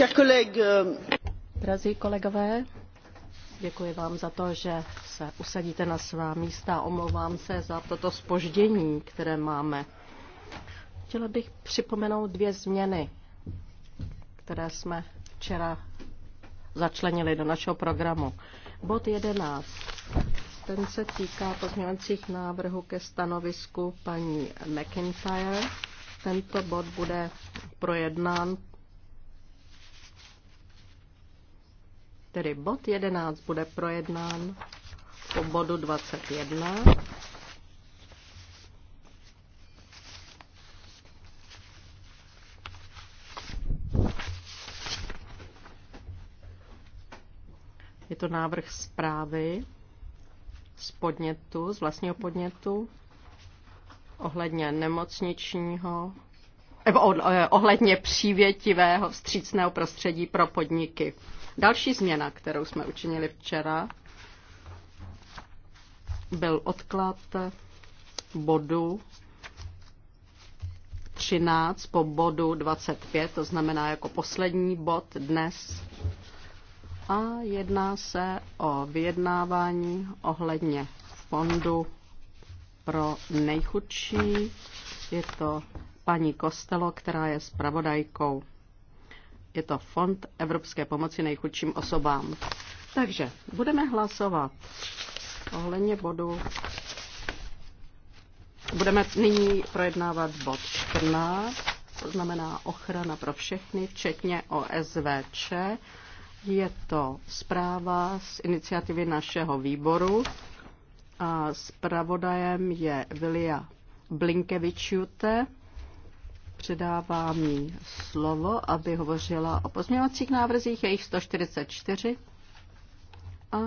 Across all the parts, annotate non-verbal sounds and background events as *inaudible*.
Euh, Drazí kolegové, děkuji vám za to, že se usadíte na svá místa. Omlouvám se za toto spoždění, které máme. Chtěla bych připomenout dvě změny, které jsme včera začlenili do našeho programu. Bod 11. Ten se týká pozměňovacích návrhů ke stanovisku paní McIntyre. Tento bod bude projednán Tedy bod 11 bude projednán po bodu 21. Je to návrh zprávy z podnětu, z vlastního podnětu ohledně nemocničního Eh, ohledně přívětivého vstřícného prostředí pro podniky. Další změna, kterou jsme učinili včera, byl odklad bodu 13 po bodu 25, to znamená jako poslední bod dnes. A jedná se o vyjednávání ohledně fondu pro nejchudší. Je to paní Kostelo, která je zpravodajkou. Je to Fond Evropské pomoci nejchudším osobám. Takže budeme hlasovat ohledně bodu. Budeme nyní projednávat bod 14, to znamená ochrana pro všechny, včetně OSVČ. Je to zpráva z iniciativy našeho výboru. A zpravodajem je Vilia Blinkevičute. Předávám jí slovo, aby hovořila o pozměňovacích návrzích, jejich 144. A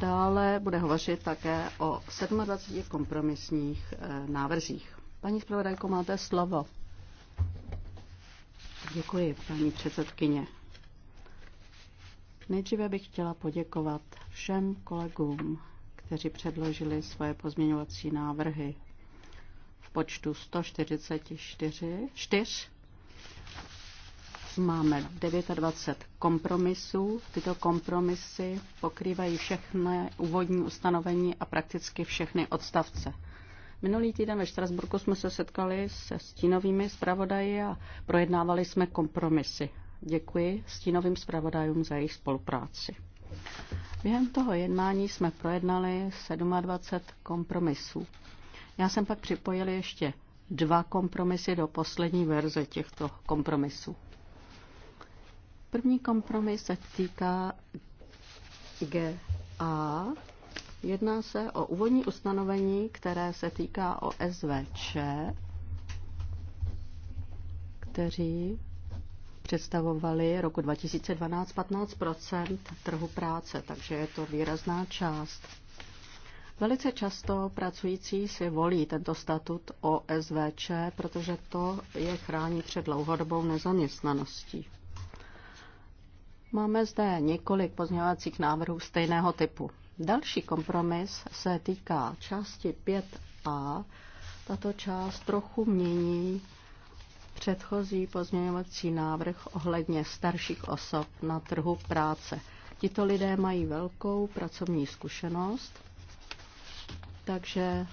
dále bude hovořit také o 27 kompromisních eh, návrzích. Paní zpravodajko, máte slovo. Děkuji, paní předsedkyně. Nejdříve bych chtěla poděkovat všem kolegům, kteří předložili svoje pozměňovací návrhy počtu 144 Máme 29 kompromisů. Tyto kompromisy pokrývají všechny úvodní ustanovení a prakticky všechny odstavce. Minulý týden ve Štrasburku jsme se setkali se stínovými zpravodaji a projednávali jsme kompromisy. Děkuji stínovým zpravodajům za jejich spolupráci. Během toho jednání jsme projednali 27 kompromisů. Já jsem pak připojil ještě dva kompromisy do poslední verze těchto kompromisů. První kompromis se týká GA. Jedná se o úvodní ustanovení, které se týká o SVČ, kteří představovali roku 2012 15 trhu práce, takže je to výrazná část. Velice často pracující si volí tento statut OSVČ, protože to je chrání před dlouhodobou nezaměstnaností. Máme zde několik pozměňovacích návrhů stejného typu. Další kompromis se týká části 5a. Tato část trochu mění předchozí pozměňovací návrh ohledně starších osob na trhu práce. Tito lidé mají velkou pracovní zkušenost takže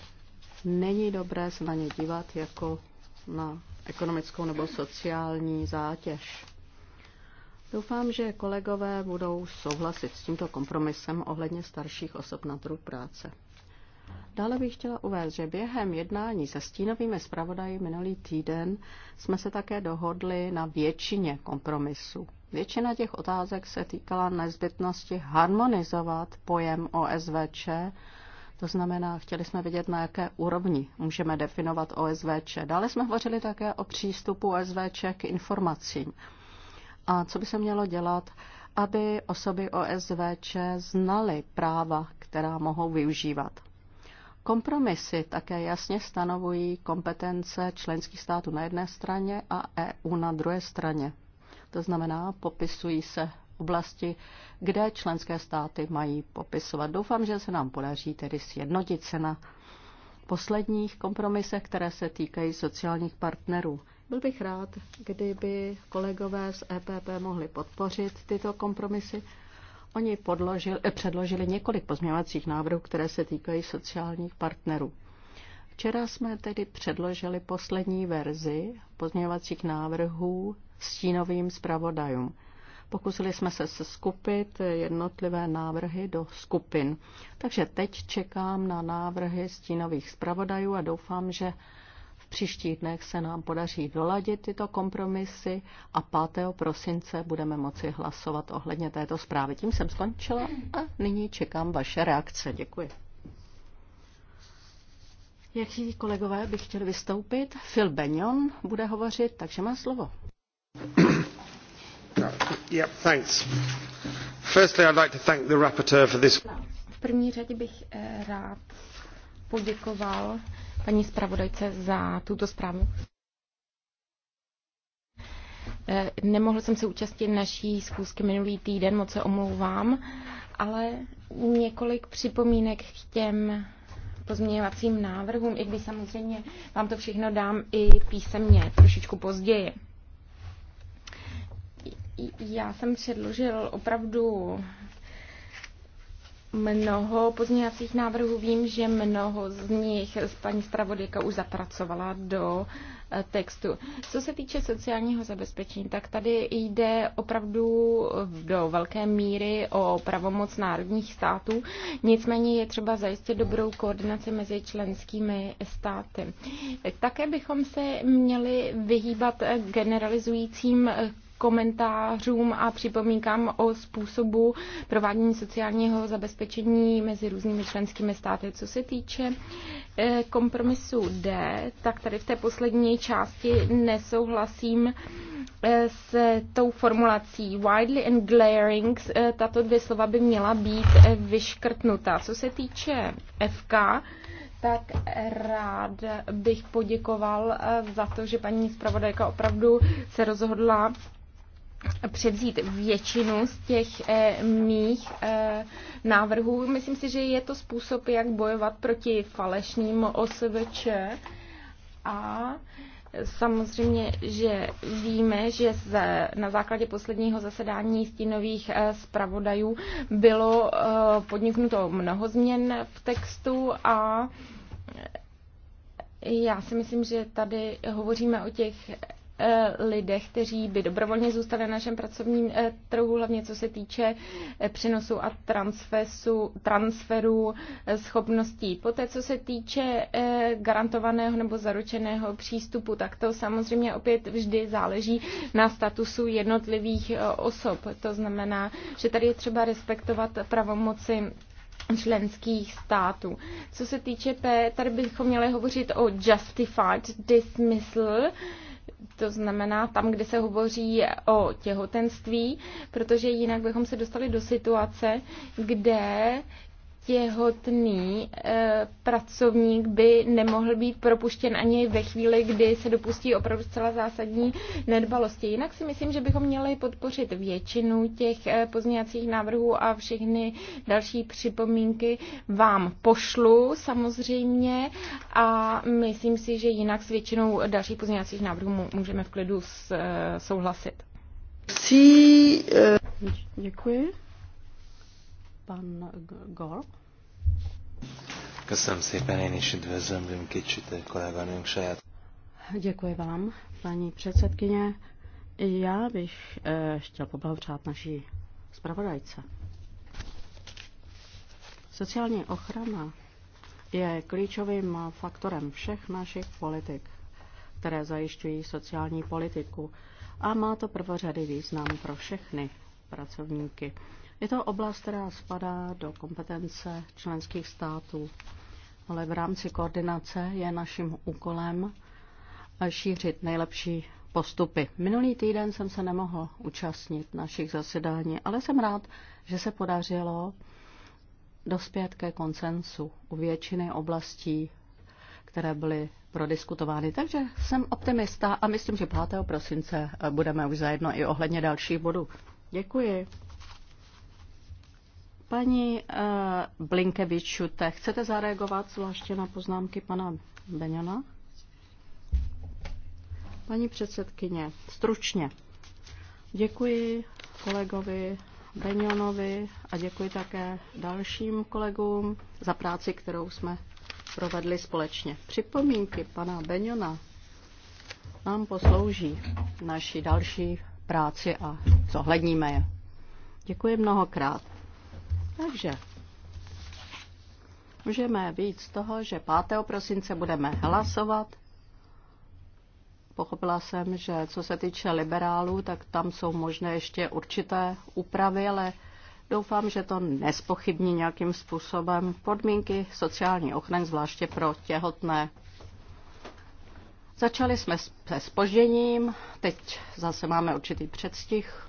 není dobré se na ně dívat jako na ekonomickou nebo sociální zátěž. Doufám, že kolegové budou souhlasit s tímto kompromisem ohledně starších osob na trhu práce. Dále bych chtěla uvést, že během jednání se stínovými zpravodaji minulý týden jsme se také dohodli na většině kompromisu. Většina těch otázek se týkala nezbytnosti harmonizovat pojem OSVČ to znamená, chtěli jsme vidět na jaké úrovni můžeme definovat OSVČ. Dále jsme hovořili také o přístupu OSVČ k informacím. A co by se mělo dělat, aby osoby OSVČ znaly práva, která mohou využívat. Kompromisy také jasně stanovují kompetence členských států na jedné straně a EU na druhé straně. To znamená, popisují se oblasti, kde členské státy mají popisovat. Doufám, že se nám podaří tedy sjednotit se na posledních kompromisech, které se týkají sociálních partnerů. Byl bych rád, kdyby kolegové z EPP mohli podpořit tyto kompromisy. Oni podložil, předložili několik pozměňovacích návrhů, které se týkají sociálních partnerů. Včera jsme tedy předložili poslední verzi pozměňovacích návrhů stínovým zpravodajům. Pokusili jsme se skupit jednotlivé návrhy do skupin. Takže teď čekám na návrhy stínových zpravodajů a doufám, že v příštích dnech se nám podaří doladit tyto kompromisy a 5. prosince budeme moci hlasovat ohledně této zprávy. Tím jsem skončila a nyní čekám vaše reakce. Děkuji. Jaký kolegové by chtěli vystoupit? Phil Benyon bude hovořit, takže má slovo. V první řadě bych eh, rád poděkoval paní zpravodajce za tuto zprávu. Eh, nemohl jsem se účastnit naší zkoušky minulý týden, moc se omlouvám, ale několik připomínek k těm pozměňovacím návrhům, i když samozřejmě vám to všechno dám i písemně, trošičku později. Já jsem předložil opravdu mnoho pozměňovacích návrhů. Vím, že mnoho z nich paní Stravodyka už zapracovala do eh, textu. Co se týče sociálního zabezpečení, tak tady jde opravdu do velké míry o pravomoc národních států, nicméně je třeba zajistit dobrou koordinaci mezi členskými státy. Také bychom se měli vyhýbat generalizujícím komentářům a připomínkám o způsobu provádění sociálního zabezpečení mezi různými členskými státy. Co se týče eh, kompromisu D, tak tady v té poslední části nesouhlasím eh, s tou formulací widely and glaring, eh, tato dvě slova by měla být vyškrtnuta. Co se týče FK, tak rád bych poděkoval za to, že paní zpravodajka opravdu se rozhodla převzít většinu z těch eh, mých eh, návrhů. Myslím si, že je to způsob, jak bojovat proti falešným OSVČ. A Samozřejmě, že víme, že z, na základě posledního zasedání stínových eh, zpravodajů bylo podniknuto mnoho změn v textu a já si myslím, že tady hovoříme o těch Eh, lidech, kteří by dobrovolně zůstali na našem pracovním eh, trhu, hlavně co se týče eh, přenosu a transferu, transferu schopností. Poté, co se týče garantovaného nebo zaručeného přístupu, tak to samozřejmě opět vždy záleží na statusu jednotlivých osob. To znamená, že tady je třeba respektovat pravomoci členských států. Co se týče P, tady bychom měli hovořit o justified dismissal, to znamená tam, kde se hovoří o těhotenství, protože jinak bychom se dostali do situace, kde těhotný e, pracovník by nemohl být propuštěn ani ve chvíli, kdy se dopustí opravdu zcela zásadní nedbalosti. Jinak si myslím, že bychom měli podpořit většinu těch e, eh, pozměňacích návrhů a všechny další připomínky vám pošlu samozřejmě a myslím si, že jinak s většinou dalších pozměňacích návrhů můžeme v klidu s, e, souhlasit. Sí, Děkuji pan Gol. Köszönöm szépen, én is üdvözlöm kicsit kolléganőnk saját. Děkuji vám, paní předsedkyně. Já bych eh, chtěl poblahopřát naší zpravodajce. Sociální ochrana je klíčovým faktorem všech našich politik, které zajišťují sociální politiku a má to prvořady význam pro všechny pracovníky. Je to oblast, která spadá do kompetence členských států, ale v rámci koordinace je naším úkolem eh, šířit nejlepší postupy. Minulý týden jsem se nemohl účastnit našich zasedání, ale jsem rád, že se podařilo dospět ke koncensu u většiny oblastí, které byly prodiskutovány. Takže jsem optimista a myslím, že 5. prosince eh, budeme už zajedno i ohledně dalších bodů. Děkuji. Paní uh, Blinkevičute, chcete zareagovat zvláště na poznámky pana Beňana? Paní předsedkyně, stručně. Děkuji kolegovi Benjonovi a děkuji také dalším kolegům za práci, kterou jsme provedli společně. Připomínky pana Benjona nám poslouží naší další práci a zohledníme je. Děkuji mnohokrát. Takže můžeme víc z toho, že 5. prosince budeme hlasovat. Pochopila jsem, že co se týče liberálů, tak tam jsou možné ještě určité úpravy, ale doufám, že to nespochybní nějakým způsobem podmínky sociální ochrany, zvláště pro těhotné. Začali jsme se spožděním, teď zase máme určitý předstih,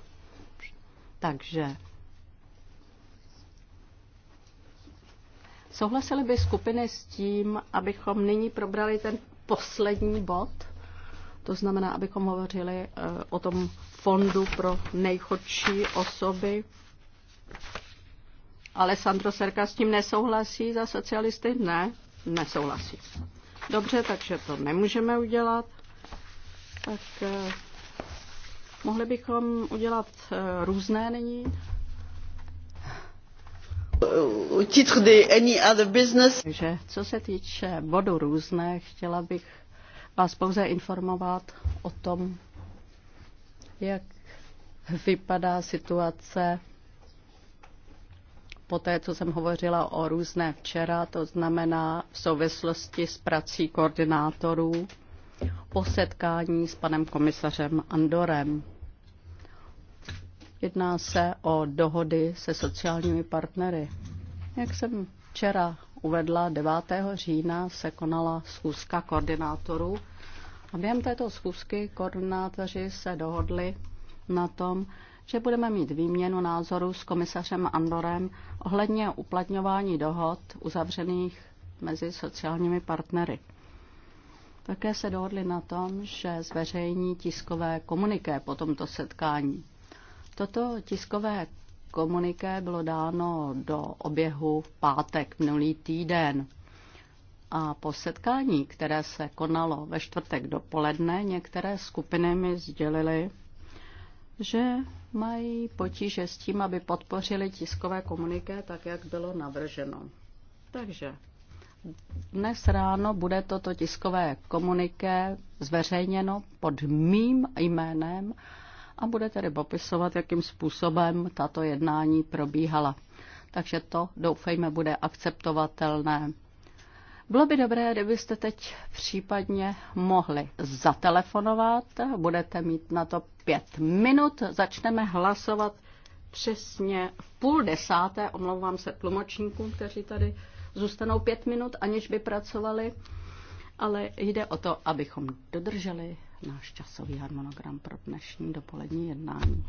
takže Souhlasili by skupiny s tím, abychom nyní probrali ten poslední bod, to znamená, abychom hovořili eh, o tom fondu pro nejchodší osoby. Alessandro Serka s tím nesouhlasí za socialisty? Ne, nesouhlasí. Dobře, takže to nemůžeme udělat. Tak eh, mohli bychom udělat eh, různé nyní. Takže co se týče bodu různé, chtěla bych vás pouze informovat o tom, jak vypadá situace po té, co jsem hovořila o různé včera, to znamená v souvislosti s prací koordinátorů po setkání s panem komisařem Andorem. Jedná se o dohody se sociálními partnery. Jak jsem včera uvedla, 9. října se konala schůzka koordinátorů a během této schůzky koordinátoři se dohodli na tom, že budeme mít výměnu názorů s komisařem Andorem ohledně uplatňování dohod uzavřených mezi sociálními partnery. Také se dohodli na tom, že zveřejní tiskové komuniké po tomto setkání. Toto tiskové komuniké bylo dáno do oběhu v pátek minulý týden. A po setkání, které se konalo ve čtvrtek dopoledne, některé skupiny mi sdělily, že mají potíže s tím, aby podpořili tiskové komuniké tak, jak bylo navrženo. Takže dnes ráno bude toto tiskové komuniké zveřejněno pod mým jménem a bude tedy popisovat, jakým způsobem tato jednání probíhala. Takže to, doufejme, bude akceptovatelné. Bylo by dobré, kdybyste teď případně mohli zatelefonovat. Budete mít na to pět minut. Začneme hlasovat přesně v půl desáté. Omlouvám se tlumočníkům, kteří tady zůstanou pět minut, aniž by pracovali. Ale jde o to, abychom dodrželi náš časový harmonogram pro dnešní dopolední jednání.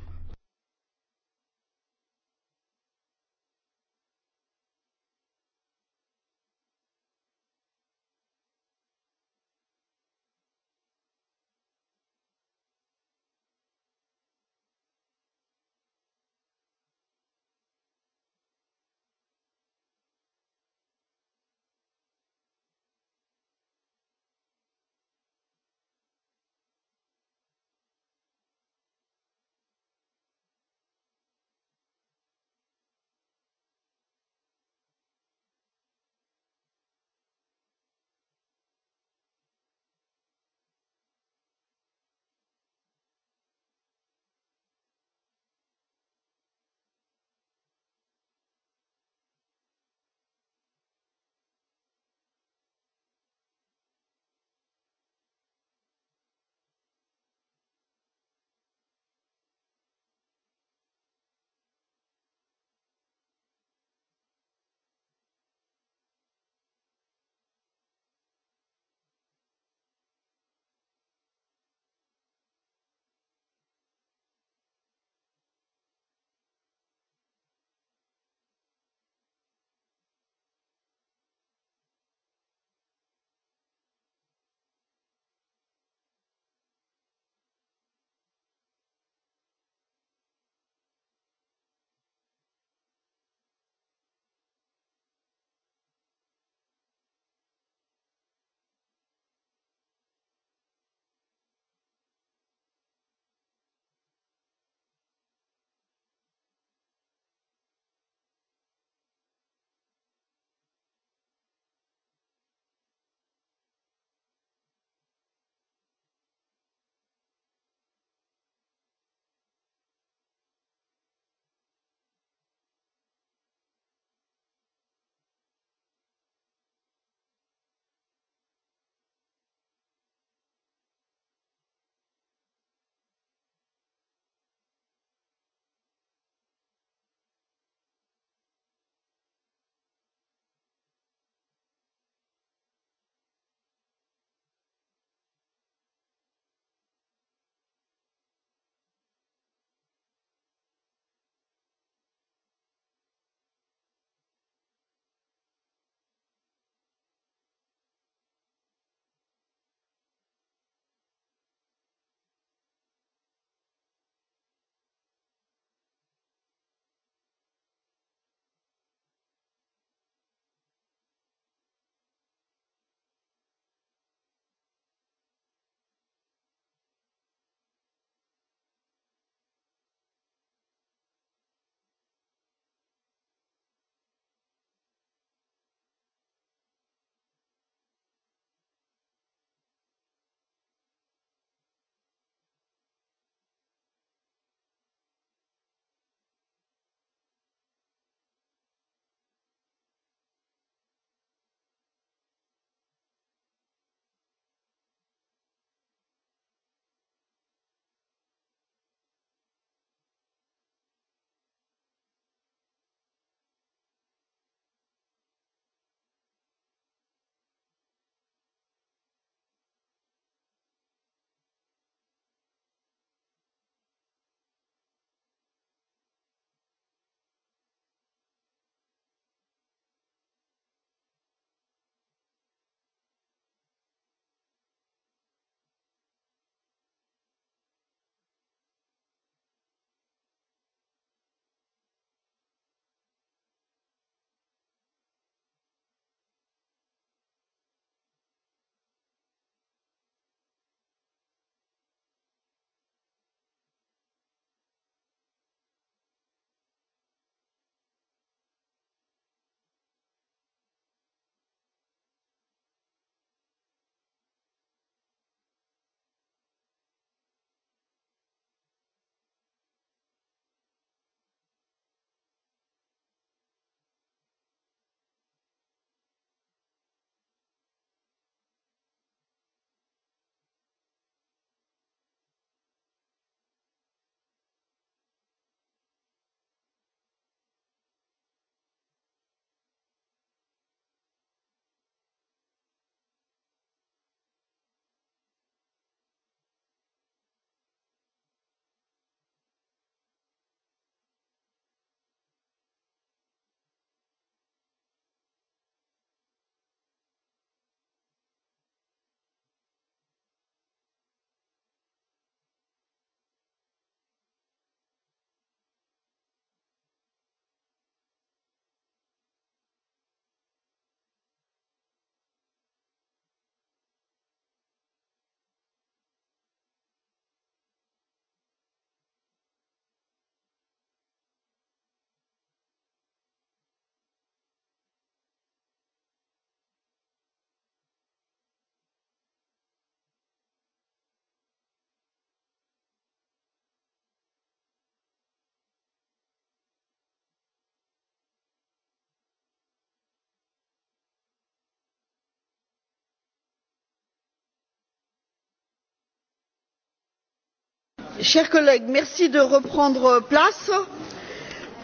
chers collègues merci de reprendre place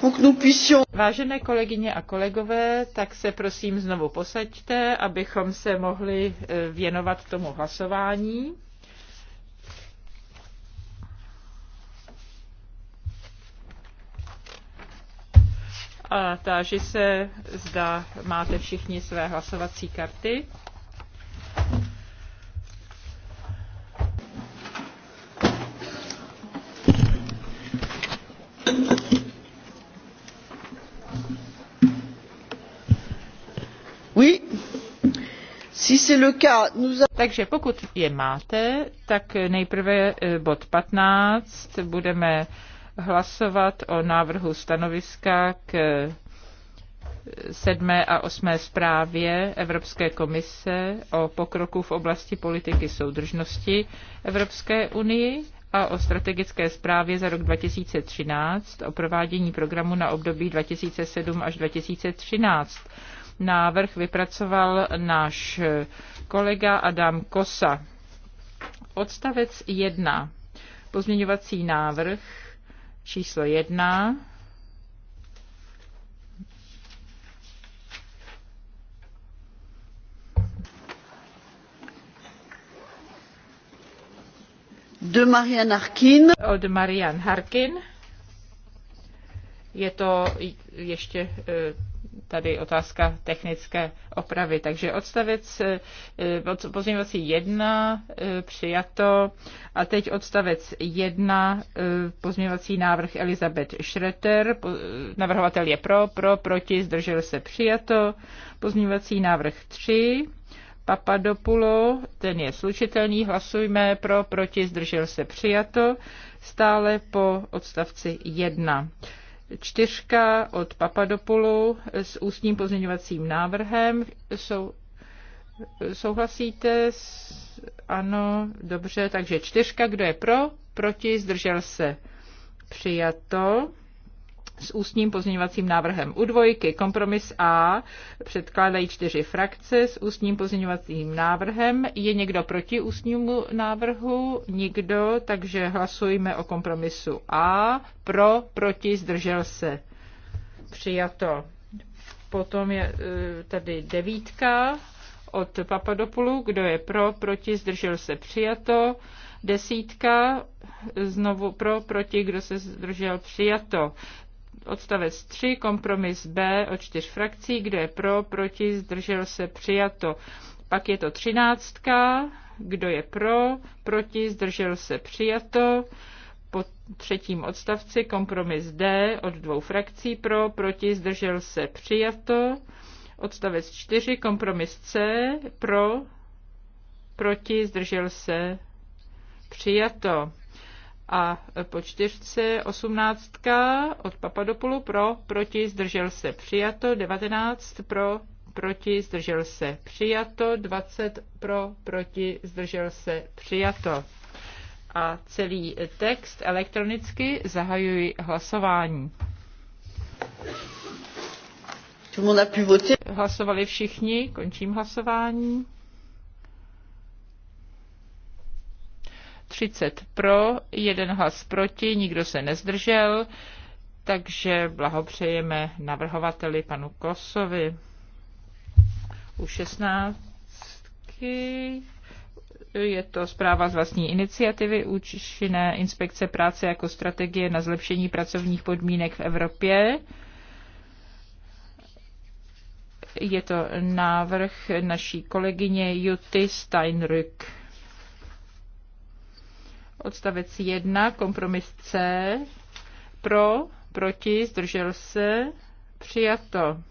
pour que nous puissions. vážené kolegyně a kolegové tak se prosím znovu posaďte abychom se mohli eh, věnovat tomu hlasování. A táži se, zda máte všichni své hlasovací karty. Takže pokud je máte, tak nejprve eh, bod 15 budeme hlasovat o návrhu stanoviska k eh, sedmé a osmé zprávě Evropské komise o pokroku v oblasti politiky soudržnosti Evropské unii a o strategické zprávě za rok 2013 o provádění programu na období 2007 až 2013 návrh vypracoval náš kolega Adam Kosa. Odstavec 1. Pozměňovací návrh číslo 1. De Marianne Harkin. Od Marian Harkin. Je to ještě eh, tady otázka technické opravy. Takže odstavec eh, eh, pozměňovací 1 eh, přijato a teď odstavec 1 pozměňovací návrh Elizabeth Schreter, Navrhovatel je pro, pro, proti, zdržel se přijato. Pozměňovací návrh 3 Papadopulo, ten je slučitelný, hlasujme pro, proti, zdržel se přijato, stále po odstavci 1 čtyřka od Papadopoulu s ústním pozměňovacím návrhem. Sou, souhlasíte? S, ano, dobře, takže čtyřka, kdo je pro? Proti, zdržel se. Přijato s ústním pozměňovacím návrhem. U dvojky kompromis A předkládají čtyři frakce s ústním pozměňovacím návrhem. Je někdo proti ústnímu návrhu? Nikdo, takže hlasujme o kompromisu A. Pro, proti, zdržel se. Přijato. Potom je e, tady devítka od papadopulu Kdo je pro, proti, zdržel se. Přijato desítka, znovu pro, proti, kdo se zdržel, přijato. Odstavec 3, kompromis B od čtyř frakcí, kde je pro, proti, zdržel se, přijato. Pak je to třináctka, kdo je pro, proti, zdržel se, přijato. Po třetím odstavci kompromis D od dvou frakcí pro, proti, zdržel se, přijato. Odstavec 4, kompromis C, pro, proti, zdržel se, přijato. A po čtyřce osmnáctka od Papadopulu pro, proti, zdržel se, přijato, 19 pro, proti, zdržel se, přijato, 20 pro, proti, zdržel se, přijato. A celý text elektronicky zahajuji hlasování. Hlasovali všichni, končím hlasování. 30 pro, jeden hlas proti, nikdo se nezdržel, takže blahopřejeme navrhovateli panu Kosovi. U 16 je to zpráva z vlastní iniciativy účinné inspekce práce jako strategie na zlepšení pracovních podmínek v Evropě. Je to návrh naší kolegyně Juty Steinrück. Odstavec 1, kompromis C, pro, proti, zdržel se, přijato.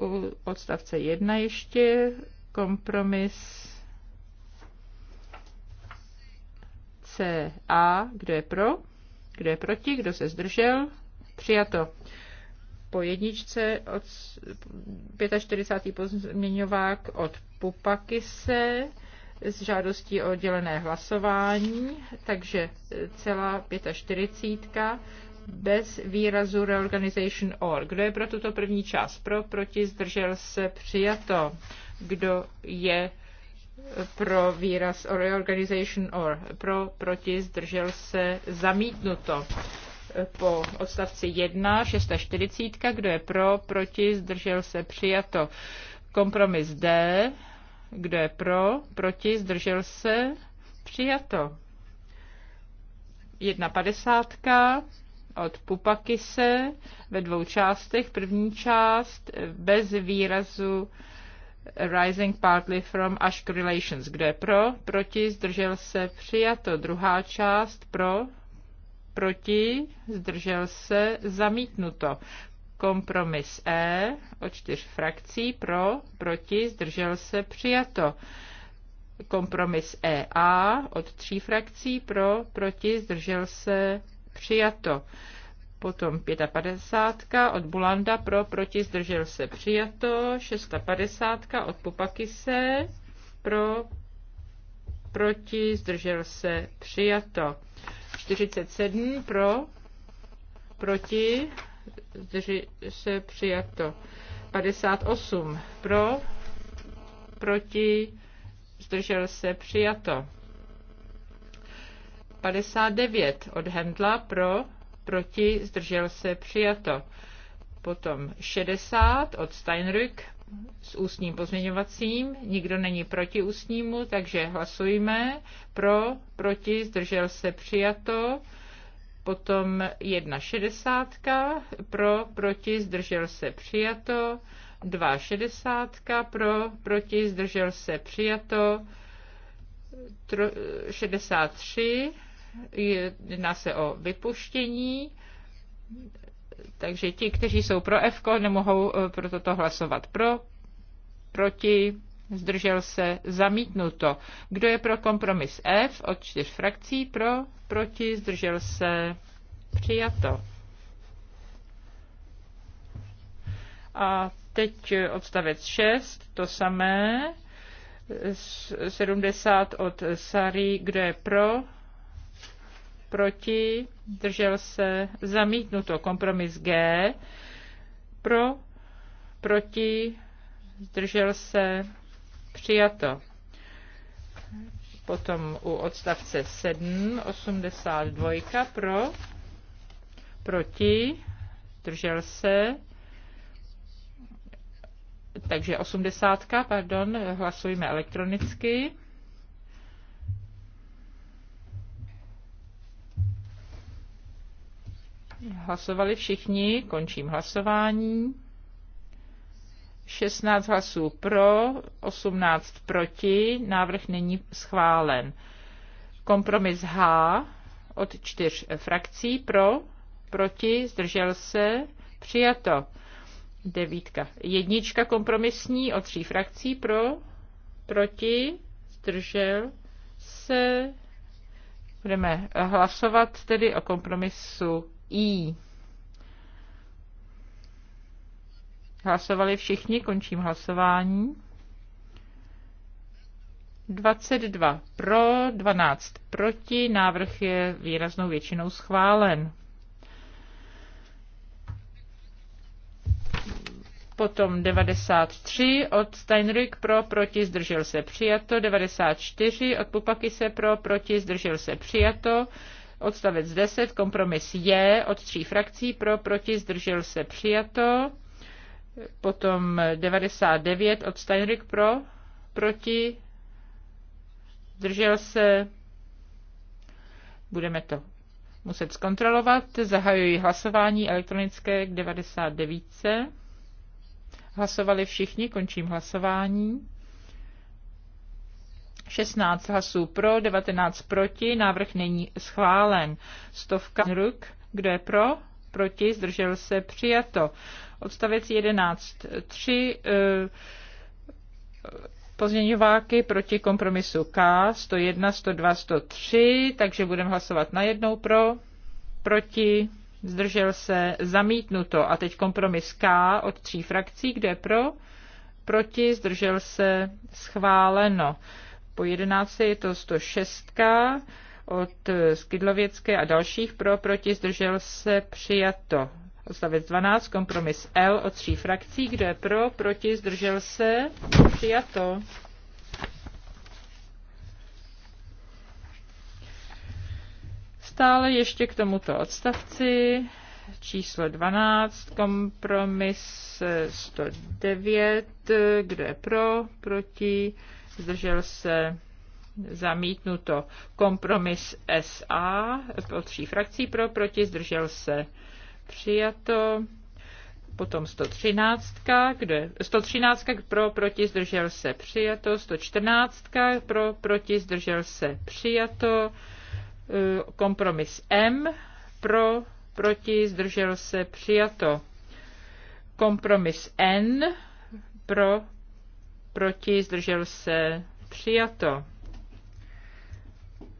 U odstavce 1 ještě kompromis CA, kdo je pro, kdo je proti, kdo se zdržel, přijato. Po jedničce od 45. pozměňovák od Pupakise s žádostí o oddělené hlasování, takže celá 45 bez výrazu reorganization or. Kdo je pro tuto první část? Pro, proti, zdržel se, přijato. Kdo je pro výraz reorganization or? Pro, proti, zdržel se, zamítnuto po odstavci 1, 640, kdo je pro, proti, zdržel se, přijato. Kompromis D, kdo je pro? Proti? Zdržel se? Přijato. Jedna padesátka od Pupakise ve dvou částech. První část bez výrazu Rising partly from Ashk Relations. Kdo je pro? Proti? Zdržel se? Přijato. Druhá část pro? Proti? Zdržel se? Zamítnuto. Kompromis E o čtyř frakcí pro, proti, zdržel se, přijato. Kompromis EA od tří frakcí pro, proti, zdržel se, přijato. Potom 55 od Bulanda pro, proti, zdržel se, přijato. 650 od Pupakise pro, proti, zdržel se, přijato. 47 pro, proti, zdrži se přijato. 58 pro, proti, zdržel se přijato. 59 od Hendla pro, proti, zdržel se přijato. Potom 60 od Steinrück s ústním pozměňovacím, nikdo není proti ústnímu, takže hlasujme pro, proti, zdržel se přijato. Potom 1,60 pro, proti, zdržel se přijato. 2,60 pro, proti, zdržel se přijato. 63 jedná se o vypuštění. Takže ti, kteří jsou pro F, nemohou eh, pro toto hlasovat pro, proti, zdržel se, zamítnuto. Kdo je pro kompromis F od čtyř frakcí, pro, proti, zdržel se, přijato. A teď odstavec 6, to samé, 70 od Sary, kdo je pro, proti, držel se, zamítnuto, kompromis G, pro, proti, zdržel se, Přijato. Potom u odstavce 7, 82 pro, proti, držel se, takže 80, pardon, hlasujeme elektronicky. Hlasovali všichni, končím hlasování. 16 hlasů pro, 18 proti, návrh není schválen. Kompromis H od čtyř frakcí pro, proti, zdržel se, přijato. Devítka. Jednička kompromisní od tří frakcí pro, proti, zdržel se. Budeme hlasovat tedy o kompromisu I. Hlasovali všichni, končím hlasování. 22 pro, 12 proti, návrh je výraznou většinou schválen. Potom 93 od Steinrich pro, proti, zdržel se přijato. 94 od Pupaky se pro, proti, zdržel se přijato. Odstavec 10, kompromis je od tří frakcí pro, proti, zdržel se přijato potom 99 od Steinrick pro, proti, zdržel se, budeme to muset zkontrolovat, zahajuji hlasování elektronické k 99. Hlasovali všichni, končím hlasování. 16 hlasů pro, 19 proti, návrh není schválen. Stovka ruk, kdo je pro? Proti, zdržel se, přijato. Odstavec 11.3 eh, pozměňováky proti kompromisu K 101, 102, 103, takže budeme hlasovat na jednou pro, proti, zdržel se, zamítnuto. A teď kompromis K od tří frakcí, kde je pro, proti, zdržel se, schváleno. Po 11 je to 106 od Skidlověcké a dalších pro, proti, zdržel se, přijato. Odstavec 12, kompromis L od tří frakcí. Kdo je pro, proti, zdržel se? Přijato. Stále ještě k tomuto odstavci číslo 12, kompromis 109, kdo je pro, proti, zdržel se zamítnuto kompromis SA od tří frakcí pro, proti, zdržel se přijato. Potom 113, kde? 113 pro, proti, zdržel se, přijato. 114 pro, proti, zdržel se, přijato. E, kompromis M pro, proti, zdržel se, přijato. Kompromis N pro, proti, zdržel se, přijato.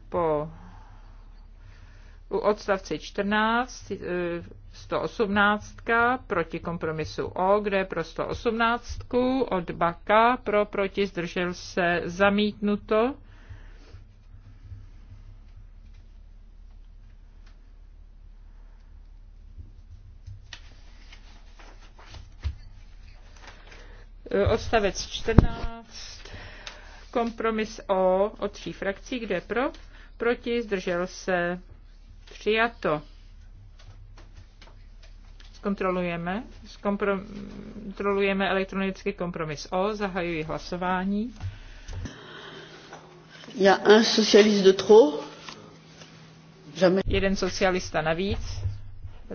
Po u odstavce 14 118 proti kompromisu O, kde je pro 118 od Baka pro proti zdržel se zamítnuto. E, odstavec 14, kompromis O od tří frakcí, kde je pro, proti, zdržel se, přijato. Zkontrolujeme. Zkontrolujeme elektronický kompromis O. Zahajuji hlasování. Já un socialiste de trop. Jeden socialista navíc.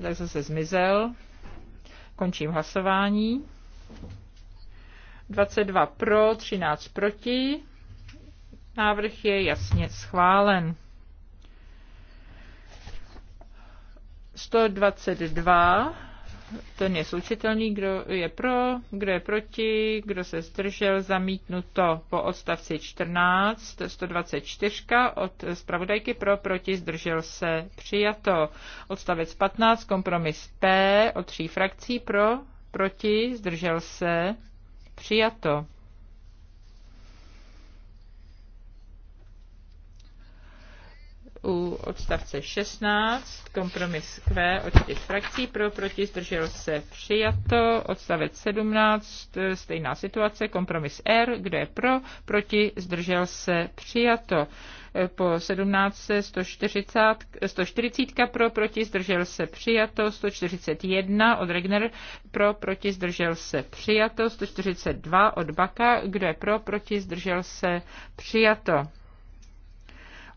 Tak zase zmizel. Končím hlasování. 22 pro, 13 proti. Návrh je jasně schválen. 122 ten je slučitelný, kdo je pro, kdo je proti, kdo se zdržel, zamítnuto po odstavci 14, 124 od zpravodajky pro, proti, zdržel se, přijato. Odstavec 15, kompromis P od tří frakcí pro, proti, zdržel se, přijato. u odstavce 16, kompromis Q od těch frakcí pro, proti, zdržel se přijato, odstavec 17, stejná situace, kompromis R, kde je pro, proti, zdržel se přijato. Po 17 140, 140 pro, proti, zdržel se přijato, 141 od Regner pro, proti, zdržel se přijato, 142 od Baka, kde pro, proti, zdržel se přijato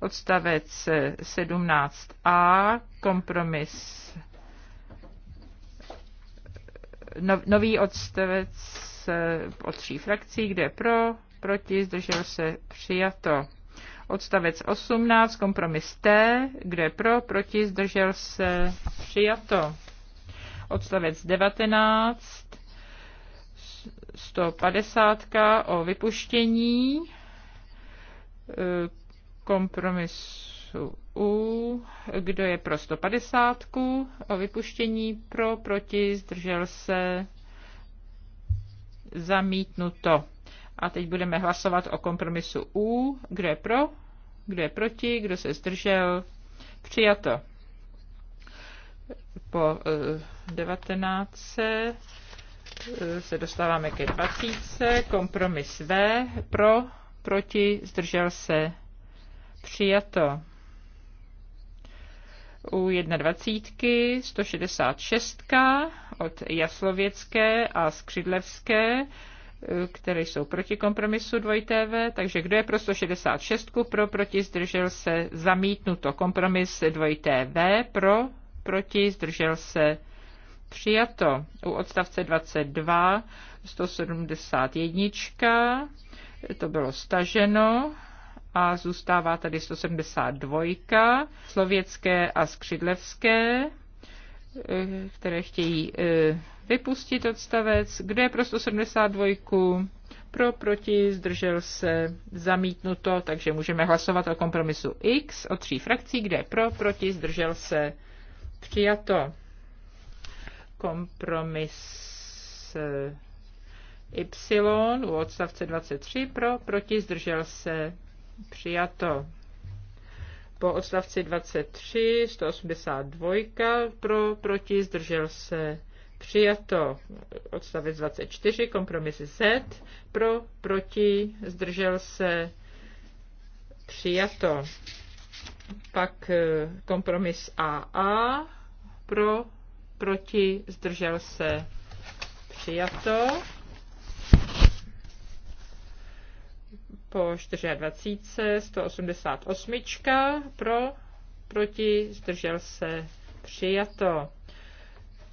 odstavec 17a, kompromis no, nový odstavec eh, od tří frakcí, kde pro, proti, zdržel se, přijato. Odstavec 18, kompromis T, kde pro, proti, zdržel se, přijato. Odstavec 19, 150 o vypuštění, eh, kompromisu U, kdo je pro 150 o vypuštění pro, proti, zdržel se, zamítnuto. A teď budeme hlasovat o kompromisu U, kdo je pro, kdo je proti, kdo se zdržel, přijato. Po 19 eh, eh, se dostáváme ke 20. Kompromis V. Pro, proti, zdržel se, Přijato. U 21, 166 od Jaslověcké a Skřidlevské, které jsou proti kompromisu 2TV, takže kdo je pro 166, pro, proti, zdržel se, zamítnuto. Kompromis 2TV, pro, proti, zdržel se, přijato. U odstavce 22, 171, to bylo staženo, a zůstává tady 172, slověcké a skřidlevské, eh, které chtějí eh, vypustit odstavec. Kde je pro 172? Pro, proti, zdržel se, zamítnuto, takže můžeme hlasovat o kompromisu X o tří frakcí, kde je pro, proti, zdržel se, přijato. Kompromis eh, Y u odstavce 23 pro, proti, zdržel se, Přijato. Po odstavci 23, 182 pro, proti, zdržel se. Přijato. Odstavec 24, kompromisy Z, pro, proti, zdržel se. Přijato. Pak e, kompromis AA, pro, proti, zdržel se. Přijato. po 24, 188 pro, proti, zdržel se, přijato.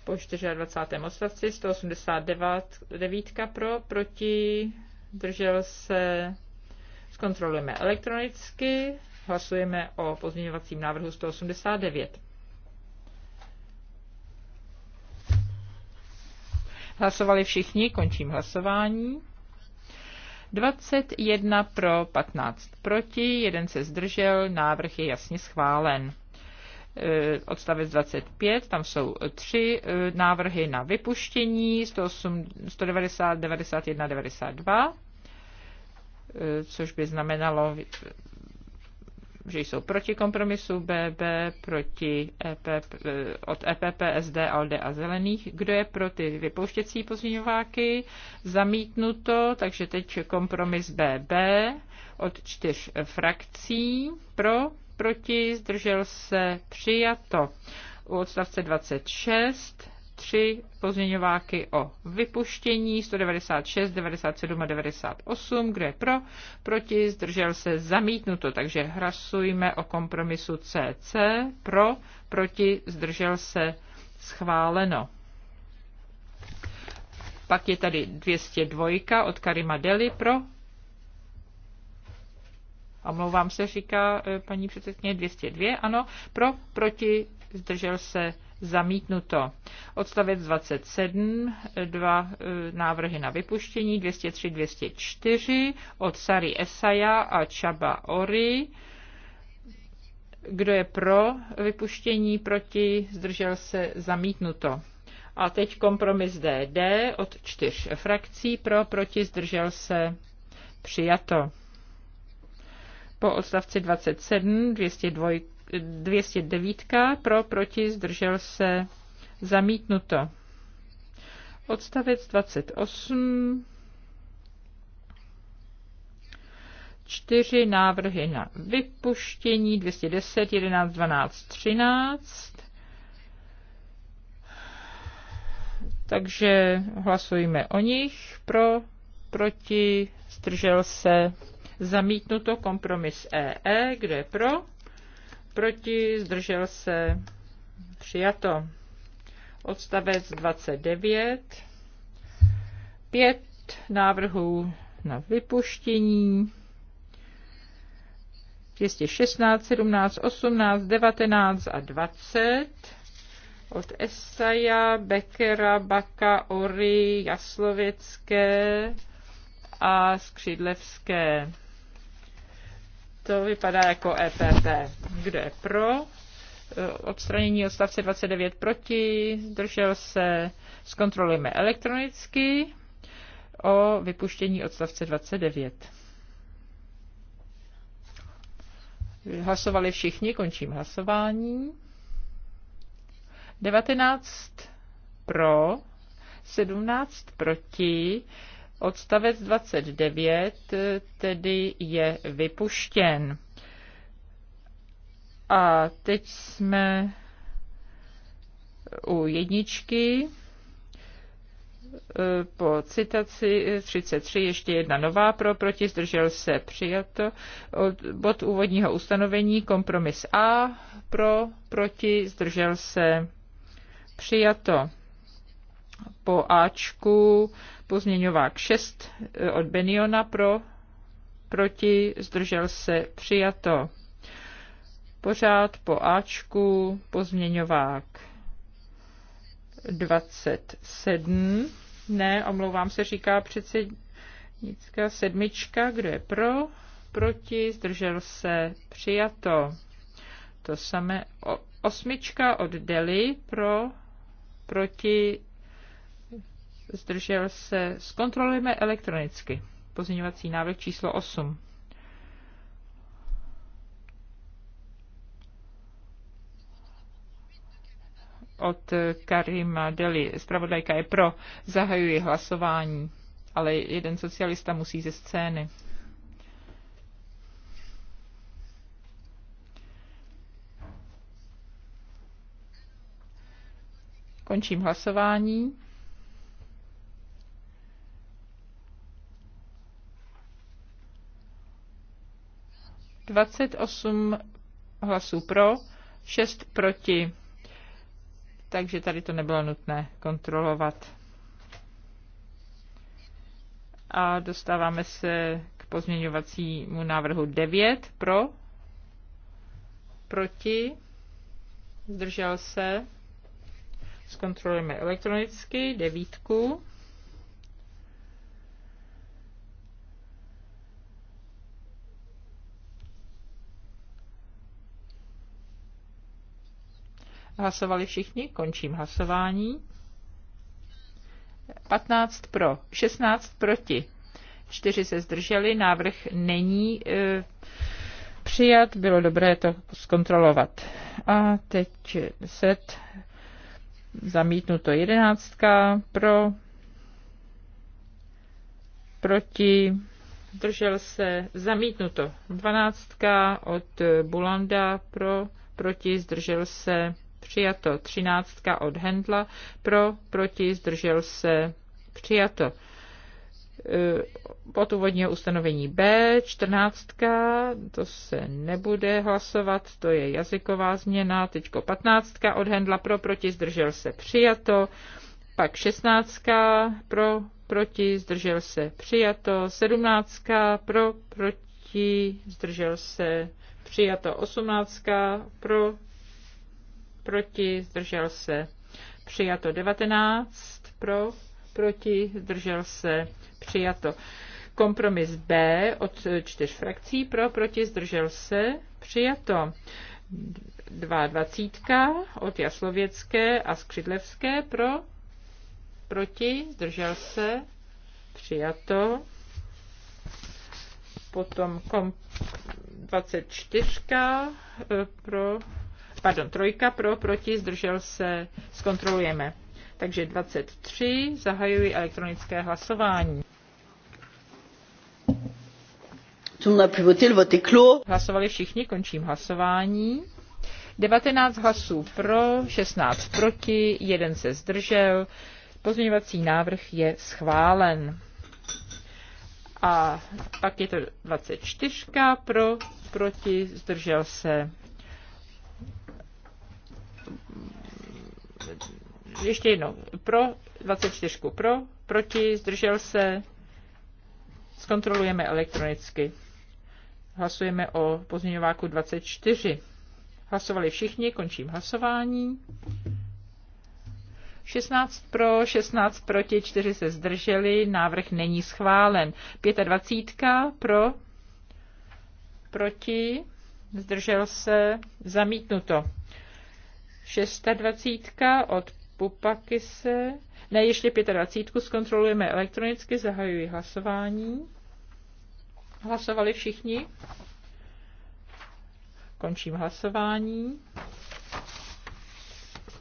Po 24. odstavci 189 pro, proti, zdržel se, zkontrolujeme elektronicky, hlasujeme o pozměňovacím návrhu 189. Hlasovali všichni, končím hlasování. 21 pro, 15 proti, jeden se zdržel, návrh je jasně schválen. E, odstavec 25, tam jsou tři e, návrhy na vypuštění, 108, 190, 91, 92, což by znamenalo že jsou proti kompromisu BB, proti EP, od EPP, SD, ALDE a Zelených. Kdo je pro ty vypouštěcí pozměňováky? Zamítnuto, takže teď kompromis BB od čtyř frakcí. Pro, proti, zdržel se, přijato. U odstavce 26 tři pozměňováky o vypuštění 196, 97 a 98. Kdo je pro? Proti? Zdržel se? Zamítnuto. Takže hlasujme o kompromisu CC. Pro? Proti? Zdržel se? Schváleno. Pak je tady 202 od Karima Deli pro. Omlouvám se, říká eh, paní předsedkyně 202, ano, pro, proti, zdržel se, zamítnuto. Odstavec 27, dva eh, návrhy na vypuštění, 203, 204 od Sary Esaja a Čaba Ory. Kdo je pro vypuštění, proti, zdržel se, zamítnuto. A teď kompromis DD od čtyř frakcí pro, proti, zdržel se, přijato. Po odstavci 27, 202, 209 pro, proti, zdržel se, zamítnuto. Odstavec 28. čtyři návrhy na vypuštění 210, 11, 12, 13. Takže hlasujeme o nich. Pro, proti, zdržel se, zamítnuto kompromis EE, kde je pro, proti, zdržel se, přijato. Odstavec 29, pět návrhů na vypuštění, 216, 17, 18, 19 a 20 od Esaja, Bekera, Baka, Ory, Jaslověcké a Skřidlevské to vypadá jako EPP. Kdo je pro? E, odstranění odstavce 29 proti, zdržel se, zkontrolujeme elektronicky o vypuštění odstavce 29. Hlasovali všichni, končím hlasování. 19 pro, 17 proti, Odstavec 29 tedy je vypuštěn. A teď jsme u jedničky. Po citaci 33 ještě jedna nová pro, proti, zdržel se, přijato. Od, bod úvodního ustanovení, kompromis A, pro, proti, zdržel se, přijato po Ačku pozměňovák 6 eh, od Beniona pro, proti, zdržel se, přijato. Pořád po Ačku pozměňovák 27, ne, omlouvám se, říká předsednická sedmička, kdo je pro, proti, zdržel se, přijato. To samé o, osmička od Deli pro, proti, zdržel se, zkontrolujeme elektronicky. Pozměňovací návrh číslo 8. Od Karima Deli. Spravodajka je pro. Zahajuji hlasování. Ale jeden socialista musí ze scény. Končím hlasování. 28 hlasů pro, 6 proti. Takže tady to nebylo nutné kontrolovat. A dostáváme se k pozměňovacímu návrhu 9 pro, proti, zdržel se, zkontrolujeme elektronicky, devítku. Hlasovali všichni? Končím hlasování. 15 pro, 16 proti, 4 se zdrželi, návrh není e, přijat, bylo dobré to zkontrolovat. A teď set, zamítnuto 11 pro, proti, zdržel se, zamítnuto 12 od Bulanda pro, proti, zdržel se, přijato. Třináctka od Hendla, pro, proti, zdržel se, přijato. E, od úvodního ustanovení B, čtrnáctka, to se nebude hlasovat, to je jazyková změna, teďko patnáctka od Hendla, pro, proti, zdržel se, přijato. Pak šestnáctka, pro, proti, zdržel se, přijato. Sedmnáctka, pro, proti, zdržel se, přijato. Osmnáctka, pro, proti, zdržel se, přijato 19 pro, proti, zdržel se, přijato. Kompromis B od čtyř frakcí pro, proti, zdržel se, přijato. 22 od Jaslověcké a Skřidlevské pro, proti, zdržel se, přijato. Potom kom 24 eh, pro, pardon, trojka pro, proti, zdržel se, zkontrolujeme. Takže 23, zahajuji elektronické hlasování. Hlasovali všichni, končím hlasování. 19 hlasů pro, 16 proti, jeden se zdržel. Pozměňovací návrh je schválen. A pak je to 24 pro, proti, zdržel se. ještě jednou, pro, 24 pro, proti, zdržel se, zkontrolujeme elektronicky. Hlasujeme o pozměňováku 24. Hlasovali všichni, končím hlasování. 16 pro, 16 proti, 4 se zdrželi, návrh není schválen. 25 pro, proti, zdržel se, zamítnuto. 26 od Pupakise, ne, ještě 25 zkontrolujeme elektronicky, zahajuji hlasování. Hlasovali všichni? Končím hlasování.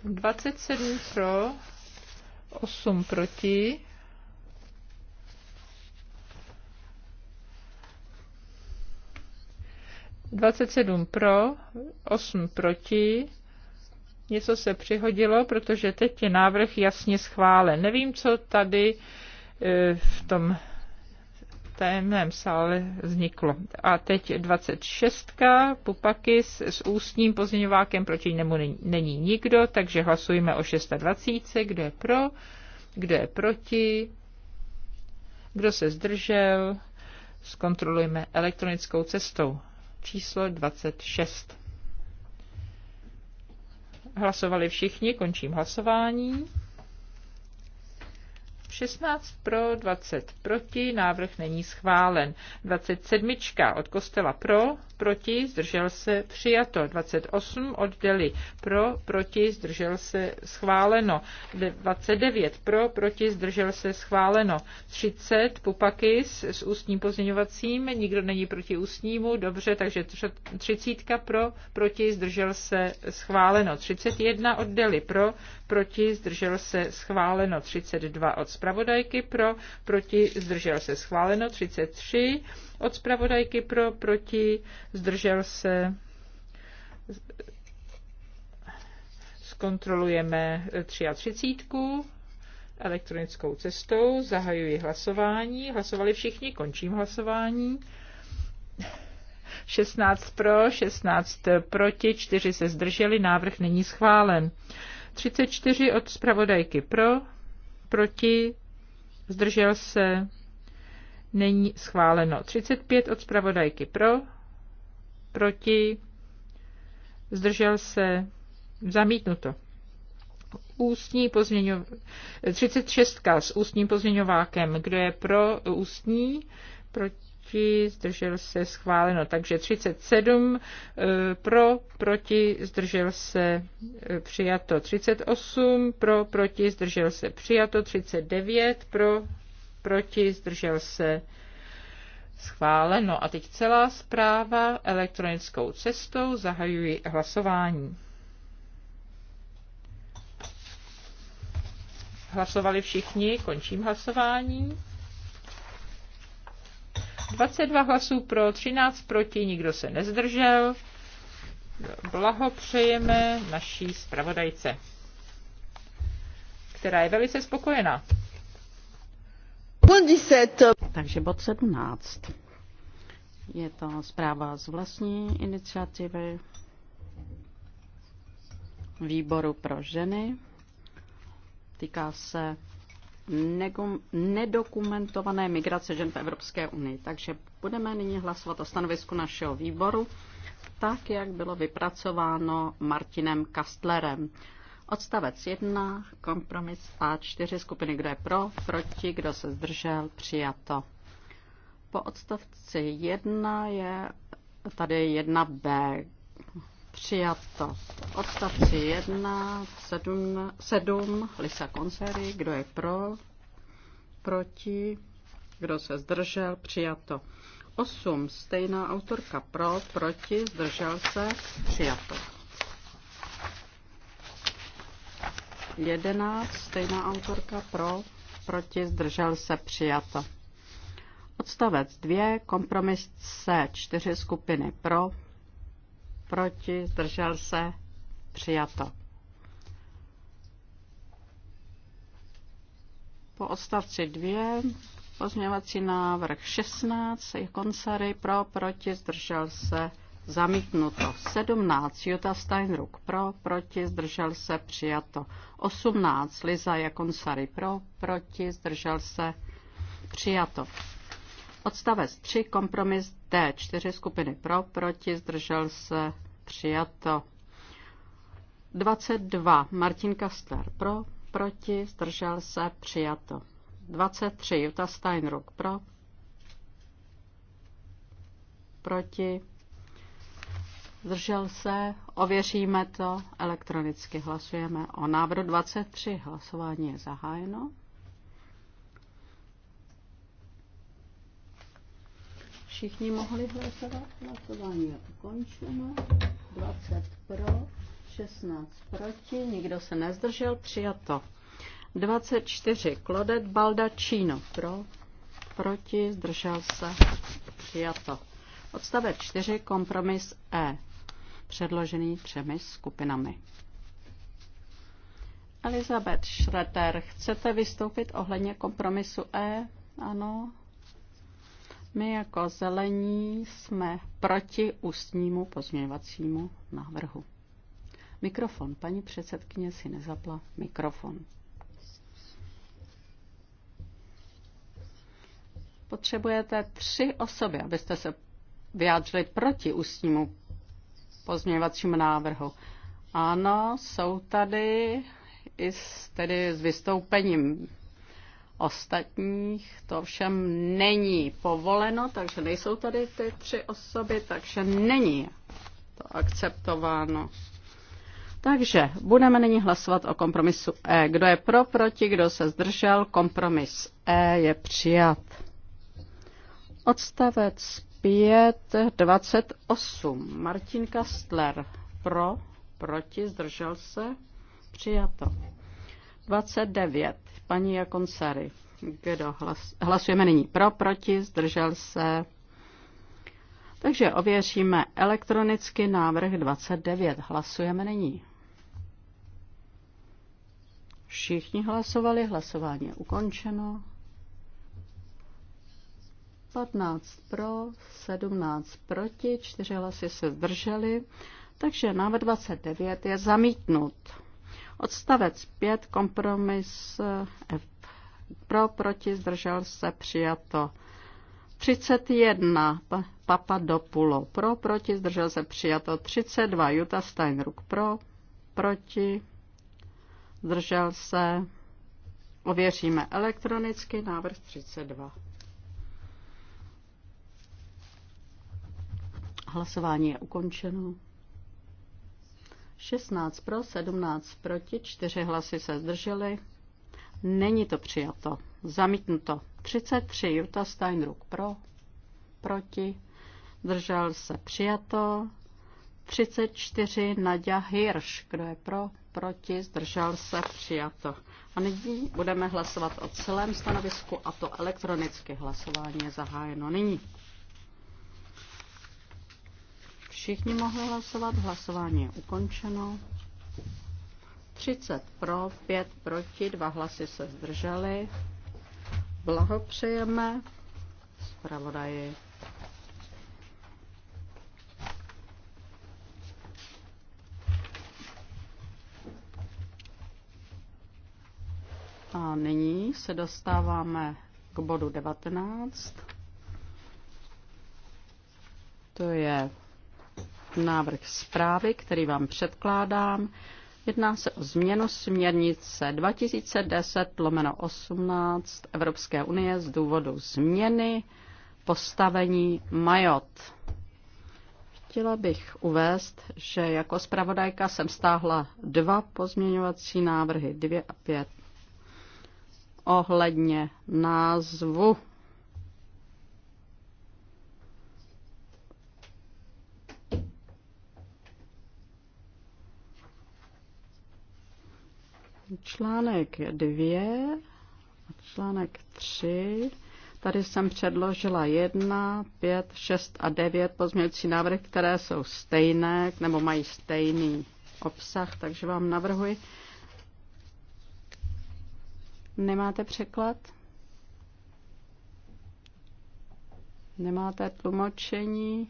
27 pro, 8 proti. Dvacet sedm pro, osm proti, něco se přihodilo, protože teď je návrh jasně schválen. Nevím, co tady e, v tom tajemném sále vzniklo. A teď 26. Pupakis s ústním pozměňovákem proti němu není nikdo, takže hlasujeme o 26. Kdo je pro, kdo je proti, kdo se zdržel, zkontrolujeme elektronickou cestou. Číslo 26. Hlasovali všichni, končím hlasování. 16 pro, 20 proti, návrh není schválen. 27 od kostela pro, proti, zdržel se, přijato. 28 od deli pro, proti, zdržel se, schváleno. 29 pro, proti, zdržel se, schváleno. 30 pupakis s ústním pozměňovacím, nikdo není proti ústnímu, dobře, takže 30 pro, proti, zdržel se, schváleno. 31 od deli pro, proti, zdržel se, schváleno. 32 od zpravodajky pro, proti, zdržel se schváleno, 33 od zpravodajky pro, proti, zdržel se zkontrolujeme 33 elektronickou cestou, zahajuji hlasování, hlasovali všichni, končím hlasování. 16 pro, 16 proti, 4 se zdrželi, návrh není schválen. 34 od zpravodajky pro, proti, zdržel se, není schváleno. 35 od zpravodajky pro, proti, zdržel se, zamítnuto. Ústní pozměňov... 36 s ústním pozměňovákem. Kdo je pro ústní? Proti proti, zdržel se schváleno. Takže 37 eh, eh, pro, proti, zdržel se přijato. 38 pro, proti, zdržel se přijato. 39 pro, proti, zdržel se schváleno. A teď celá zpráva elektronickou cestou zahajuji hlasování. Hlasovali všichni, končím hlasování. 22 hlasů pro, 13 proti, nikdo se nezdržel. Blahopřejeme naší zpravodajce, která je velice spokojená. Takže bod 17. Je to zpráva z vlastní iniciativy výboru pro ženy. Týká se nedokumentované migrace žen v Evropské unii. Takže budeme nyní hlasovat o stanovisku našeho výboru, tak jak bylo vypracováno Martinem Kastlerem. Odstavec 1, kompromis A4 skupiny, kdo je pro, proti, kdo se zdržel, přijato. Po odstavci 1 je tady 1B, Přijato. Odstavci 1, 7, 7 Lisa Konsery. Kdo je pro? Proti? Kdo se zdržel? Přijato. 8. Stejná autorka pro, proti, zdržel se, přijato. 11. Stejná autorka pro, proti, zdržel se, přijato. Odstavec 2. Kompromis C. 4 skupiny pro, proti, zdržel se, přijato. Po odstavci 2 pozměňovací návrh 16 je koncery pro, proti, zdržel se, zamítnuto. 17 Jutta Steinruck pro, proti, zdržel se, přijato. 18 Liza Jakonsary pro, proti, zdržel se, přijato. Odstavec 3, kompromis D, čtyři skupiny pro, proti, zdržel se, přijato. 22, Martin Kastler pro, proti, zdržel se, přijato. 23, Jutta Steinruck pro, proti, zdržel se, ověříme to, elektronicky hlasujeme o návrhu 23, hlasování je zahájeno. Všichni mohli hlasovat. Hlasování je ukončeno. 20 pro, 16 proti, nikdo se nezdržel, přijato. 24 Klodet Baldačino pro, proti, zdržel se, přijato. Odstavec 4 kompromis E, předložený třemi skupinami. Elizabeth Schreter, chcete vystoupit ohledně kompromisu E? Ano, my jako zelení jsme proti ústnímu pozměňovacímu návrhu. Mikrofon. Paní předsedkyně si nezapla mikrofon. Potřebujete tři osoby, abyste se vyjádřili proti ústnímu pozměňovacímu návrhu. Ano, jsou tady i s, tedy s vystoupením ostatních. To všem není povoleno, takže nejsou tady ty tři osoby, takže není to akceptováno. Takže budeme nyní hlasovat o kompromisu E. Kdo je pro, proti, kdo se zdržel, kompromis E je přijat. Odstavec 5, 28. Martin Kastler pro, proti, zdržel se, přijato. 29. Paní Jakonsary. Kdo hlas, hlasujeme nyní pro, proti, zdržel se. Takže ověříme elektronicky návrh 29. Hlasujeme nyní. Všichni hlasovali, hlasování je ukončeno. 15 pro, 17 proti, 4 hlasy se zdrželi, takže návrh 29 je zamítnut. Odstavec 5, kompromis eh, F. Pro, proti, zdržel se, přijato. 31, papa Papadopulo. Pro, proti, zdržel se, přijato. 32, Jutta Steinruck. Pro, proti, zdržel se. Ověříme elektronicky návrh 32. Hlasování je ukončeno. 16 pro, 17 proti, 4 hlasy se zdržely. Není to přijato. Zamítnuto. 33 Jutta Steinruck pro, proti, zdržel se přijato. 34 Nadia Hirsch, kdo je pro, proti, zdržel se přijato. A nyní budeme hlasovat o celém stanovisku a to elektronicky hlasování je zahájeno nyní. Všichni mohli hlasovat, hlasování je ukončeno. 30 pro, 5 proti, 2 hlasy se zdržely. Blahopřejeme zpravodaji. A nyní se dostáváme k bodu 19. To je návrh zprávy, který vám předkládám. Jedná se o změnu směrnice 2010 lomeno 18 Evropské unie z důvodu změny postavení majot. Chtěla bych uvést, že jako zpravodajka jsem stáhla dva pozměňovací návrhy, dvě a pět, ohledně názvu Článek 2 a článek 3. Tady jsem předložila 1, 5, 6 a 9 pozměňující návrhy, které jsou stejné nebo mají stejný obsah, takže vám navrhuji. Nemáte překlad? Nemáte tlumočení?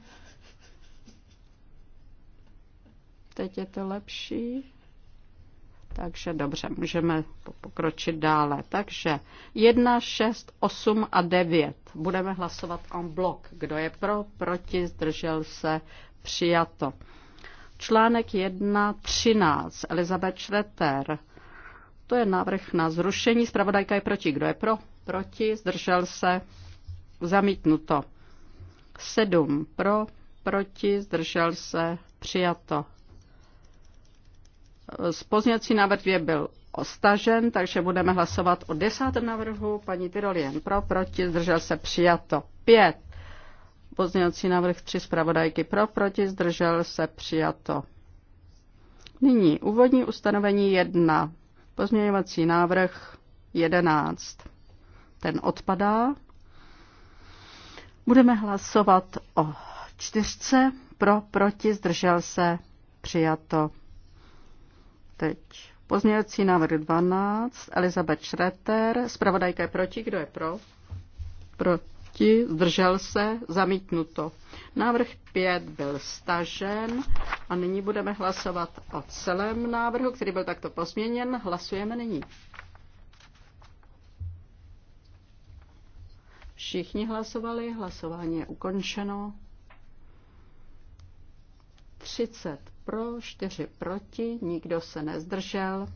Teď je to lepší. Takže dobře, můžeme pokročit dále. Takže 1, 6, 8 a 9. Budeme hlasovat en blok. Kdo je pro, proti, zdržel se, přijato. Článek 1, 13. Elizabeth Šreter. To je návrh na zrušení. Spravodajka je proti. Kdo je pro? Proti, zdržel se, zamítnuto. 7 pro, proti, zdržel se, přijato. Pozněcí návrh 2 byl ostažen, takže budeme hlasovat o desátém návrhu. Paní Tyrolien pro, proti, zdržel se přijato. Pět. Pozněcí návrh tři zpravodajky pro, proti, zdržel se přijato. Nyní úvodní ustanovení jedna Pozměňovací návrh 11. Ten odpadá. Budeme hlasovat o čtyřce. Pro, proti, zdržel se, přijato. Teď pozměňovací návrh 12, Elizabeth Schretter, zpravodajka je proti, kdo je pro? Proti, zdržel se, zamítnuto. Návrh 5 byl stažen a nyní budeme hlasovat o celém návrhu, který byl takto pozměněn. Hlasujeme nyní. Všichni hlasovali, hlasování je ukončeno. 30 pro, 4 proti, nikdo se nezdržel.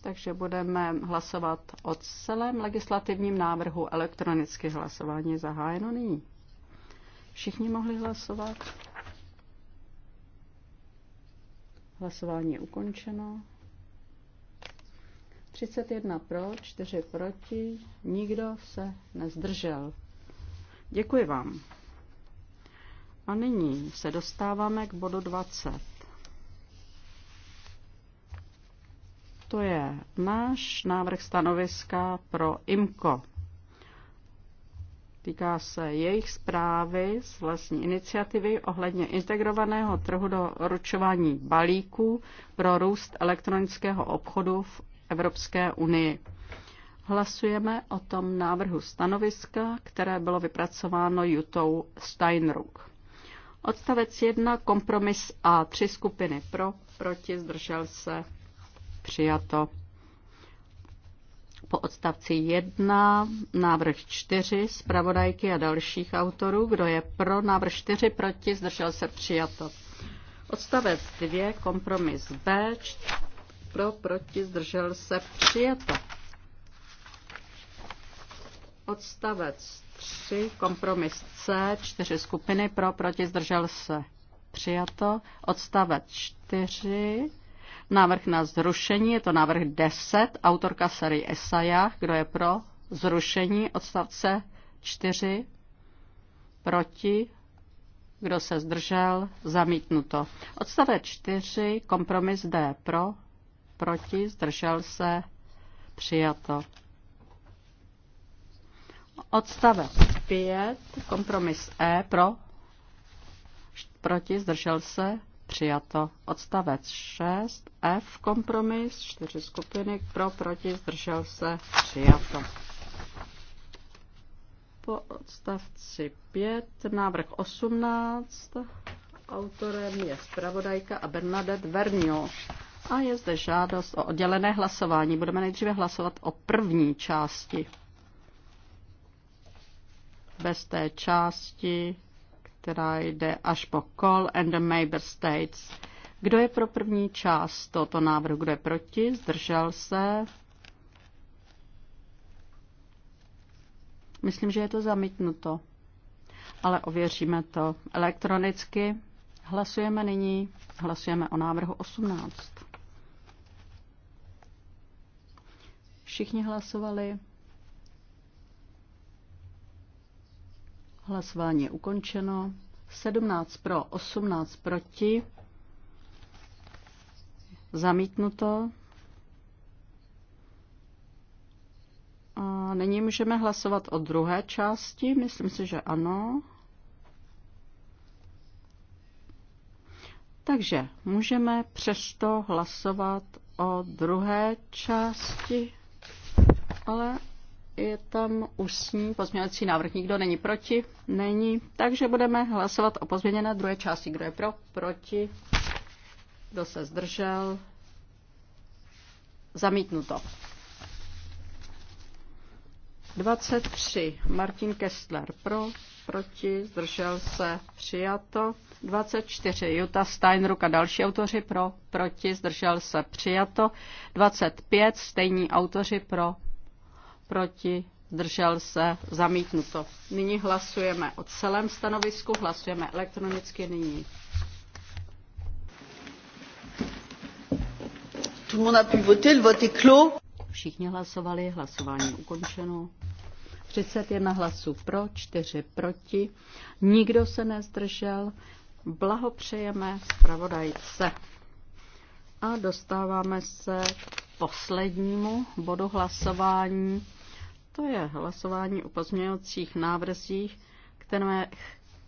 Takže budeme hlasovat o celém legislativním návrhu elektronicky. Hlasování zahájeno nyní. Všichni mohli hlasovat. Hlasování je ukončeno. 31 pro, 4 proti, nikdo se nezdržel. Děkuji vám. A nyní se dostáváme k bodu 20. To je náš návrh stanoviska pro IMCO. Týká se jejich zprávy z vlastní iniciativy ohledně integrovaného trhu do ručování balíků pro růst elektronického obchodu v Evropské unii. Hlasujeme o tom návrhu stanoviska, které bylo vypracováno Jutou Steinruck. Odstavec 1, kompromis A, tři skupiny pro, proti, zdržel se, přijato. Po odstavci 1, návrh 4, zpravodajky a dalších autorů, kdo je pro, návrh 4, proti, zdržel se, přijato. Odstavec 2, kompromis B, pro, proti, zdržel se, přijato. Odstavec 3, kompromis C, čtyři skupiny pro, proti, zdržel se. Přijato. Odstavec 4, návrh na zrušení, je to návrh 10, autorka série Esajach, kdo je pro zrušení odstavce 4, proti, kdo se zdržel, zamítnuto. Odstavec 4, kompromis D pro, proti, zdržel se, přijato. Odstavec 5, kompromis E pro, proti, zdržel se, přijato. Odstavec 6, F, kompromis, čtyři skupiny pro, proti, zdržel se, přijato. Po odstavci 5, návrh 18, autorem je zpravodajka a Bernadette Vernio. A je zde žádost o oddělené hlasování. Budeme nejdříve hlasovat o první části bez té části, která jde až po call and the member states. Kdo je pro první část tohoto návrhu, kdo je proti, zdržel se? Myslím, že je to zamítnuto, ale ověříme to elektronicky. Hlasujeme nyní, hlasujeme o návrhu 18. Všichni hlasovali. Hlasování je ukončeno. 17 pro, 18 proti. Zamítnuto. A nyní můžeme hlasovat o druhé části. Myslím si, že ano. Takže můžeme přesto hlasovat o druhé části, ale je tam ústní pozměňovací návrh. Nikdo není proti? Není. Takže budeme hlasovat o pozměněné druhé části. Kdo je pro? Proti? Kdo se zdržel? Zamítnuto. 23. Martin Kessler pro, proti, zdržel se, přijato. 24. Jutta Steinruck a další autoři pro, proti, zdržel se, přijato. 25. Stejní autoři pro, proti, zdržel se, zamítnuto. Nyní hlasujeme o celém stanovisku, hlasujeme elektronicky nyní. Tout le monde a pu voter, le vote est clos. Všichni hlasovali, hlasování ukončeno. 31 hlasů pro, 4 proti. Nikdo se nezdržel. Blahopřejeme zpravodajce. A dostáváme se k poslednímu bodu hlasování. To je hlasování o pozměňovacích návrzích, které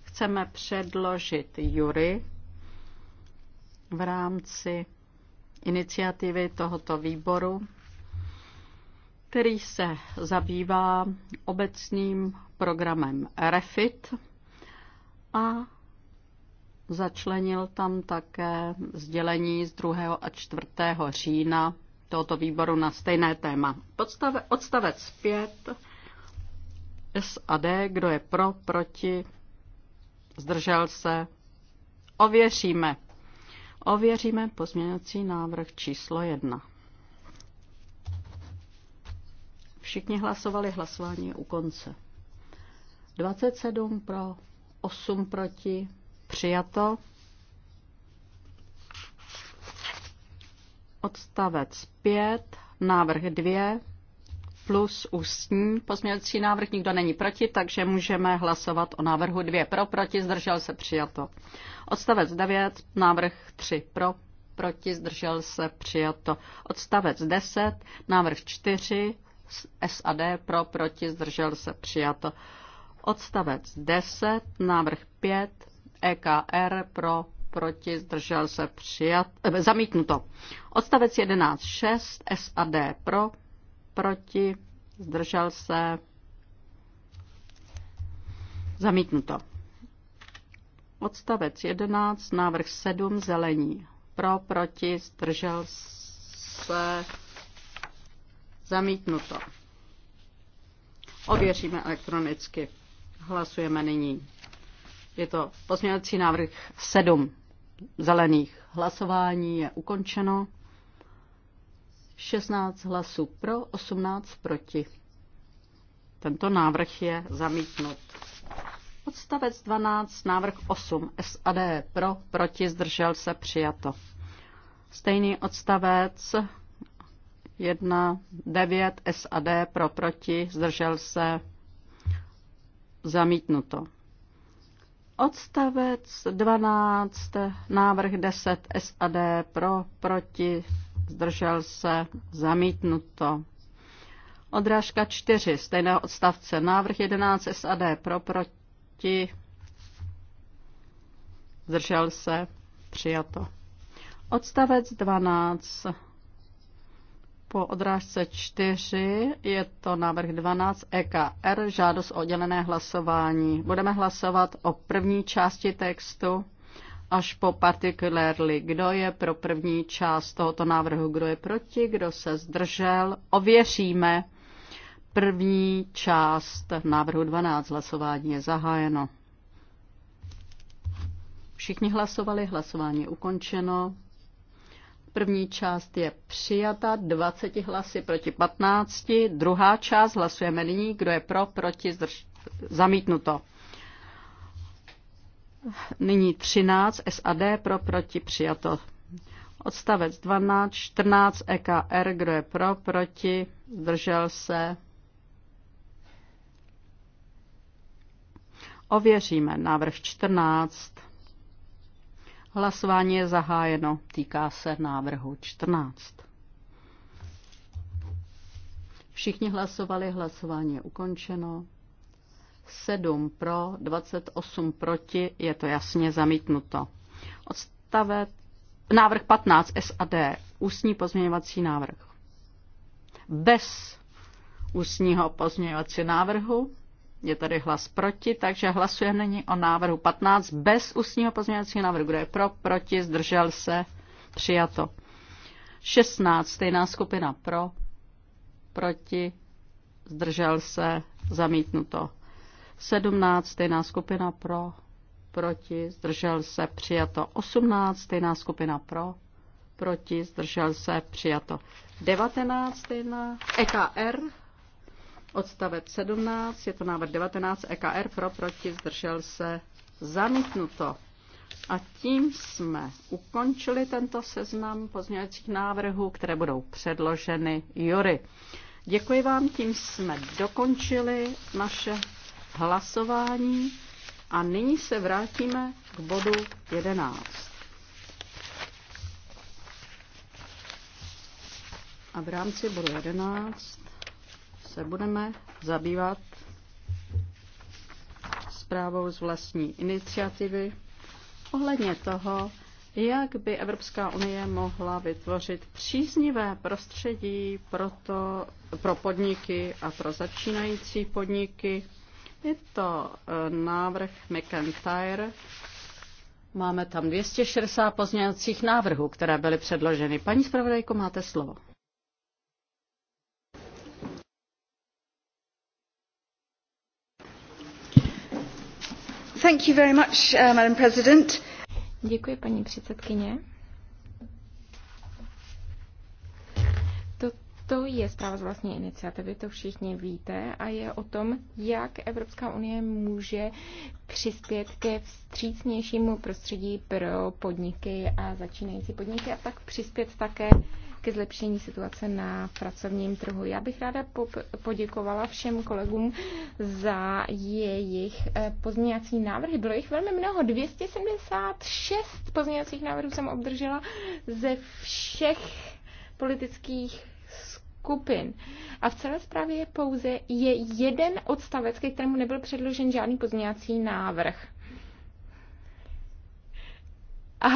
chceme předložit Jury v rámci iniciativy tohoto výboru, který se zabývá obecným programem REFIT a začlenil tam také sdělení z 2. a 4. října tohoto výboru na stejné téma. Podstave, odstavec 5 SAD, kdo je pro, proti, zdržel se. Ověříme. Ověříme pozměňovací návrh číslo 1. Všichni hlasovali, hlasování u konce. 27 pro, 8 proti, přijato. odstavec 5, návrh 2 plus ústní pozměňovací návrh. Nikdo není proti, takže můžeme hlasovat o návrhu 2 pro, proti, zdržel se přijato. Odstavec 9, návrh 3 pro, proti, zdržel se přijato. Odstavec 10, návrh 4, SAD pro, proti, zdržel se přijato. Odstavec 10, návrh 5, EKR pro, proti, zdržel se přijat, eh, zamítnuto. Odstavec 11.6, SAD pro, proti, zdržel se, zamítnuto. Odstavec 11, návrh 7, zelení. Pro, proti, zdržel se, zamítnuto. Ověříme elektronicky. Hlasujeme nyní. Je to pozměňovací návrh 7 zelených. Hlasování je ukončeno. 16 hlasů pro, 18 proti. Tento návrh je zamítnut. Odstavec 12, návrh 8, SAD pro, proti, zdržel se, přijato. Stejný odstavec 1, 9, SAD pro, proti, zdržel se, zamítnuto. Odstavec 12, návrh 10 SAD pro, proti, zdržel se, zamítnuto. Odrážka 4 stejného odstavce, návrh 11 SAD pro, proti, zdržel se, přijato. Odstavec 12 po odrážce 4 je to návrh 12 EKR, žádost o oddělené hlasování. Budeme hlasovat o první části textu až po particularly. Kdo je pro první část tohoto návrhu, kdo je proti, kdo se zdržel. Ověříme. První část návrhu 12 hlasování je zahájeno. Všichni hlasovali, hlasování je ukončeno. První část je přijata 20 hlasy proti 15. Druhá část hlasujeme nyní, kdo je pro, proti, zdrž... zamítnuto. Nyní 13 SAD pro, proti, přijato. Odstavec 12, 14 EKR, kdo je pro, proti, zdržel se. Ověříme návrh 14. Hlasování je zahájeno. Týká se návrhu 14. Všichni hlasovali, hlasování je ukončeno. 7 pro, 28 proti, je to jasně zamítnuto. Odstavec, návrh 15 SAD, ústní pozměňovací návrh. Bez ústního pozměňovacího návrhu je tady hlas proti, takže hlasuje nyní o návrhu 15 bez ústního pozměňovacího návrhu. Kdo je pro, proti, zdržel se, přijato. 16, stejná skupina pro, proti, zdržel se, zamítnuto. 17, stejná skupina pro, proti, zdržel se, přijato. 18, stejná skupina pro, proti, zdržel se, přijato. 19, stejná, EKR, Odstavec 17, je to návrh 19 EKR pro, proti, zdržel se, zamítnuto. A tím jsme ukončili tento seznam pozměňovacích návrhů, které budou předloženy Jury. Děkuji vám, tím jsme dokončili naše hlasování a nyní se vrátíme k bodu 11. A v rámci bodu 11 se budeme zabývat zprávou z vlastní iniciativy ohledně toho, jak by Evropská unie mohla vytvořit příznivé prostředí pro, to, pro podniky a pro začínající podniky. Je to e, návrh McIntyre. Máme tam 260 pozměňovacích návrhů, které byly předloženy. Paní zpravodajko, máte slovo. Thank you very much, uh, Madam President. Děkuji, paní předsedkyně. To je zpráva z vlastní iniciativy, to všichni víte, a je o tom, jak Evropská unie může přispět ke vstřícnějšímu prostředí pro podniky a začínající podniky a tak přispět také ke zlepšení situace na pracovním trhu. Já bych ráda poděkovala všem kolegům za jejich eh, pozměňovací návrhy. Bylo jich velmi mnoho, 276 pozměňovacích návrhů jsem obdržela ze všech politických skupin. A v celé zprávě je pouze je jeden odstavec, ke kterému nebyl předložen žádný pozměňovací návrh. A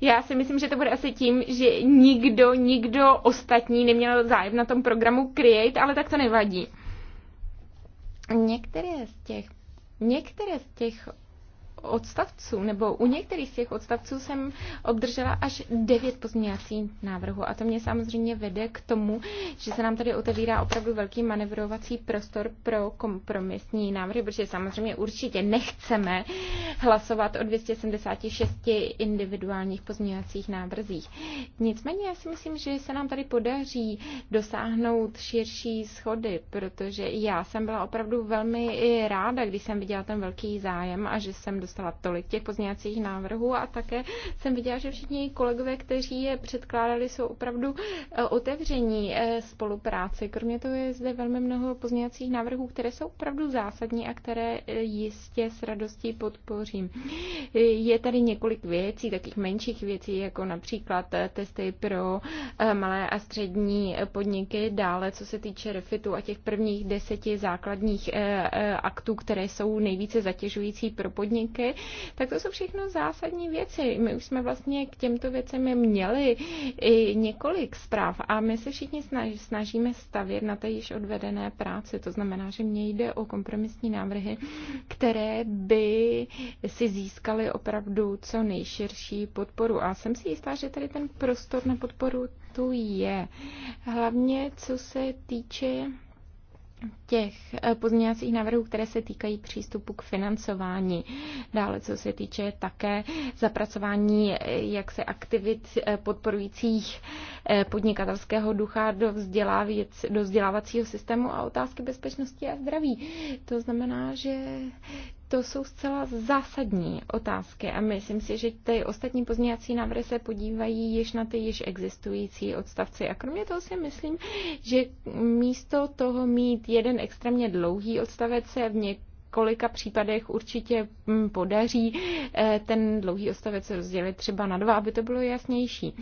já si myslím, že to bude asi tím, že nikdo, nikdo ostatní neměl zájem na tom programu Create, ale tak to nevadí. Některé z těch, některé z těch odstavců, nebo u některých z těch odstavců jsem obdržela až devět pozměňovacích návrhů. A to mě samozřejmě vede k tomu, že se nám tady otevírá opravdu velký manevrovací prostor pro kompromisní návrhy, protože samozřejmě určitě nechceme hlasovat o 276 individuálních pozměňovacích návrzích. Nicméně já si myslím, že se nám tady podaří dosáhnout širší schody, protože já jsem byla opravdu velmi ráda, když jsem viděla ten velký zájem a že jsem dostala tolik těch pozměňovacích návrhů a také jsem viděla, že všichni kolegové, kteří je předkládali, jsou opravdu e, otevření e, spolupráci. Kromě toho je zde velmi mnoho pozměňovacích návrhů, které jsou opravdu zásadní a které e, jistě s radostí podpořím. Je tady několik věcí, takových menších věcí, jako například testy pro malé a střední podniky, dále co se týče refitu a těch prvních deseti základních aktů, které jsou nejvíce zatěžující pro podniky, podmínky, tak to jsou všechno zásadní věci. My už jsme vlastně k těmto věcem měli i několik zpráv a my se všichni snažíme stavět na té již odvedené práci. To znamená, že mně jde o kompromisní návrhy, které by si získaly opravdu co nejširší podporu. A jsem si jistá, že tady ten prostor na podporu tu je. Hlavně co se týče těch eh, pozměňovacích návrhů, které se týkají přístupu k financování. Dále, co se týče také zapracování eh, jak se aktivit eh, podporujících podnikatelského ducha do, do vzdělávacího systému a otázky bezpečnosti a zdraví. To znamená, že to jsou zcela zásadní otázky a myslím si, že ty ostatní pozměňovací návrhy se podívají již na ty již existující odstavce. A kromě toho si myslím, že místo toho mít jeden extrémně dlouhý odstavec se v něk- Kolika případech určitě mm, podaří eh, ten dlouhý odstavec rozdělit třeba na dva, aby to bylo jasnější.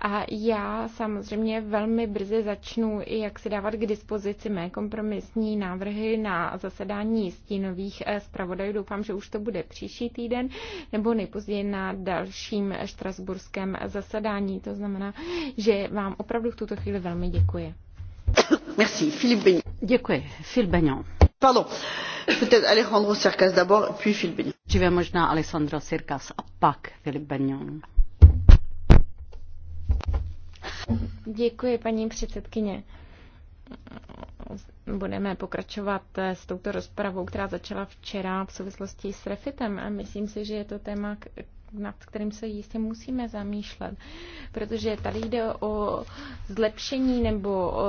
A já samozřejmě velmi brzy začnu i jak si dávat k dispozici mé kompromisní návrhy na zasedání stínových eh, zpravodajů. Doufám, že už to bude příští týden nebo nejpozději na dalším eh, štrasburském zasedání. To znamená, že vám opravdu v tuto chvíli velmi děkuji. Merci, Philippe Děkuji, Phil Pardon. Peut-être Alejandro d'abord, puis Děkuji, paní předsedkyně. Budeme pokračovat eh, s touto rozpravou, která začala včera v souvislosti s refitem a myslím si, že je to téma, nad kterým se jistě musíme zamýšlet, protože tady jde o zlepšení nebo o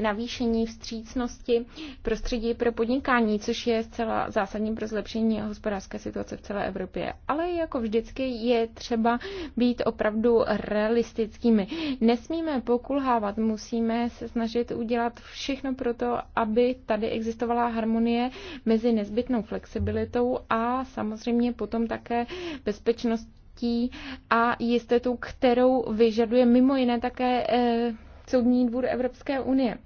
navýšení vstřícnosti prostředí pro podnikání, což je zcela zásadní pro zlepšení hospodářské situace v celé Evropě. Ale jako vždycky je třeba být opravdu realistickými. Nesmíme pokulhávat, musíme se snažit udělat všechno pro to, aby tady existovala harmonie mezi nezbytnou flexibilitou a samozřejmě potom také bezpečnost skutečností a jistotu, kterou vyžaduje mimo jiné také eh, Soudní dvůr Evropské unie.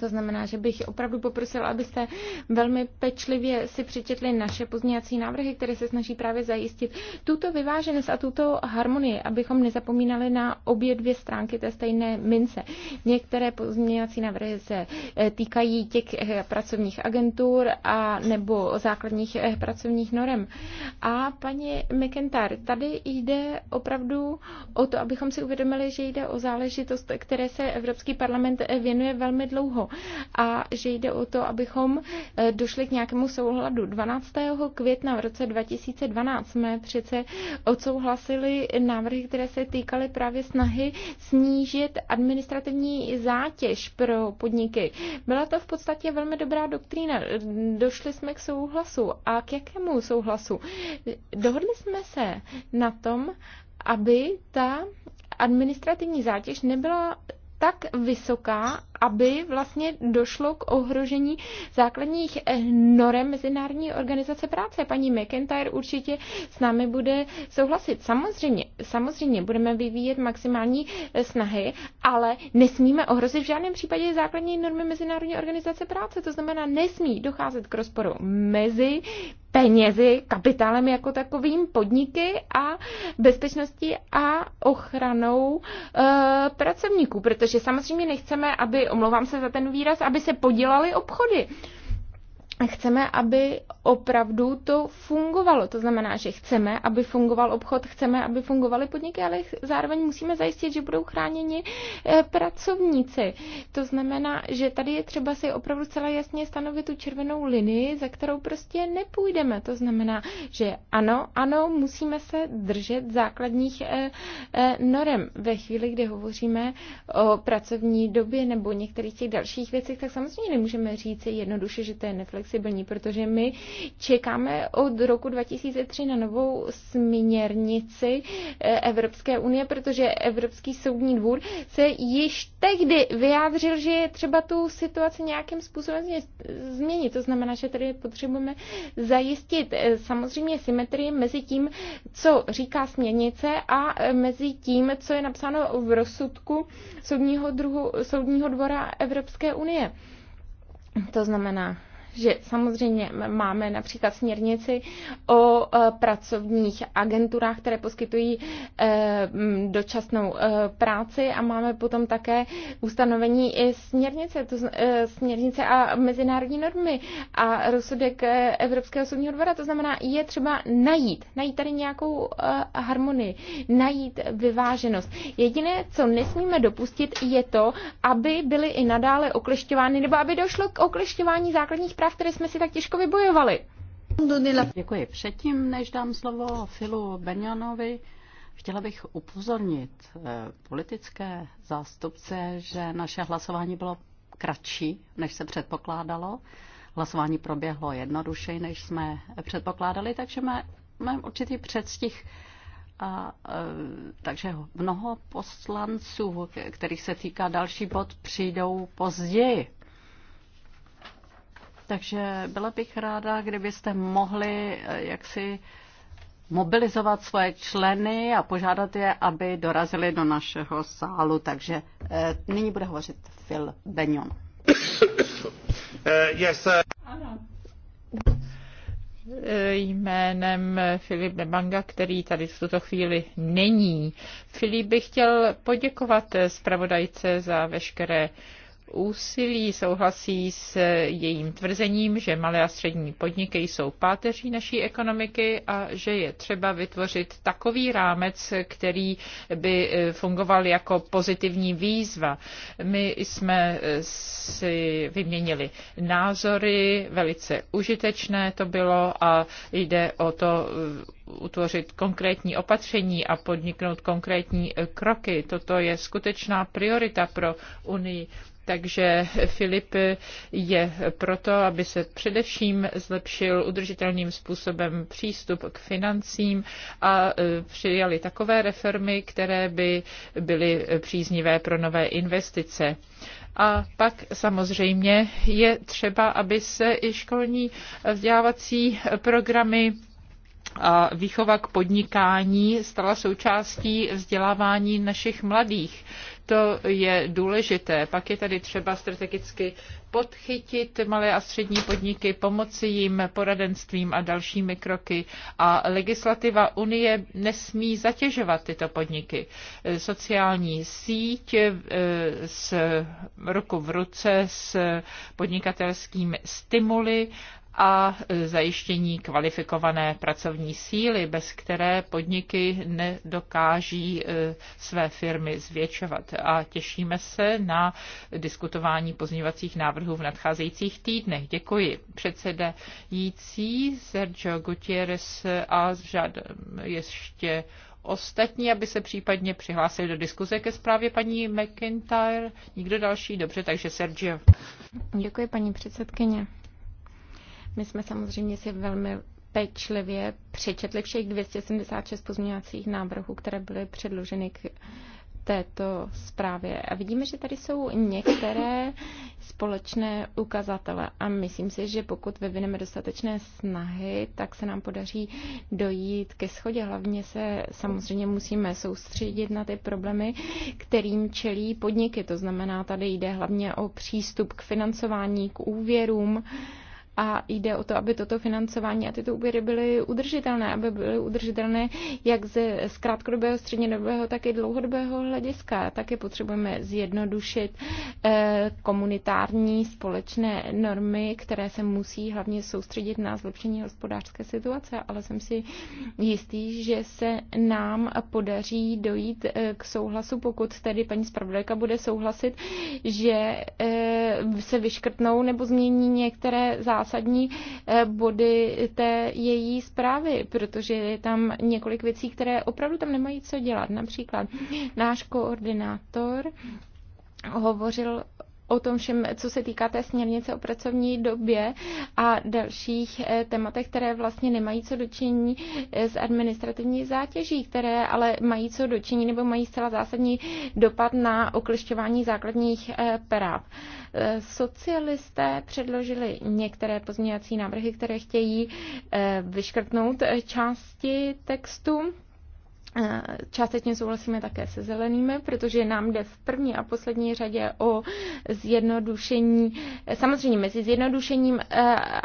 To znamená, že bych opravdu poprosila, abyste velmi pečlivě si přečetli naše pozměňovací návrhy, které se snaží právě zajistit tuto vyváženost a tuto harmonii, abychom nezapomínali na obě dvě stránky té stejné mince. Některé pozměňovací návrhy se eh, týkají těch eh, pracovních agentur a nebo základních eh, pracovních norem. A paní McIntyre, tady jde opravdu o to, abychom si uvědomili, že jde o záležitost, které se Evropský parlament věnuje velmi dlouho dlouho a že jde o to, abychom eh, došli k nějakému souhladu. 12. května v roce 2012 jsme přece odsouhlasili návrhy, které se týkaly právě snahy snížit administrativní zátěž pro podniky. Byla to v podstatě velmi dobrá doktrína. Došli jsme k souhlasu. A k jakému souhlasu? Dohodli jsme se na tom, aby ta administrativní zátěž nebyla tak vysoká, aby vlastně došlo k ohrožení základních eh, norem Mezinárodní organizace práce. Paní McIntyre určitě s námi bude souhlasit. Samozřejmě, samozřejmě budeme vyvíjet maximální eh, snahy, ale nesmíme ohrozit v žádném případě základní normy Mezinárodní organizace práce. To znamená, nesmí docházet k rozporu mezi penězi, kapitálem jako takovým, podniky a bezpečností a ochranou e, pracovníků, protože samozřejmě nechceme, aby omlouvám se za ten výraz, aby se podělali obchody chceme, aby opravdu to fungovalo. To znamená, že chceme, aby fungoval obchod, chceme, aby fungovaly podniky, ale zároveň musíme zajistit, že budou chráněni eh, pracovníci. To znamená, že tady je třeba si opravdu celé jasně stanovit tu červenou linii, za kterou prostě nepůjdeme. To znamená, že ano, ano, musíme se držet základních eh, eh, norem. Ve chvíli, kdy hovoříme o pracovní době nebo některých těch dalších věcech, tak samozřejmě nemůžeme říct jednoduše, že to je neflexibilní flexibilní, protože my čekáme od roku 2003 na novou směrnici eh, Evropské unie, protože Evropský soudní dvůr se již tehdy vyjádřil, že je třeba tu situaci nějakým způsobem změnit. To znamená, že tady potřebujeme zajistit eh, samozřejmě symetrii mezi tím, co říká směrnice a eh, mezi tím, co je napsáno v rozsudku soudního, druhu, soudního dvora Evropské unie. To znamená, že samozřejmě máme například směrnici o e, pracovních agenturách, které poskytují e, dočasnou e, práci a máme potom také ustanovení i směrnice, to, směrnice a mezinárodní normy a rozsudek Evropského soudního dvora. To znamená, je třeba najít, najít tady nějakou harmonii, najít vyváženost. Jediné, co nesmíme dopustit, je to, aby byly i nadále oklešťovány, nebo aby došlo k oklešťování základních práv práv, které jsme si tak těžko vybojovali. Děkuji. Předtím, než dám slovo Filu Benjanovi, chtěla bych upozornit eh, politické zástupce, že naše hlasování bylo kratší, než se předpokládalo. Hlasování proběhlo jednodušeji, než jsme předpokládali, takže máme určitý předstih a, eh, takže mnoho poslanců, kterých se týká další bod, přijdou později. Takže byla bych ráda, kdybyste mohli eh, jaksi mobilizovat svoje členy a požádat je, aby dorazili do našeho sálu. Takže eh, nyní bude hovořit Phil Benyon. Uh, *coughs* yes, uh... jménem Filip Nebanga, který tady v tuto chvíli není. Filip bych chtěl poděkovat zpravodajce za veškeré úsilí, souhlasí s jejím tvrzením, že malé a střední podniky jsou páteří naší ekonomiky a že je třeba vytvořit takový rámec, který by eh, fungoval jako pozitivní výzva. My jsme eh, si vyměnili názory, velice užitečné to bylo a jde o to eh, utvořit konkrétní opatření a podniknout konkrétní kroky. Toto je skutečná priorita pro Unii takže Filip je proto, aby se především zlepšil udržitelným způsobem přístup k financím a e, přijali takové reformy, které by byly příznivé pro nové investice. A pak samozřejmě je třeba, aby se i školní vzdělávací programy a výchova k podnikání stala součástí vzdělávání našich mladých to je důležité. Pak je tady třeba strategicky podchytit malé a střední podniky, pomoci jim poradenstvím a dalšími kroky. A legislativa Unie nesmí zatěžovat tyto podniky. Sociální síť eh, s ruku v ruce s podnikatelskými stimuly a zajištění kvalifikované pracovní síly, bez které podniky nedokáží e, své firmy zvětšovat. A těšíme se na diskutování pozměňovacích návrhů v nadcházejících týdnech. Děkuji. Předsedající Sergio Gutierrez a žádám ještě ostatní, aby se případně přihlásili do diskuze ke zprávě paní McIntyre. Nikdo další? Dobře, takže Sergio. Děkuji, paní předsedkyně. My jsme samozřejmě si velmi pečlivě přečetli všech 276 pozměňovacích návrhů, které byly předloženy k této zprávě. A vidíme, že tady jsou některé společné ukazatele a myslím si, že pokud vyvineme dostatečné snahy, tak se nám podaří dojít ke schodě. Hlavně se samozřejmě musíme soustředit na ty problémy, kterým čelí podniky. To znamená, tady jde hlavně o přístup k financování, k úvěrům, a jde o to, aby toto financování a tyto úvěry byly udržitelné, aby byly udržitelné jak ze, z krátkodobého, střednědobého, tak i dlouhodobého hlediska. Také potřebujeme zjednodušit eh, komunitární společné normy, které se musí hlavně soustředit na zlepšení hospodářské situace, ale jsem si jistý, že se nám podaří dojít eh, k souhlasu, pokud tedy paní zpravodajka bude souhlasit, že eh, se vyškrtnou nebo změní některé zásadní zásadní eh, body té její zprávy, protože je tam několik věcí, které opravdu tam nemají co dělat. Například náš koordinátor hovořil o tom všem, co se týká té směrnice o pracovní době a dalších eh, tématech, které vlastně nemají co dočinění eh, s administrativní zátěží, které ale mají co dočinění nebo mají zcela zásadní dopad na oklišťování základních eh, práv. Socialisté předložili některé pozměňovací návrhy, které chtějí vyškrtnout části textu Částečně souhlasíme také se zelenými, protože nám jde v první a poslední řadě o zjednodušení, samozřejmě mezi zjednodušením eh,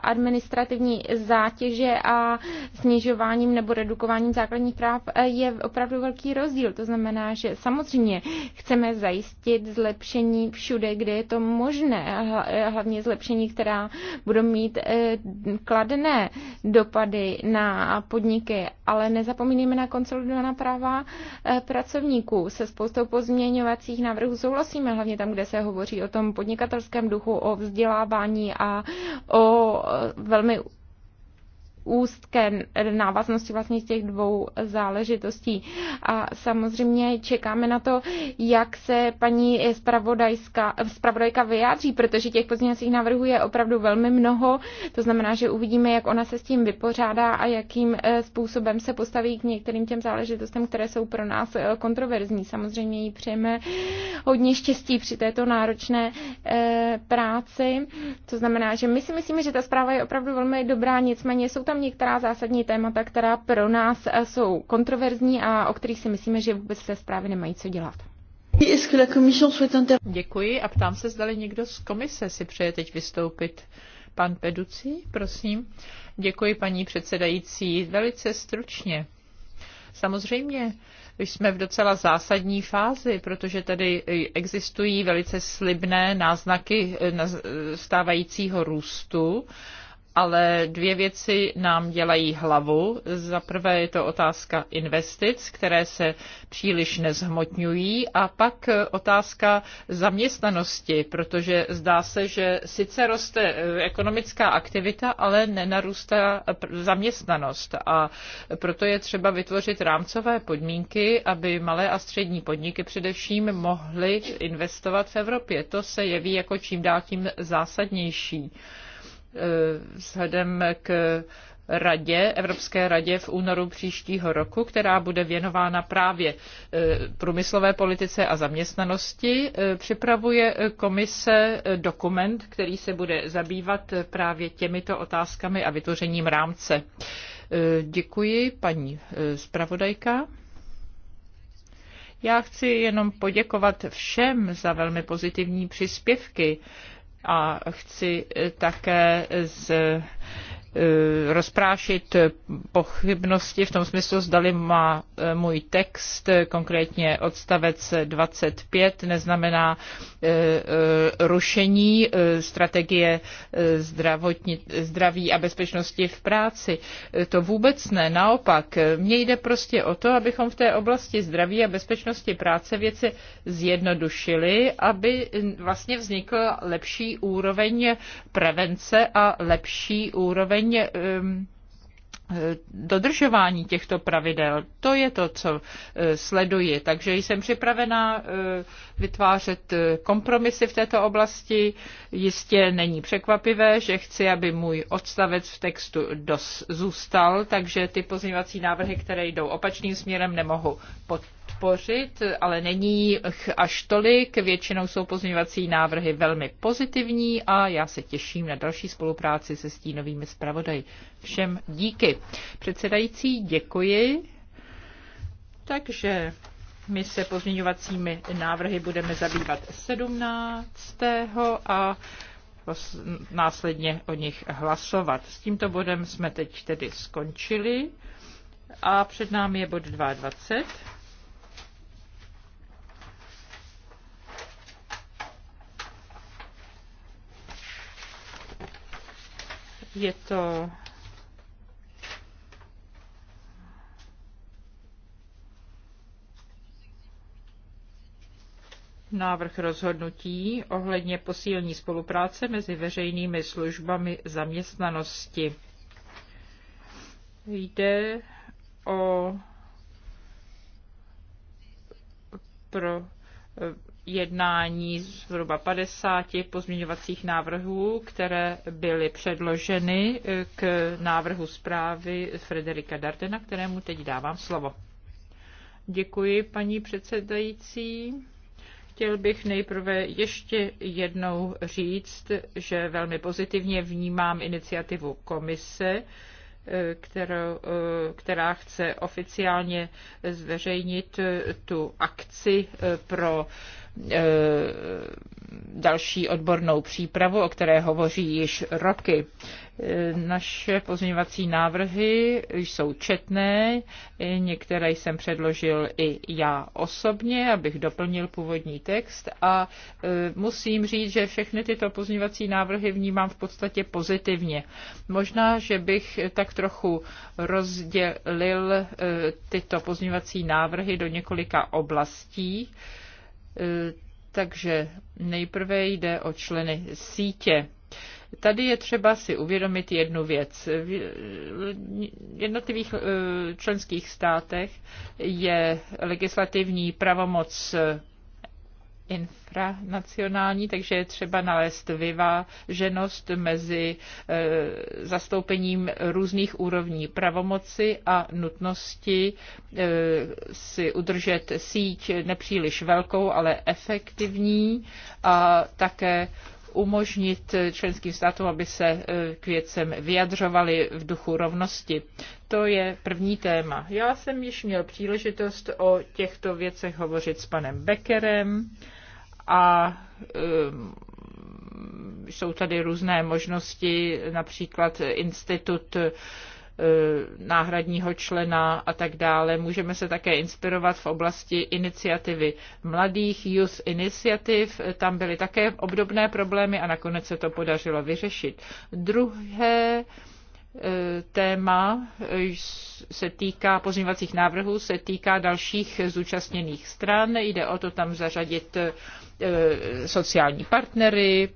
administrativní zátěže a snižováním nebo redukováním základních práv eh, je opravdu velký rozdíl. To znamená, že samozřejmě chceme zajistit zlepšení všude, kde je to možné, eh, hlavně zlepšení, která budou mít kladné dopady na podniky, ale nezapomínejme na konsolidovaná práva eh, pracovníků. Se spoustou pozměňovacích návrhů souhlasíme, hlavně tam, kde se hovoří o tom podnikatelském duchu, o vzdělávání a o eh, velmi úzké návaznosti vlastně těch dvou záležitostí. A samozřejmě čekáme na to, jak se paní zpravodajka vyjádří, protože těch pozměňovacích návrhů je opravdu velmi mnoho. To znamená, že uvidíme, jak ona se s tím vypořádá a jakým eh, způsobem se postaví k některým těm záležitostem, které jsou pro nás eh, kontroverzní. Samozřejmě jí přejeme hodně štěstí při této náročné eh, práci. To znamená, že my si myslíme, že ta zpráva je opravdu velmi dobrá, nicméně jsou tam tam některá zásadní témata, která pro nás jsou kontroverzní a o kterých si myslíme, že vůbec se zprávy nemají co dělat. Děkuji a ptám se, zdali někdo z komise si přeje teď vystoupit. Pan Peduci, prosím. Děkuji, paní předsedající. Velice stručně. Samozřejmě, jsme v docela zásadní fázi, protože tady existují velice slibné náznaky eh, stávajícího růstu ale dvě věci nám dělají hlavu. Za prvé je to otázka investic, které se příliš nezhmotňují a pak otázka zaměstnanosti, protože zdá se, že sice roste ekonomická aktivita, ale nenarůstá zaměstnanost a proto je třeba vytvořit rámcové podmínky, aby malé a střední podniky především mohly investovat v Evropě. To se jeví jako čím dál tím zásadnější vzhledem k radě, Evropské radě v únoru příštího roku, která bude věnována právě e, průmyslové politice a zaměstnanosti. E, připravuje komise dokument, který se bude zabývat právě těmito otázkami a vytvořením rámce. E, děkuji, paní zpravodajka. Já chci jenom poděkovat všem za velmi pozitivní příspěvky a chci také z Eh, rozprášit pochybnosti v tom smyslu, zdali má eh, můj text, eh, konkrétně odstavec 25, neznamená rušení strategie zdravotní, zdraví a bezpečnosti v práci. To vůbec ne, naopak. Mně jde prostě o to, abychom v té oblasti zdraví a bezpečnosti práce věci zjednodušili, aby vlastně vznikla lepší úroveň prevence a lepší úroveň stupeň eh, eh, dodržování těchto pravidel. To je to, co eh, sleduji. Takže jsem připravená vytvářet kompromisy v této oblasti. Jistě není překvapivé, že chci, aby můj odstavec v textu dos- zůstal, takže ty pozměňovací návrhy, které jdou opačným směrem, nemohu podpořit podpořit, ale není jich až tolik. Většinou jsou pozměňovací návrhy velmi pozitivní a já se těším na další spolupráci se stínovými zpravodaji. Všem díky. Předsedající, děkuji. Takže my se pozměňovacími návrhy budeme zabývat 17. a následně o nich hlasovat. S tímto bodem jsme teď tedy skončili a před námi je bod 22. Je to návrh rozhodnutí ohledně posílení spolupráce mezi veřejnými službami zaměstnanosti. Jde o pro jednání zhruba 50 pozměňovacích návrhů, které byly předloženy eh, k návrhu zprávy Frederika Dardena, kterému teď dávám slovo. Děkuji, paní předsedající. Chtěl bych nejprve ještě jednou říct, že velmi pozitivně vnímám iniciativu komise, eh, kterou, eh, která chce oficiálně zveřejnit tu akci pro Eh, další odbornou přípravu, o které hovoří již roky. Eh, naše pozměňovací návrhy jsou četné, eh, některé jsem předložil i já osobně, abych doplnil původní text a musím říct, že všechny tyto pozměňovací návrhy vnímám v podstatě pozitivně. Možná, že bych tak trochu rozdělil tyto pozměňovací návrhy do několika oblastí E, takže nejprve jde o členy sítě. Tady je třeba si uvědomit jednu věc. V jednotlivých e, členských státech je legislativní pravomoc infranacionální, takže je třeba nalézt vyváženost mezi e, zastoupením různých úrovní pravomoci a nutnosti e, si udržet síť nepříliš velkou, ale efektivní a také umožnit členským státům, aby se e, k věcem vyjadřovali v duchu rovnosti. To je první téma. Já jsem již měl příležitost o těchto věcech hovořit s panem Beckerem a eh, jsou tady různé možnosti, například institut eh, náhradního člena a tak dále. Můžeme se také inspirovat v oblasti iniciativy mladých Youth Initiative. Tam byly také obdobné problémy a nakonec se to podařilo vyřešit. Druhé téma eh, se týká pozměňovacích návrhů, se týká dalších zúčastněných stran. Jde o to tam zařadit eh, sociální partnery,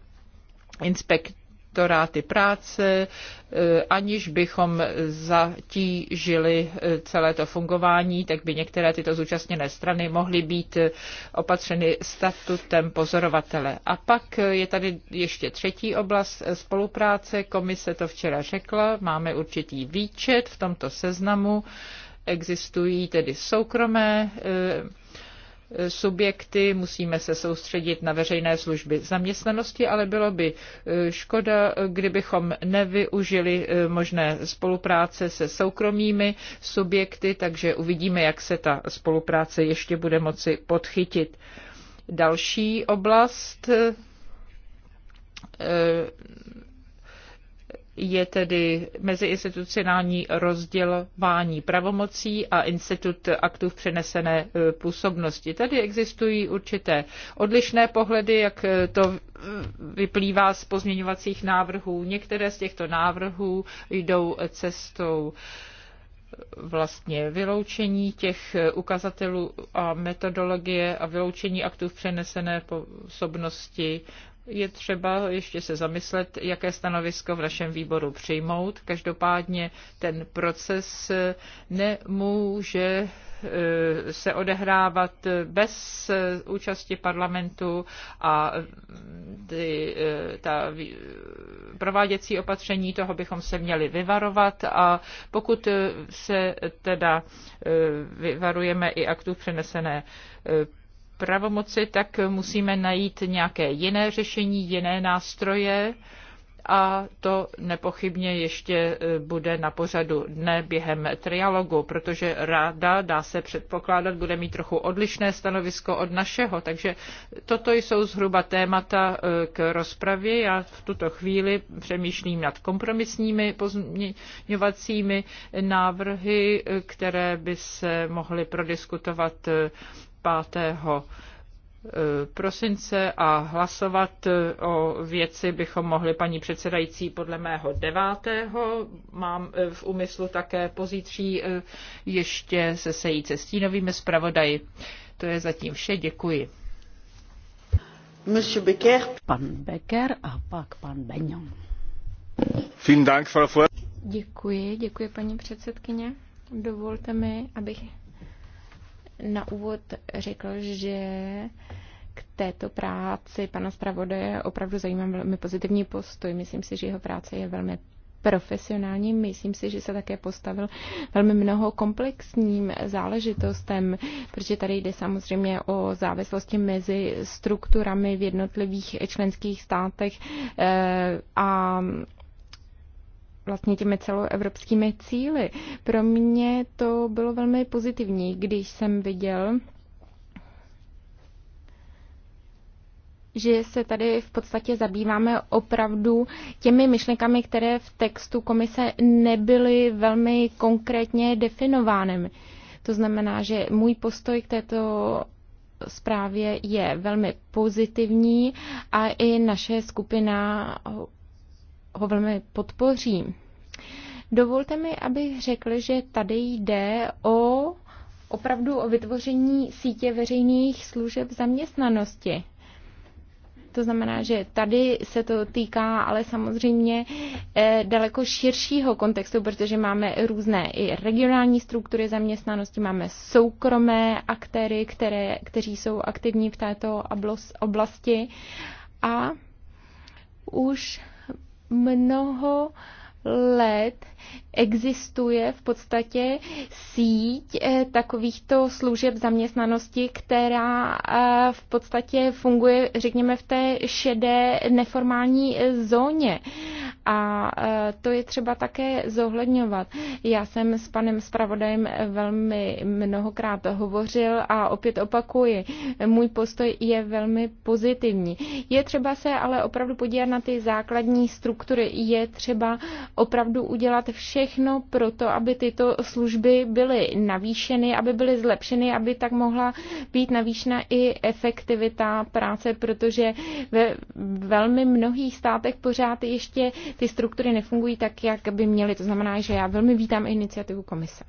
inspekt inspektoráty práce, eh, aniž bychom zatížili eh, celé to fungování, tak by některé tyto zúčastněné strany mohly být eh, opatřeny statutem pozorovatele. A pak je tady ještě třetí oblast spolupráce. Komise to včera řekla, máme určitý výčet v tomto seznamu. Existují tedy soukromé subjekty, musíme se soustředit na veřejné služby zaměstnanosti, ale bylo by eh, škoda, kdybychom nevyužili eh, možné spolupráce se soukromými subjekty, takže uvidíme, jak se ta spolupráce ještě bude moci podchytit. Další oblast eh, je tedy meziinstitucionální rozdělování pravomocí a institut aktů v přenesené e, působnosti. Tady existují určité odlišné pohledy, jak e, to e, vyplývá z pozměňovacích návrhů. Některé z těchto návrhů jdou cestou vlastně vyloučení těch ukazatelů a metodologie a vyloučení aktů v přenesené působnosti je třeba ještě se zamyslet, jaké stanovisko v našem výboru přijmout. Každopádně ten proces nemůže eh, se odehrávat bez eh, účasti parlamentu a mm, ty, eh, ta prováděcí opatření, toho bychom se měli vyvarovat a pokud se teda vyvarujeme i aktů přenesené pravomoci, tak musíme najít nějaké jiné řešení, jiné nástroje a to nepochybně ještě eh, bude na pořadu dne během trialogu, protože ráda, dá se předpokládat, bude mít trochu odlišné stanovisko od našeho. Takže toto jsou zhruba témata eh, k rozpravě. Já v tuto chvíli přemýšlím nad kompromisními pozměňovacími návrhy, eh, které by se mohly prodiskutovat 5. Eh, prosince a hlasovat eh, o věci bychom mohli paní předsedající podle mého 9. Mám eh, v úmyslu také pozítří ještě se sejít se stínovými zpravodaji. To je zatím vše, děkuji. Monsieur Becker. Pan Becker a pak pan Benjon. Děkuji, děkuji paní předsedkyně. Dovolte mi, abych na úvod řekl, že k této práci pana zpravodaje opravdu zajímá velmi pozitivní postoj. Myslím si, že jeho práce je velmi profesionální. Myslím si, že se také postavil velmi mnoho komplexním záležitostem, protože tady jde samozřejmě o závislosti mezi strukturami v jednotlivých členských státech eh, a vlastně těmi celoevropskými cíly. Pro mě to bylo velmi pozitivní, když jsem viděl, že se tady v podstatě zabýváme opravdu těmi myšlenkami, které v textu komise nebyly velmi konkrétně definovány. To znamená, že můj postoj k této zprávě je velmi pozitivní a i naše skupina ho velmi podpoří. Dovolte mi, abych řekl, že tady jde o opravdu o vytvoření sítě veřejných služeb zaměstnanosti. To znamená, že tady se to týká ale samozřejmě eh, daleko širšího kontextu, protože máme různé i regionální struktury zaměstnanosti, máme soukromé aktéry, které, kteří jsou aktivní v této oblasti. A už mnoho let existuje v podstatě síť eh, takovýchto služeb zaměstnanosti, která eh, v podstatě funguje, řekněme, v té šedé neformální eh, zóně. A to je třeba také zohledňovat. Já jsem s panem Spravodajem velmi mnohokrát hovořil a opět opakuji, můj postoj je velmi pozitivní. Je třeba se ale opravdu podívat na ty základní struktury. Je třeba opravdu udělat vše, všechno pro to, aby tyto služby byly navýšeny, aby byly zlepšeny, aby tak mohla být navýšena i efektivita práce, protože ve velmi mnohých státech pořád ještě ty struktury nefungují tak, jak by měly. To znamená, že já velmi vítám iniciativu komise.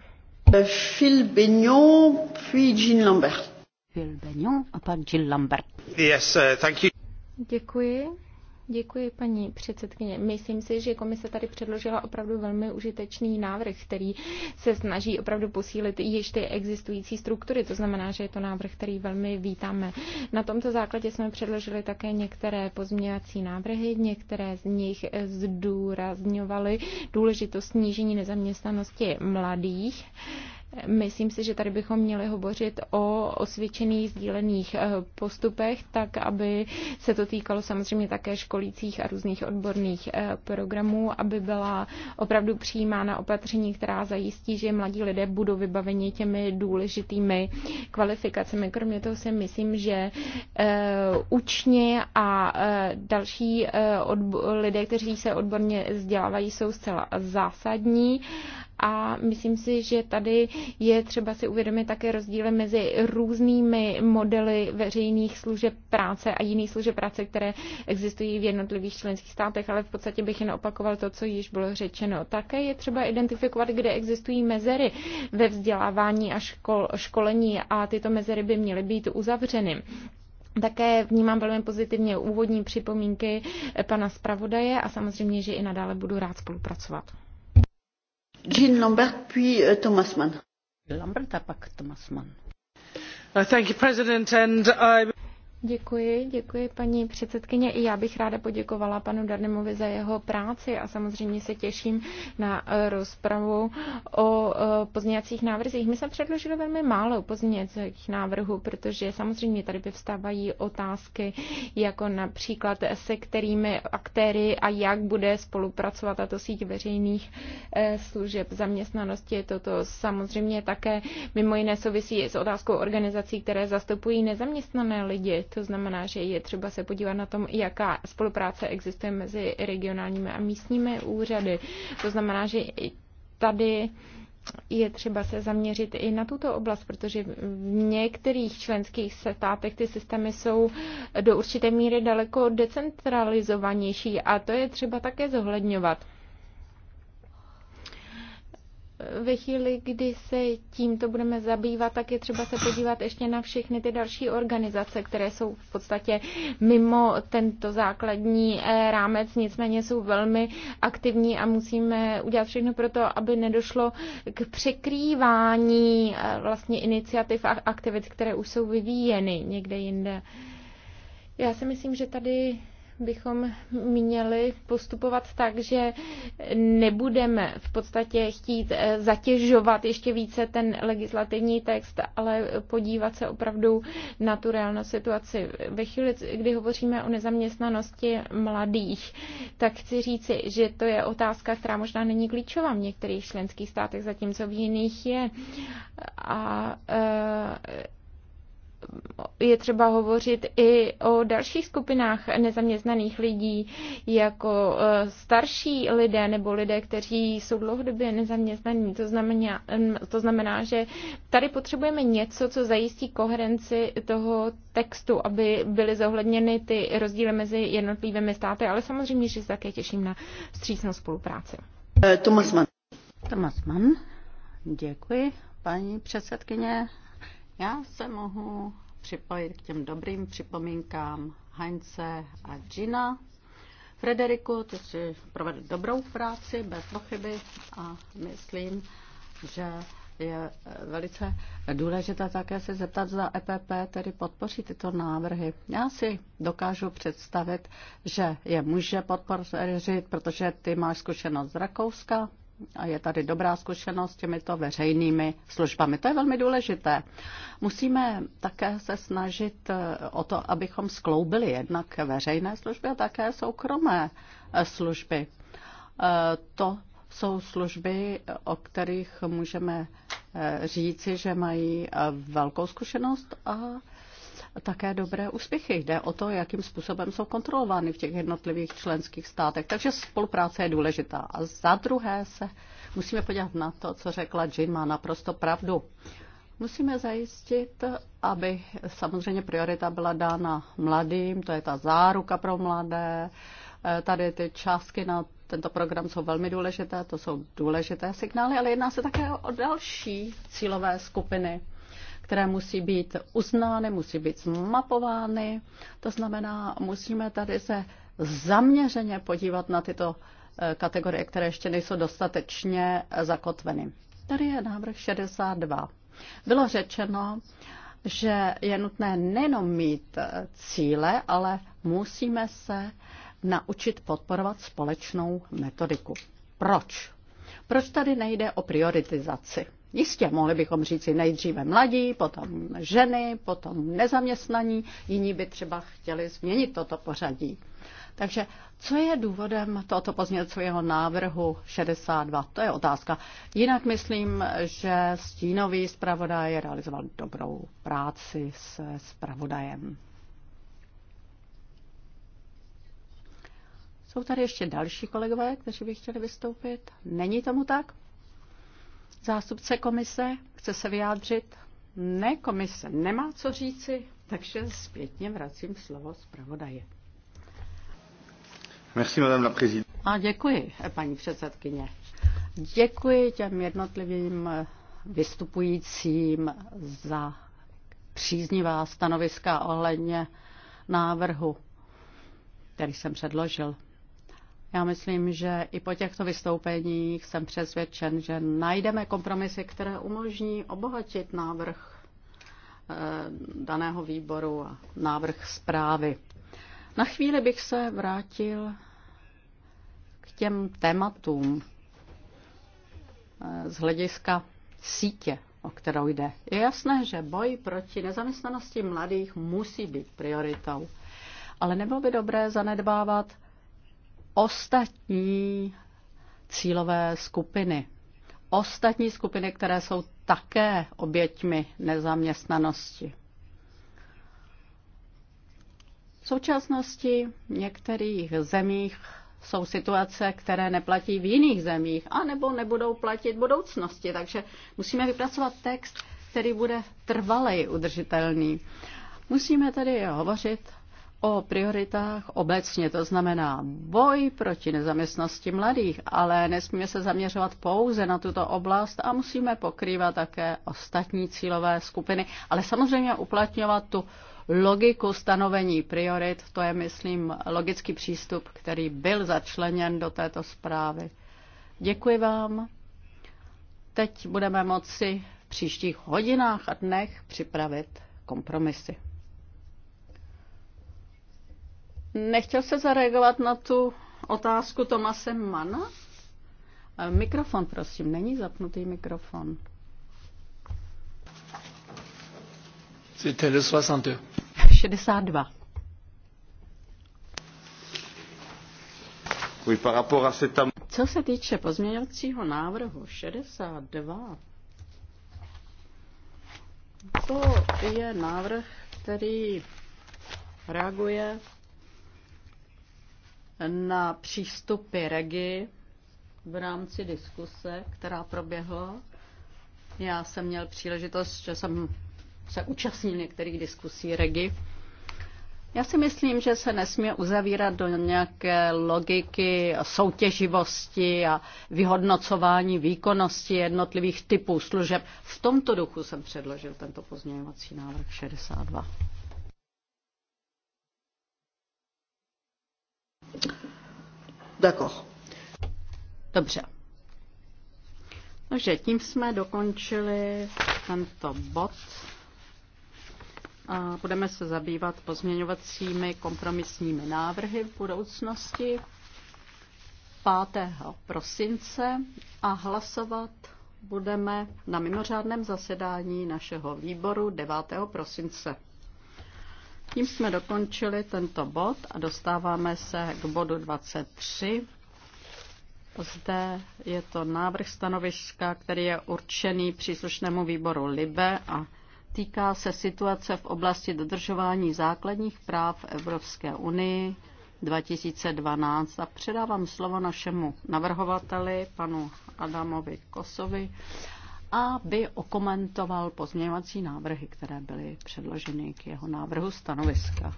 Phil Bignon, puis Jean Lambert. Phil Bignon a pak Jean Lambert. Yes, uh, thank you. Děkuji. Děkuji, paní předsedkyně. Myslím si, že komise tady předložila opravdu velmi užitečný návrh, který se snaží opravdu posílit již ty existující struktury. To znamená, že je to návrh, který velmi vítáme. Na tomto základě jsme předložili také některé pozměňovací návrhy. Některé z nich zdůrazňovaly důležitost snížení nezaměstnanosti mladých Myslím si, že tady bychom měli hovořit o osvědčených sdílených eh, postupech, tak aby se to týkalo samozřejmě také školících a různých odborných eh, programů, aby byla opravdu přijímána opatření, která zajistí, že mladí lidé budou vybaveni těmi důležitými kvalifikacemi. Kromě toho si myslím, že eh, učně a další lidé, kteří se odborně vzdělávají, jsou zcela zásadní a myslím si, že tady je třeba si uvědomit také rozdíly mezi různými modely veřejných služeb práce a jiných služeb práce, které existují v jednotlivých členských státech, ale v podstatě bych jen opakoval to, co již bylo řečeno. Také je třeba identifikovat, kde existují mezery ve vzdělávání a škol, školení a tyto mezery by měly být uzavřeny. Také vnímám velmi pozitivně úvodní připomínky pana zpravodaje a samozřejmě, že i nadále budu rád spolupracovat. Jean Lambert, puis euh, Thomas Mann. Lambert après Thomas Mann. Uh, thank you, President, and I... Děkuji, děkuji paní předsedkyně. I já bych ráda poděkovala panu Darnemovi za jeho práci a samozřejmě se těším na eh, rozpravu o eh, pozměňacích návrzích. My jsme předložili velmi málo pozměňacích návrhů, protože samozřejmě tady vyvstávají otázky, jako například eh, se kterými aktéry a jak bude spolupracovat tato síť veřejných služeb zaměstnanosti. Toto samozřejmě také mimo jiné souvisí s otázkou organizací, které zastupují nezaměstnané lidi to znamená, že je třeba se podívat na tom, jaká spolupráce existuje mezi regionálními a místními úřady. To znamená, že tady je třeba se zaměřit i na tuto oblast, protože v některých členských státech ty systémy jsou do určité míry daleko decentralizovanější a to je třeba také zohledňovat ve chvíli, kdy se tímto budeme zabývat, tak je třeba se podívat ještě na všechny ty další organizace, které jsou v podstatě mimo tento základní eh, rámec, nicméně jsou velmi aktivní a musíme udělat všechno pro to, aby nedošlo k překrývání eh, vlastně iniciativ a aktivit, které už jsou vyvíjeny někde jinde. Já si myslím, že tady bychom měli postupovat tak, že nebudeme v podstatě chtít eh, zatěžovat ještě více ten legislativní text, ale podívat se opravdu na tu reálnou situaci. Ve chvíli, kdy hovoříme o nezaměstnanosti mladých, tak chci říci, že to je otázka, která možná není klíčová v některých členských státech, zatímco v jiných je. A e, je třeba hovořit i o dalších skupinách nezaměstnaných lidí, jako eh, starší lidé nebo lidé, kteří jsou dlouhodobě nezaměstnaní. To znamená, mm, to znamená, že tady potřebujeme něco, co zajistí koherenci toho textu, aby byly zohledněny ty rozdíly mezi jednotlivými státy, ale samozřejmě, že se také těším na střícnou spolupráci. Eh, Tomas Mann. Tomas Mann. Děkuji, paní předsedkyně. Já se mohu připojit k těm dobrým připomínkám Heinze a Gina. Frederiku, ty si provedl dobrou práci, bez pochyby, a myslím, že je eh, velice důležité také se zeptat, zda EPP tedy podpoří tyto návrhy. Já si dokážu představit, že je může podpořit, protože ty máš zkušenost z Rakouska, a je tady dobrá zkušenost s těmito veřejnými službami. To je velmi důležité. Musíme také se snažit eh, o to, abychom skloubili jednak veřejné služby a také soukromé eh, služby. Eh, to jsou služby, o kterých můžeme říci, že mají velkou zkušenost a také dobré úspěchy. Jde o to, jakým způsobem jsou kontrolovány v těch jednotlivých členských státech. Takže spolupráce je důležitá. A za druhé se musíme podívat na to, co řekla Jean, má naprosto pravdu. Musíme zajistit, aby samozřejmě priorita byla dána mladým, to je ta záruka pro mladé. E, tady ty částky na tento program jsou velmi důležité, to jsou důležité signály, ale jedná se také o další cílové skupiny které musí být uznány, musí být zmapovány. To znamená, musíme tady se zaměřeně podívat na tyto eh, kategorie, které ještě nejsou dostatečně eh, zakotveny. Tady je návrh 62. Bylo řečeno, že je nutné nejenom mít eh, cíle, ale musíme se naučit podporovat společnou metodiku. Proč? Proč tady nejde o prioritizaci? Jistě, mohli bychom říci nejdříve mladí, potom ženy, potom nezaměstnaní, jiní by třeba chtěli změnit toto pořadí. Takže co je důvodem tohoto pozměňovacího návrhu 62? To je otázka. Jinak myslím, že stínový zpravodaj realizoval dobrou práci se zpravodajem. Jsou tady ještě další kolegové, kteří by chtěli vystoupit? Není tomu tak? Zástupce komise chce se vyjádřit? Ne, komise nemá co říci, takže zpětně vracím slovo zpravodaje. Merci, madame la A děkuji, paní předsedkyně. Děkuji těm jednotlivým vystupujícím za příznivá stanoviska ohledně návrhu, který jsem předložil. Já myslím, že i po těchto vystoupeních jsem přesvědčen, že najdeme kompromisy, které umožní obohatit návrh eh, daného výboru a návrh zprávy. Na chvíli bych se vrátil k těm tématům eh, z hlediska sítě, o kterou jde. Je jasné, že boj proti nezaměstnanosti mladých musí být prioritou, ale nebylo by dobré zanedbávat ostatní cílové skupiny. Ostatní skupiny, které jsou také oběťmi nezaměstnanosti. V současnosti v některých zemích jsou situace, které neplatí v jiných zemích, anebo nebudou platit v budoucnosti. Takže musíme vypracovat text, který bude trvalej udržitelný. Musíme tedy hovořit o prioritách obecně, to znamená boj proti nezaměstnosti mladých, ale nesmíme se zaměřovat pouze na tuto oblast a musíme pokrývat také ostatní cílové skupiny, ale samozřejmě uplatňovat tu logiku stanovení priorit, to je, myslím, logický přístup, který byl začleněn do této zprávy. Děkuji vám. Teď budeme moci v příštích hodinách a dnech připravit kompromisy. Nechtěl se zareagovat na tu otázku Tomase Mana? E, mikrofon, prosím, není zapnutý mikrofon. C'était le 62. 62. Co se týče pozměňovacího návrhu 62, to je návrh, který reaguje na přístupy Regi v rámci diskuse, která proběhla. Já jsem měl příležitost, že jsem se účastnil některých diskusí Regi. Já si myslím, že se nesmí uzavírat do nějaké logiky soutěživosti a vyhodnocování výkonnosti jednotlivých typů služeb. V tomto duchu jsem předložil tento pozměňovací návrh 62. D'accord. Dobře. Takže tím jsme dokončili tento bod. A budeme se zabývat pozměňovacími kompromisními návrhy v budoucnosti 5. prosince a hlasovat budeme na mimořádném zasedání našeho výboru 9. prosince. Tím jsme dokončili tento bod a dostáváme se k bodu 23. Zde je to návrh stanoviska, který je určený příslušnému výboru LIBE a týká se situace v oblasti dodržování základních práv Evropské unii 2012. A předávám slovo našemu navrhovateli, panu Adamovi Kosovi, aby okomentoval pozměňovací návrhy, které byly předloženy k jeho návrhu stanoviska.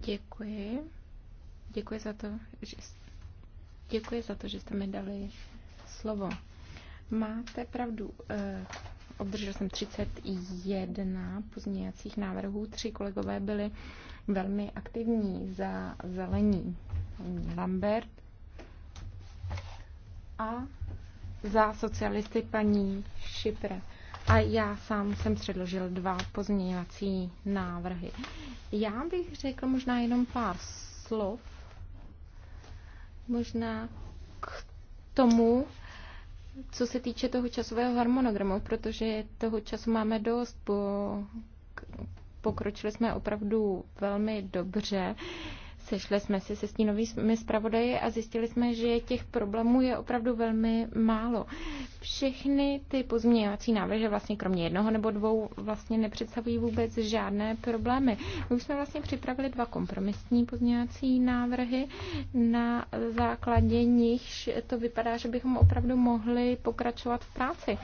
Děkuji. Děkuji za to, že, děkuji za to, že jste mi dali slovo. Máte pravdu. Eh, obdržel jsem 31 pozměňovacích návrhů. Tři kolegové byli velmi aktivní za zelení. Lambert a za socialisty paní Šipre. A já sám jsem předložil dva pozměňovací návrhy. Já bych řekl možná jenom pár slov, možná k tomu, co se týče toho časového harmonogramu, protože toho času máme dost, bo pokročili jsme opravdu velmi dobře. Sešli jsme se se stínovými zpravodaji a zjistili jsme, že těch problémů je opravdu velmi málo. Všechny ty pozměňovací návrhy, vlastně kromě jednoho nebo dvou, vlastně nepředstavují vůbec žádné problémy. My už jsme vlastně připravili dva kompromisní pozměňovací návrhy, na základě nichž to vypadá, že bychom opravdu mohli pokračovat v práci.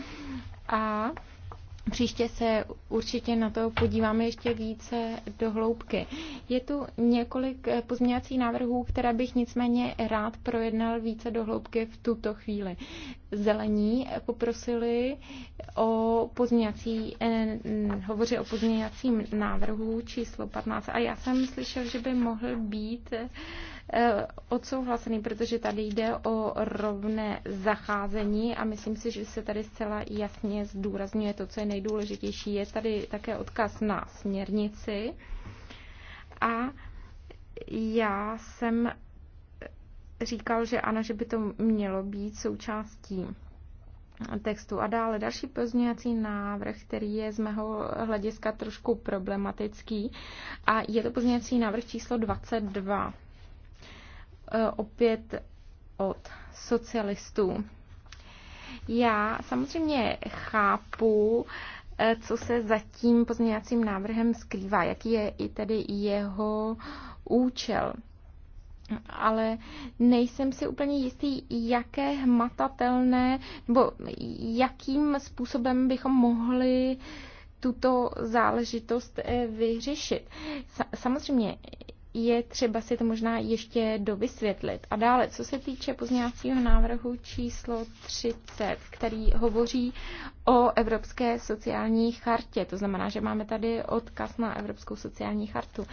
A Příště se určitě na to podíváme ještě více do hloubky. Je tu několik eh, pozměňovacích návrhů, které bych nicméně rád projednal více do hloubky v tuto chvíli. Zelení poprosili o pozměňací, eh, hovoří o pozměňacím návrhu číslo 15 a já jsem slyšel, že by mohl být eh, Eh, odsouhlasený, protože tady jde o rovné zacházení a myslím si, že se tady zcela jasně zdůrazňuje to, co je nejdůležitější. Je tady také odkaz na směrnici a já jsem říkal, že ano, že by to mělo být součástí textu. A dále další pozměňovací návrh, který je z mého hlediska trošku problematický a je to pozměňovací návrh číslo 22. Eh, opět od socialistů. Já samozřejmě chápu, eh, co se za tím pozměňovacím návrhem skrývá, jaký je i tedy jeho účel. Ale nejsem si úplně jistý, jaké hmatatelné, nebo jakým způsobem bychom mohli tuto záležitost eh, vyřešit. Samozřejmě je třeba si to možná ještě dovysvětlit. A dále, co se týče pozměňovacího návrhu číslo 30, který hovoří o Evropské sociální chartě, to znamená, že máme tady odkaz na Evropskou sociální chartu.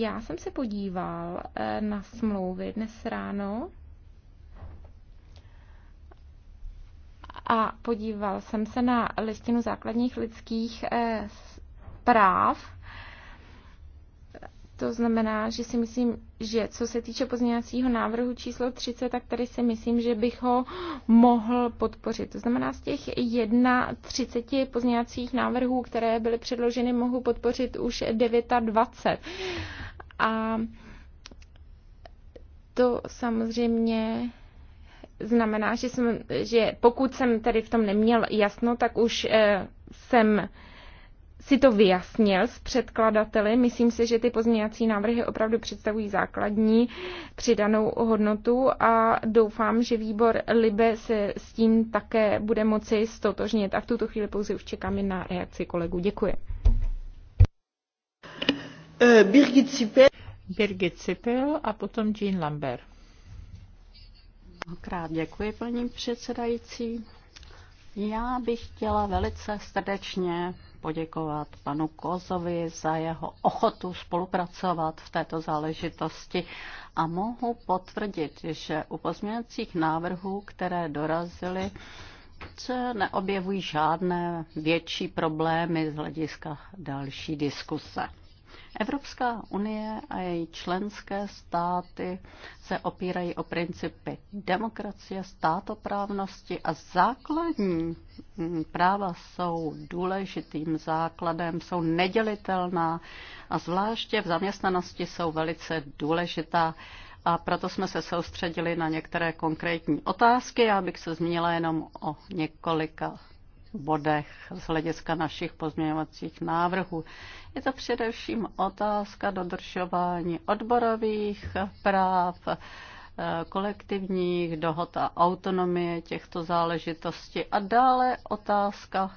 Já jsem se podíval eh, na smlouvy dnes ráno a podíval jsem se na listinu základních lidských eh, práv, to znamená, že si myslím, že co se týče pozměňovacího návrhu číslo 30, tak tady si myslím, že bych ho mohl podpořit. To znamená, z těch 31 pozměňovacích návrhů, které byly předloženy, mohu podpořit už 29. A to samozřejmě znamená, že, jsem, že pokud jsem tady v tom neměl jasno, tak už eh, jsem si to vyjasnil s předkladateli. Myslím si, že ty pozměňovací návrhy opravdu představují základní přidanou hodnotu a doufám, že výbor Libe se s tím také bude moci stotožnit. A v tuto chvíli pouze už čekáme na reakci kolegu. Děkuji. Eh, Birgit Cipel. Birgit Cipel a potom Jean Lambert. Mnohokrát děkuji, paní předsedající. Já bych chtěla velice srdečně poděkovat panu Kozovi za jeho ochotu spolupracovat v této záležitosti a mohu potvrdit, že u pozměňovacích návrhů, které dorazily, se neobjevují žádné větší problémy z hlediska další diskuse. Evropská unie a její členské státy se opírají o principy demokracie, státoprávnosti a základní mm, práva jsou důležitým základem, jsou nedělitelná a zvláště v zaměstnanosti jsou velice důležitá a proto jsme se soustředili na některé konkrétní otázky. Já bych se zmínila jenom o několika bodech z hlediska našich pozměňovacích návrhů. Je to především otázka dodržování odborových práv, eh, kolektivních dohod a autonomie těchto záležitostí a dále otázka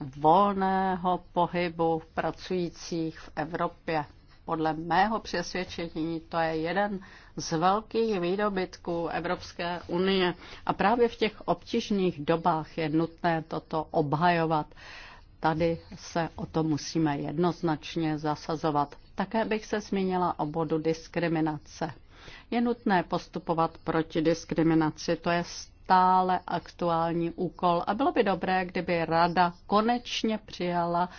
volného pohybu pracujících v Evropě. Podle mého přesvědčení to je jeden z velkých výdobytků Evropské unie a právě v těch obtížných dobách je nutné toto obhajovat. Tady se o to musíme jednoznačně zasazovat. Také bych se zmínila o bodu diskriminace. Je nutné postupovat proti diskriminaci, to je stále aktuální úkol a bylo by dobré, kdyby rada konečně přijala uh,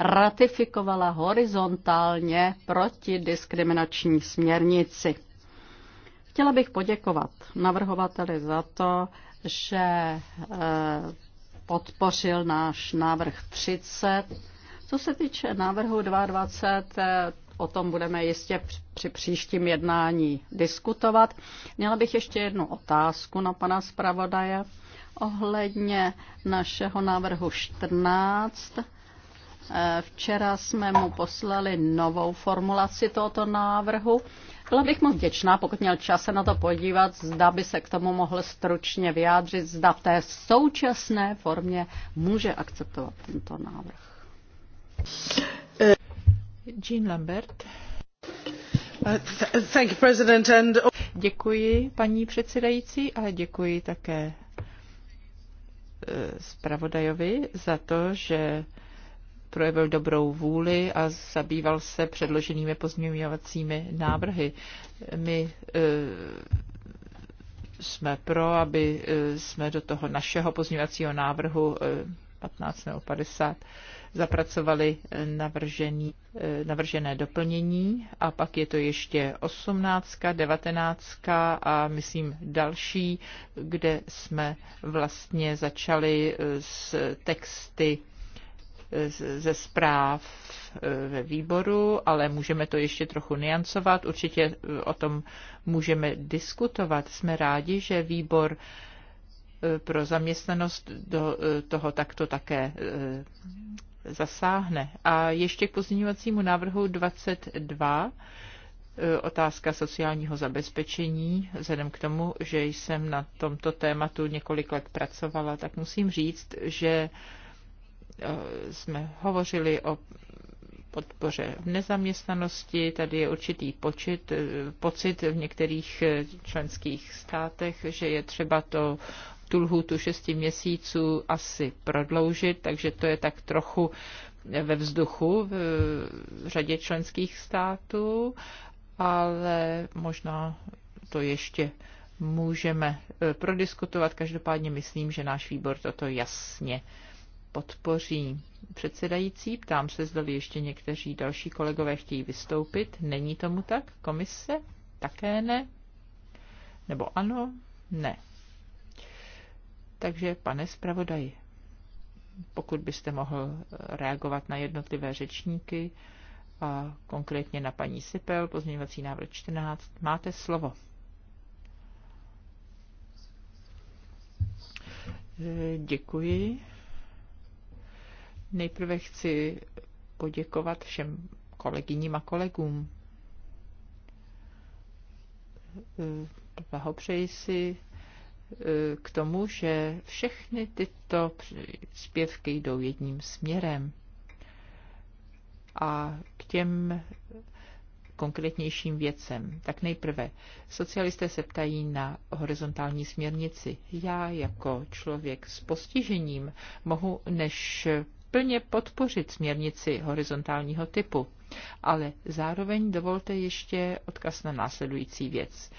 ratifikovala horizontálně protidiskriminační směrnici. Chtěla bych poděkovat navrhovateli za to, že eh, podpořil náš návrh 30. Co se týče návrhu 22, eh, o tom budeme jistě při příštím jednání diskutovat. Měla bych ještě jednu otázku na pana zpravodaje ohledně našeho návrhu 14 Eh, včera jsme mu poslali novou formulaci tohoto návrhu. Byla bych moc vděčná, pokud měl čas se na to podívat, zda by se k tomu mohl stručně vyjádřit, zda v té současné formě může akceptovat tento návrh. Jean Lambert. Uh, thank you, President, and... Děkuji, paní předsedající, a děkuji také eh, zpravodajovi za to, že projevil dobrou vůli a zabýval se předloženými pozměňovacími návrhy. My eh, jsme pro, aby eh, jsme do toho našeho pozměňovacího návrhu 15 eh, nebo 50 zapracovali navržený, navržené doplnění a pak je to ještě 18, 19 a myslím další, kde jsme vlastně začali s texty ze zpráv e, ve výboru, ale můžeme to ještě trochu niancovat. Určitě e, o tom můžeme diskutovat. Jsme rádi, že výbor e, pro zaměstnanost do toho takto také zasáhne. A ještě k pozměňovacímu návrhu 22 otázka sociálního zabezpečení. Vzhledem k tomu, že jsem na tomto tématu několik let pracovala, tak musím říct, že Eh, jsme hovořili o podpoře v nezaměstnanosti. Tady je určitý počet, eh, pocit v některých eh, členských státech, že je třeba to tu lhůtu šesti měsíců asi prodloužit, takže to je tak trochu ve vzduchu v řadě členských států, ale možná to ještě můžeme prodiskutovat. Každopádně myslím, že náš výbor toto jasně podpoří. Předsedající, ptám se, zda ještě někteří další kolegové chtějí vystoupit. Není tomu tak? Komise? Také ne? Nebo ano? Ne. Takže, pane zpravodaji, pokud byste mohl reagovat na jednotlivé řečníky, a konkrétně na paní Sipel, pozměňovací návrh 14, máte slovo. Děkuji. Nejprve chci poděkovat všem kolegyním a kolegům. Blahopřeji si eh, k tomu, že všechny tyto zpěvky jdou jedním směrem. A k těm konkrétnějším věcem. Tak nejprve, socialisté se ptají na horizontální směrnici. Já jako člověk s postižením mohu než plně podpořit směrnici horizontálního typu. Ale zároveň dovolte ještě odkaz na následující věc.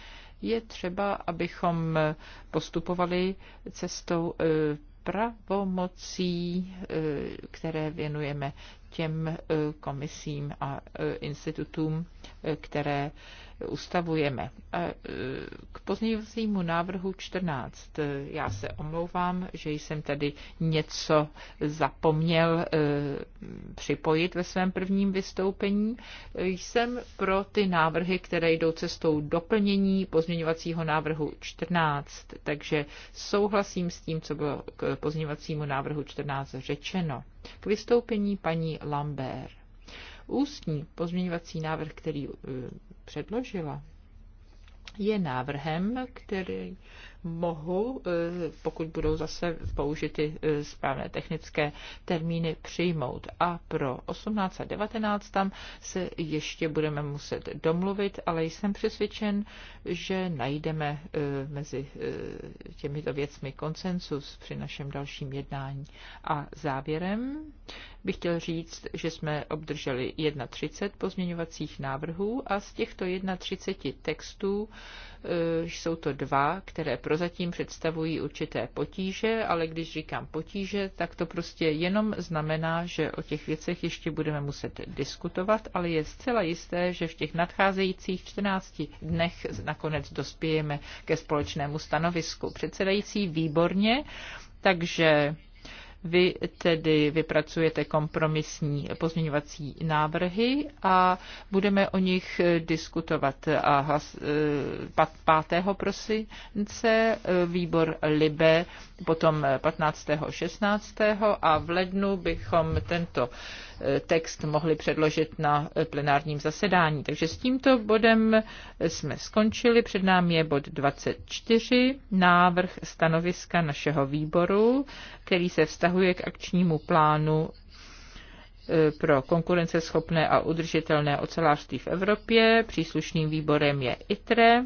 Je třeba, abychom postupovali cestou e, pravomocí, e, které věnujeme těm e, komisím a institutům, které ustavujeme. E, k pozdějovacímu návrhu 14. E, já se omlouvám, že jsem tady něco zapomněl e, připojit ve svém prvním vystoupení. Jsem pro ty návrhy, které jdou cestou doplnění pozměňovacího návrhu 14, takže souhlasím s tím, co bylo k pozměňovacímu návrhu 14 řečeno. K vystoupení paní Lambert ústní pozměňovací návrh, který předložila, je návrhem, který mohu, eh, pokud budou zase použity eh, správné technické termíny, přijmout. A pro 18 a 19 tam se ještě budeme muset domluvit, ale jsem přesvědčen, že najdeme eh, mezi těmito věcmi konsensus při našem dalším jednání. A závěrem bych chtěl říct, že jsme obdrželi 31 pozměňovacích návrhů a z těchto 31 textů jsou to dva, které pro prozatím představují určité potíže, ale když říkám potíže, tak to prostě jenom znamená, že o těch věcech ještě budeme muset diskutovat, ale je zcela jisté, že v těch nadcházejících 14 dnech nakonec dospějeme ke společnému stanovisku. Předsedající výborně, takže vy tedy vypracujete kompromisní pozměňovací návrhy a budeme o nich diskutovat. A hlas, 5. Eh, prosince eh, výbor Libe, potom 15. 16. a v lednu bychom tento eh, text mohli předložit na plenárním zasedání. Takže s tímto bodem jsme skončili. Před námi je bod 24, návrh stanoviska našeho výboru který se vztahuje k akčnímu plánu e, pro konkurenceschopné a udržitelné ocelářství v Evropě. Příslušným výborem je ITRE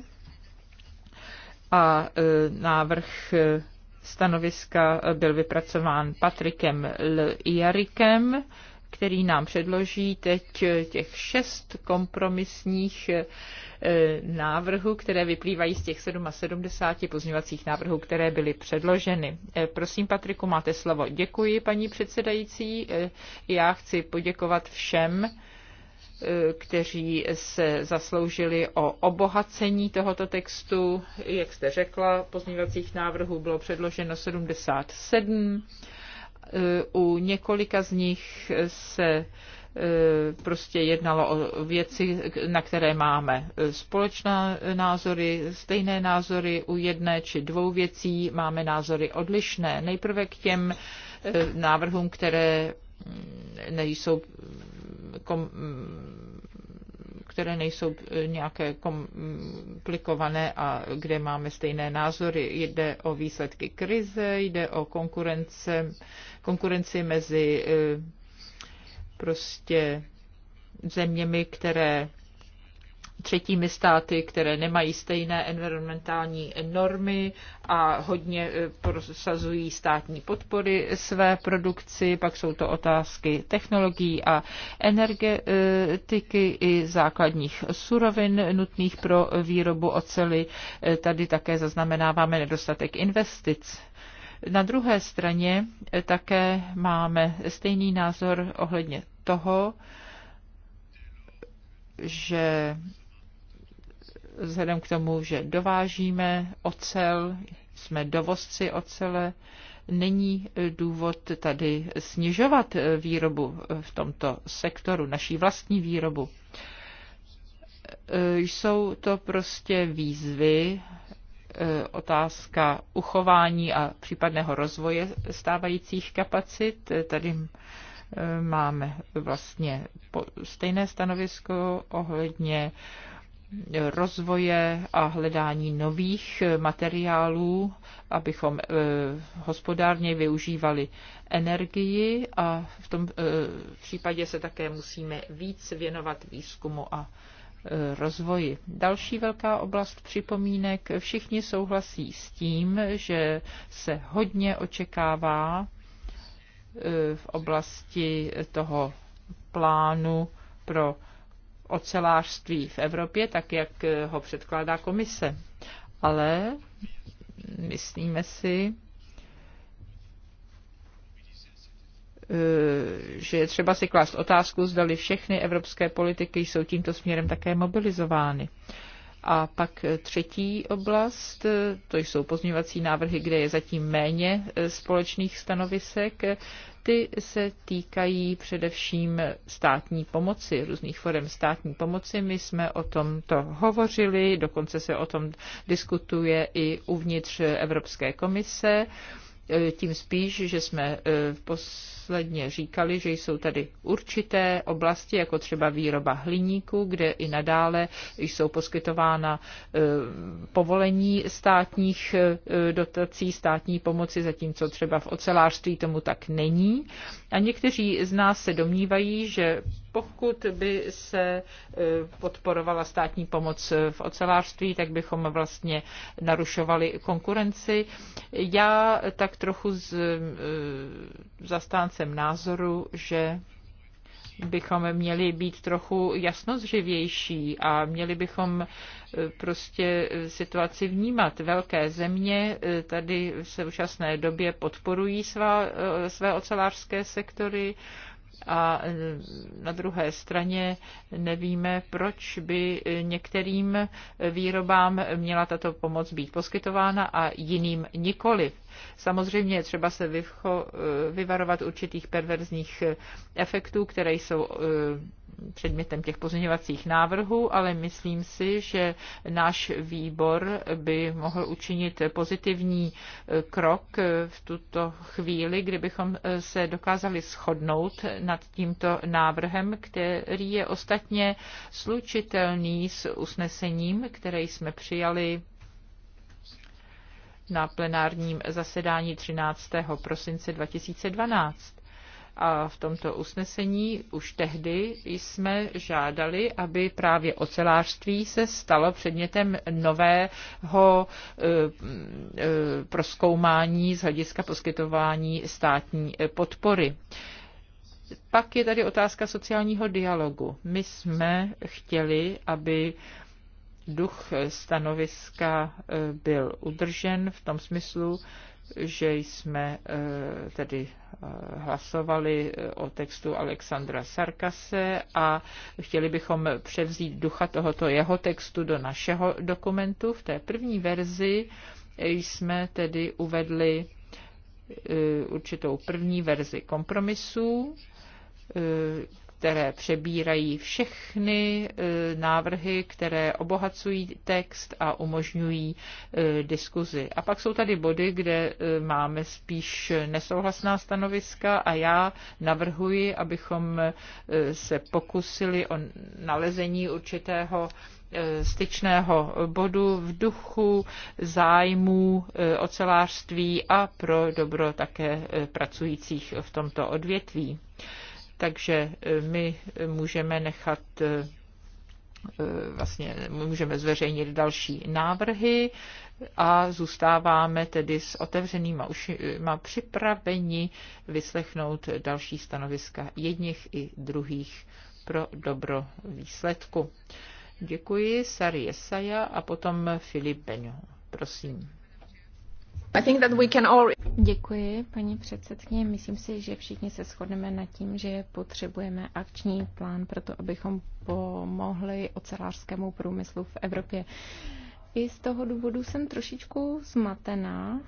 a e, návrh e, stanoviska byl vypracován Patrikem L. Jarikem který nám předloží teď těch šest kompromisních eh, návrhů, které vyplývají z těch 77 pozměňovacích návrhů, které byly předloženy. Eh, prosím, Patriku, máte slovo. Děkuji, paní předsedající. Eh, já chci poděkovat všem, kteří se zasloužili o obohacení tohoto textu. Jak jste řekla, pozměňovacích návrhů bylo předloženo 77 u několika z nich se e, prostě jednalo o věci, na které máme e, společné názory, stejné názory u jedné či dvou věcí, máme názory odlišné. Nejprve k těm e, návrhům, které mm, nejsou kom, mm, které nejsou nějaké komplikované a kde máme stejné názory. Jde o výsledky krize, jde o konkurence konkurenci mezi eh, prostě zeměmi, které třetími státy, které nemají stejné environmentální normy a hodně eh, prosazují státní podpory své produkci. Pak jsou to otázky technologií a energetiky i základních surovin nutných pro výrobu ocely. Eh, tady také zaznamenáváme nedostatek investic na druhé straně eh, také máme stejný názor ohledně toho, že vzhledem k tomu, že dovážíme ocel, jsme dovozci ocele, není eh, důvod tady snižovat eh, výrobu v tomto sektoru, naší vlastní výrobu. Jsou to prostě výzvy, E, otázka uchování a případného rozvoje stávajících kapacit. Tady e, máme vlastně stejné stanovisko ohledně rozvoje a hledání nových materiálů, abychom e, hospodárně využívali energii a v tom případě se také musíme víc věnovat výzkumu a rozvoji. Další velká oblast připomínek. Všichni souhlasí s tím, že se hodně očekává eh, v oblasti toho plánu pro ocelářství v Evropě, tak jak eh, ho předkládá komise. Ale myslíme si, že je třeba si klást otázku, zdali všechny evropské politiky jsou tímto směrem také mobilizovány. A pak třetí oblast, to jsou pozměňovací návrhy, kde je zatím méně eh, společných stanovisek. Ty se týkají především státní pomoci, různých forem státní pomoci. My jsme o tom to hovořili, dokonce se o tom diskutuje i uvnitř Evropské komise. Eh, tím spíš, že jsme eh, posledně říkali, že jsou tady určité oblasti, jako třeba výroba hliníku, kde i nadále jsou poskytována eh, povolení státních dotací, státní pomoci, zatímco třeba v ocelářství tomu tak není. A někteří z nás se domnívají, že pokud by se e, podporovala státní pomoc v ocelářství, tak bychom vlastně narušovali konkurenci. Já tak trochu s e, zastáncem názoru, že bychom měli být trochu jasnozřivější a měli bychom e, prostě situaci vnímat. Velké země tady v současné době podporují svá, své ocelářské sektory, a e, na druhé straně nevíme, proč by některým výrobám měla tato pomoc být poskytována a jiným nikoliv. Samozřejmě je třeba se e, vyvarovat určitých perverzních e, efektů, které jsou předmětem těch pozměňovacích návrhů, ale myslím si, že náš výbor by mohl učinit pozitivní eh, krok eh, v tuto chvíli, kdybychom eh, se dokázali shodnout nad tímto návrhem, který je ostatně slučitelný s usnesením, které jsme přijali na plenárním zasedání 13. prosince 2012. A v tomto usnesení už tehdy jsme žádali, aby právě ocelářství se stalo předmětem nového eh, eh, proskoumání z hlediska poskytování státní eh, podpory. Pak je tady otázka sociálního dialogu. My jsme chtěli, aby duch stanoviska byl udržen v tom smyslu, že jsme eh, tedy eh, hlasovali eh, o textu Alexandra Sarkase a chtěli bychom převzít ducha tohoto jeho textu do našeho dokumentu. V té první verzi jsme tedy uvedli určitou první verzi kompromisů, které přebírají všechny e, návrhy, které obohacují text a umožňují e, diskuzi. A pak jsou tady body, kde e, máme spíš nesouhlasná stanoviska a já navrhuji, abychom se pokusili o nalezení určitého styčného bodu v duchu zájmů ocelářství a pro dobro také pracujících v tomto odvětví. Takže e, my můžeme nechat e, e, vlastně můžeme zveřejnit další návrhy a zůstáváme tedy s otevřenýma ušima připraveni vyslechnout další stanoviska jedních i druhých pro dobro výsledku. Děkuji, Sari Jesaja a potom Filip Beňo. Prosím. I think that we can all... Děkuji, paní předsedkyně. Myslím si, že všichni se shodneme nad tím, že potřebujeme akční plán pro to, abychom pomohli ocelářskému průmyslu v Evropě. I z toho důvodu jsem trošičku zmatená,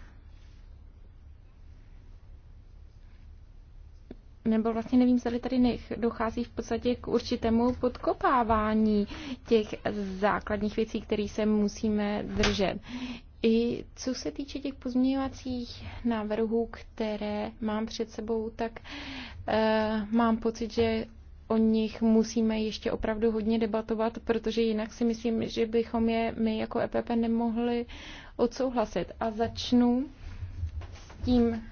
nebo vlastně nevím, zda tady nech, dochází v podstatě k určitému podkopávání těch základních věcí, které se musíme držet. I co se týče těch pozměňovacích návrhů, které mám před sebou, tak e, mám pocit, že o nich musíme ještě opravdu hodně debatovat, protože jinak si myslím, že bychom je my jako EPP nemohli odsouhlasit. A začnu s tím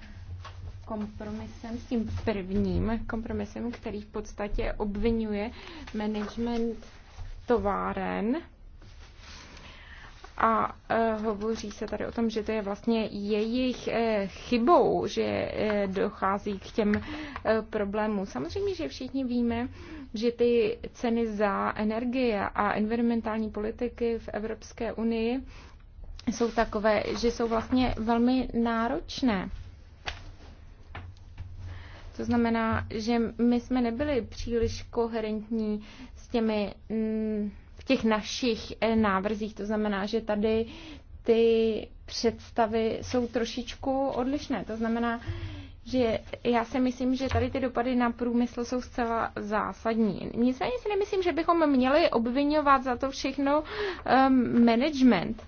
kompromisem, s tím prvním kompromisem, který v podstatě obvinuje management továren a e, hovoří se tady o tom, že to je vlastně jejich e, chybou, že e, dochází k těm problémům. Samozřejmě, že všichni víme, že ty ceny za energie a environmentální politiky v Evropské unii jsou takové, že jsou vlastně velmi náročné. To znamená, že my jsme nebyli příliš koherentní s těmi mm, těch našich eh, návrzích. To znamená, že tady ty představy jsou trošičku odlišné. To znamená, že já si myslím, že tady ty dopady na průmysl jsou zcela zásadní. Nicméně si nemyslím, že bychom měli obvinovat za to všechno um, management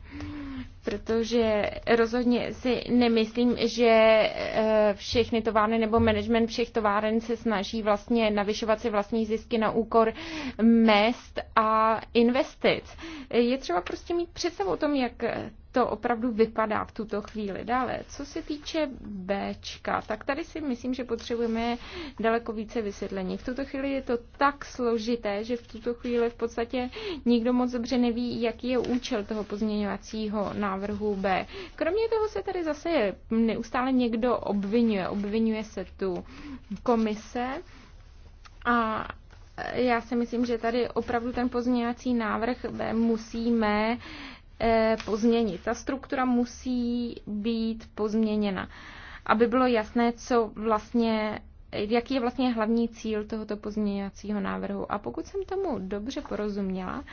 protože rozhodně si nemyslím, že eh, všechny továrny nebo management všech továren se snaží vlastně navyšovat si vlastní zisky na úkor mest a investic. Je třeba prostě mít představu o tom, jak to opravdu vypadá v tuto chvíli. Dále, co se týče B, tak tady si myslím, že potřebujeme daleko více vysvětlení. V tuto chvíli je to tak složité, že v tuto chvíli v podstatě nikdo moc dobře neví, jaký je účel toho pozměňovacího návrhu B. Kromě toho se tady zase neustále někdo obvinuje. Obvinuje se tu komise a já si myslím, že tady opravdu ten pozměňovací návrh B musíme Eh, pozměnit. Ta struktura musí být pozměněna, aby bylo jasné, co vlastně jaký je vlastně hlavní cíl tohoto pozměňovacího návrhu. A pokud jsem tomu dobře porozuměla,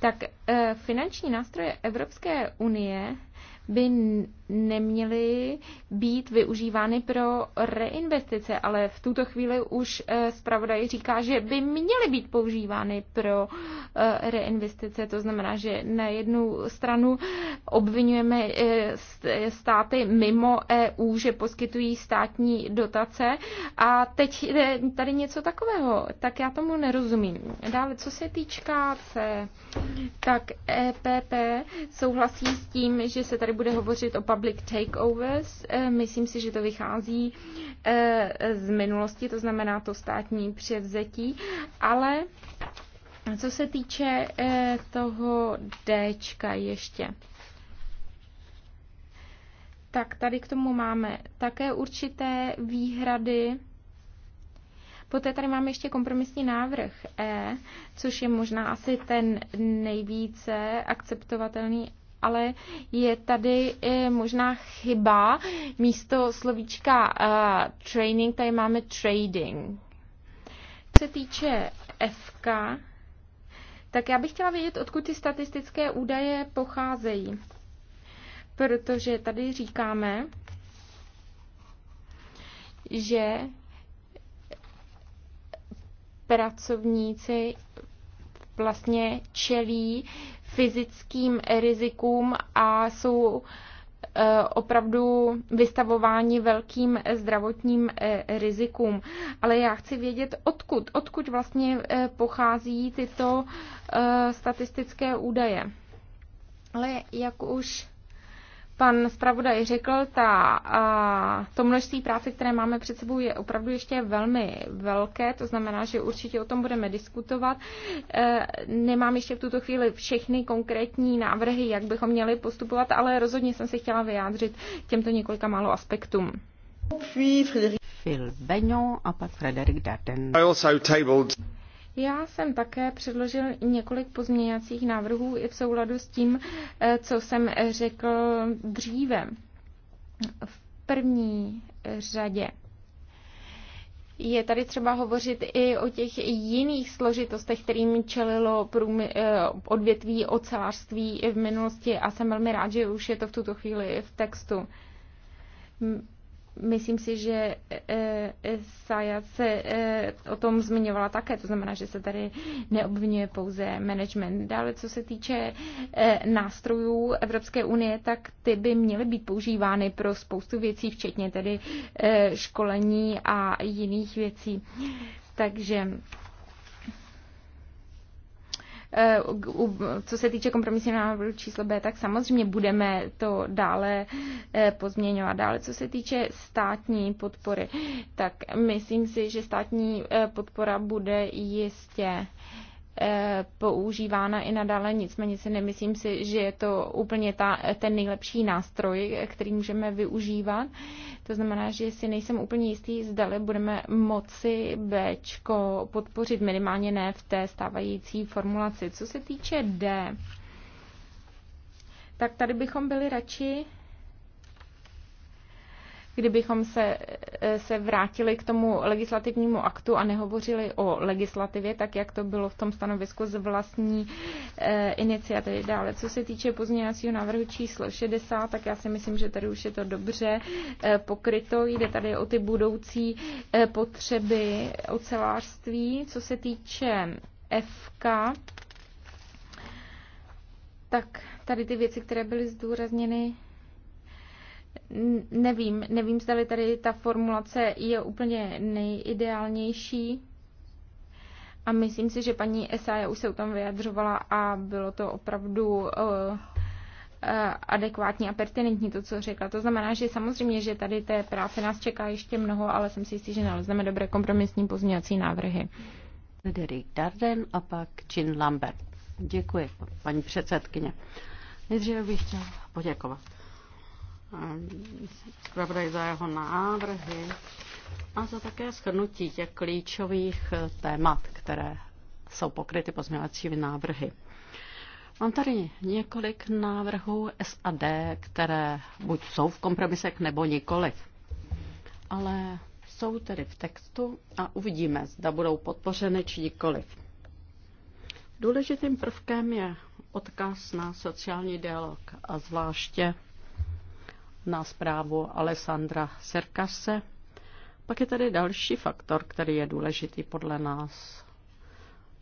tak eh, finanční nástroje Evropské unie by neměly být využívány pro reinvestice, ale v tuto chvíli už eh, zpravodaj říká, že by měly být používány pro eh, reinvestice. To znamená, že na jednu stranu obvinujeme eh, státy mimo EU, že poskytují státní dotace a teď je tady něco takového. Tak já tomu nerozumím. Dále, co se týčká C, tak EPP souhlasí s tím, že se tady tady bude hovořit o public takeovers. E, myslím si, že to vychází e, z minulosti, to znamená to státní převzetí, ale co se týče e, toho D ještě, tak tady k tomu máme také určité výhrady. Poté tady máme ještě kompromisní návrh E, což je možná asi ten nejvíce akceptovatelný ale je tady eh, možná chyba. Místo slovíčka uh, training, tady máme trading. Co se týče FK, tak já bych chtěla vědět, odkud ty statistické údaje pocházejí. Protože tady říkáme, že pracovníci vlastně čelí fyzickým rizikům a jsou eh, opravdu vystavováni velkým zdravotním eh, rizikům. Ale já chci vědět, odkud, odkud vlastně eh, pochází tyto statistické údaje. Ale jak už pan zpravodaj řekl, ta, a, to množství práce, které máme před sebou, je opravdu ještě velmi velké, to znamená, že určitě o tom budeme diskutovat. E, nemám ještě v tuto chvíli všechny konkrétní návrhy, jak bychom měli postupovat, ale rozhodně jsem se chtěla vyjádřit těmto několika málo aspektům. Phil Benyon a pak Frederik Darden. Já jsem také předložil několik pozměňovacích návrhů i v souladu s tím, eh, co jsem řekl dříve. V první řadě je tady třeba hovořit i o těch jiných složitostech, kterým čelilo eh, odvětví ocelářství v minulosti a jsem velmi rád, že už je to v tuto chvíli v textu. Myslím si, že eh, eh, Saja se eh, o tom zmiňovala také, to znamená, že se tady neobvinuje pouze management. Dále, co se týče nástrojů Evropské unie, tak ty by měly být používány pro spoustu věcí, včetně tedy školení a jiných věcí. Takže Eh, co se týče kompromisního návrhu číslo B, tak samozřejmě budeme to dále eh, pozměňovat. Dále, co se týče státní podpory, tak myslím si, že státní eh, podpora bude jistě Eh, používána i nadále, nicméně si nemyslím si, že je to úplně ta, ten nejlepší nástroj, který můžeme využívat. To znamená, že si nejsem úplně jistý, zdali budeme moci B podpořit minimálně ne v té stávající formulaci. Co se týče D, tak tady bychom byli radši kdybychom se, eh, se vrátili k tomu legislativnímu aktu a nehovořili o legislativě, tak jak to bylo v tom stanovisku z vlastní e, iniciativy dále. Co se týče pozměňovacího návrhu číslo 60, tak já si myslím, že tady už je to dobře e, pokryto. Jde tady o ty budoucí e, potřeby ocelářství. Co se týče FK, tak tady ty věci, které byly zdůrazněny Nevím, nevím, zda tady ta formulace je úplně nejideálnější. A myslím si, že paní Esaja už se o tom vyjadřovala a bylo to opravdu uh, uh, adekvátní a pertinentní to, co řekla. To znamená, že samozřejmě, že tady té práce nás čeká ještě mnoho, ale jsem si jistý, že nalezneme dobré kompromisní pozměňovací návrhy. Frederik Darden a pak Jean Lambert. Děkuji, paní předsedkyně. Nejdříve bych chtěl poděkovat zpravodaj za jeho návrhy a za také shrnutí těch klíčových eh, témat, které jsou pokryty pozměňovacími návrhy. Mám tady několik návrhů SAD, které buď jsou v kompromisech nebo nikoliv. Ale jsou tedy v textu a uvidíme, zda budou podpořeny či nikoliv. Důležitým prvkem je odkaz na sociální dialog a zvláště na zprávu Alessandra Serkase. Pak je tady další faktor, který je důležitý podle nás.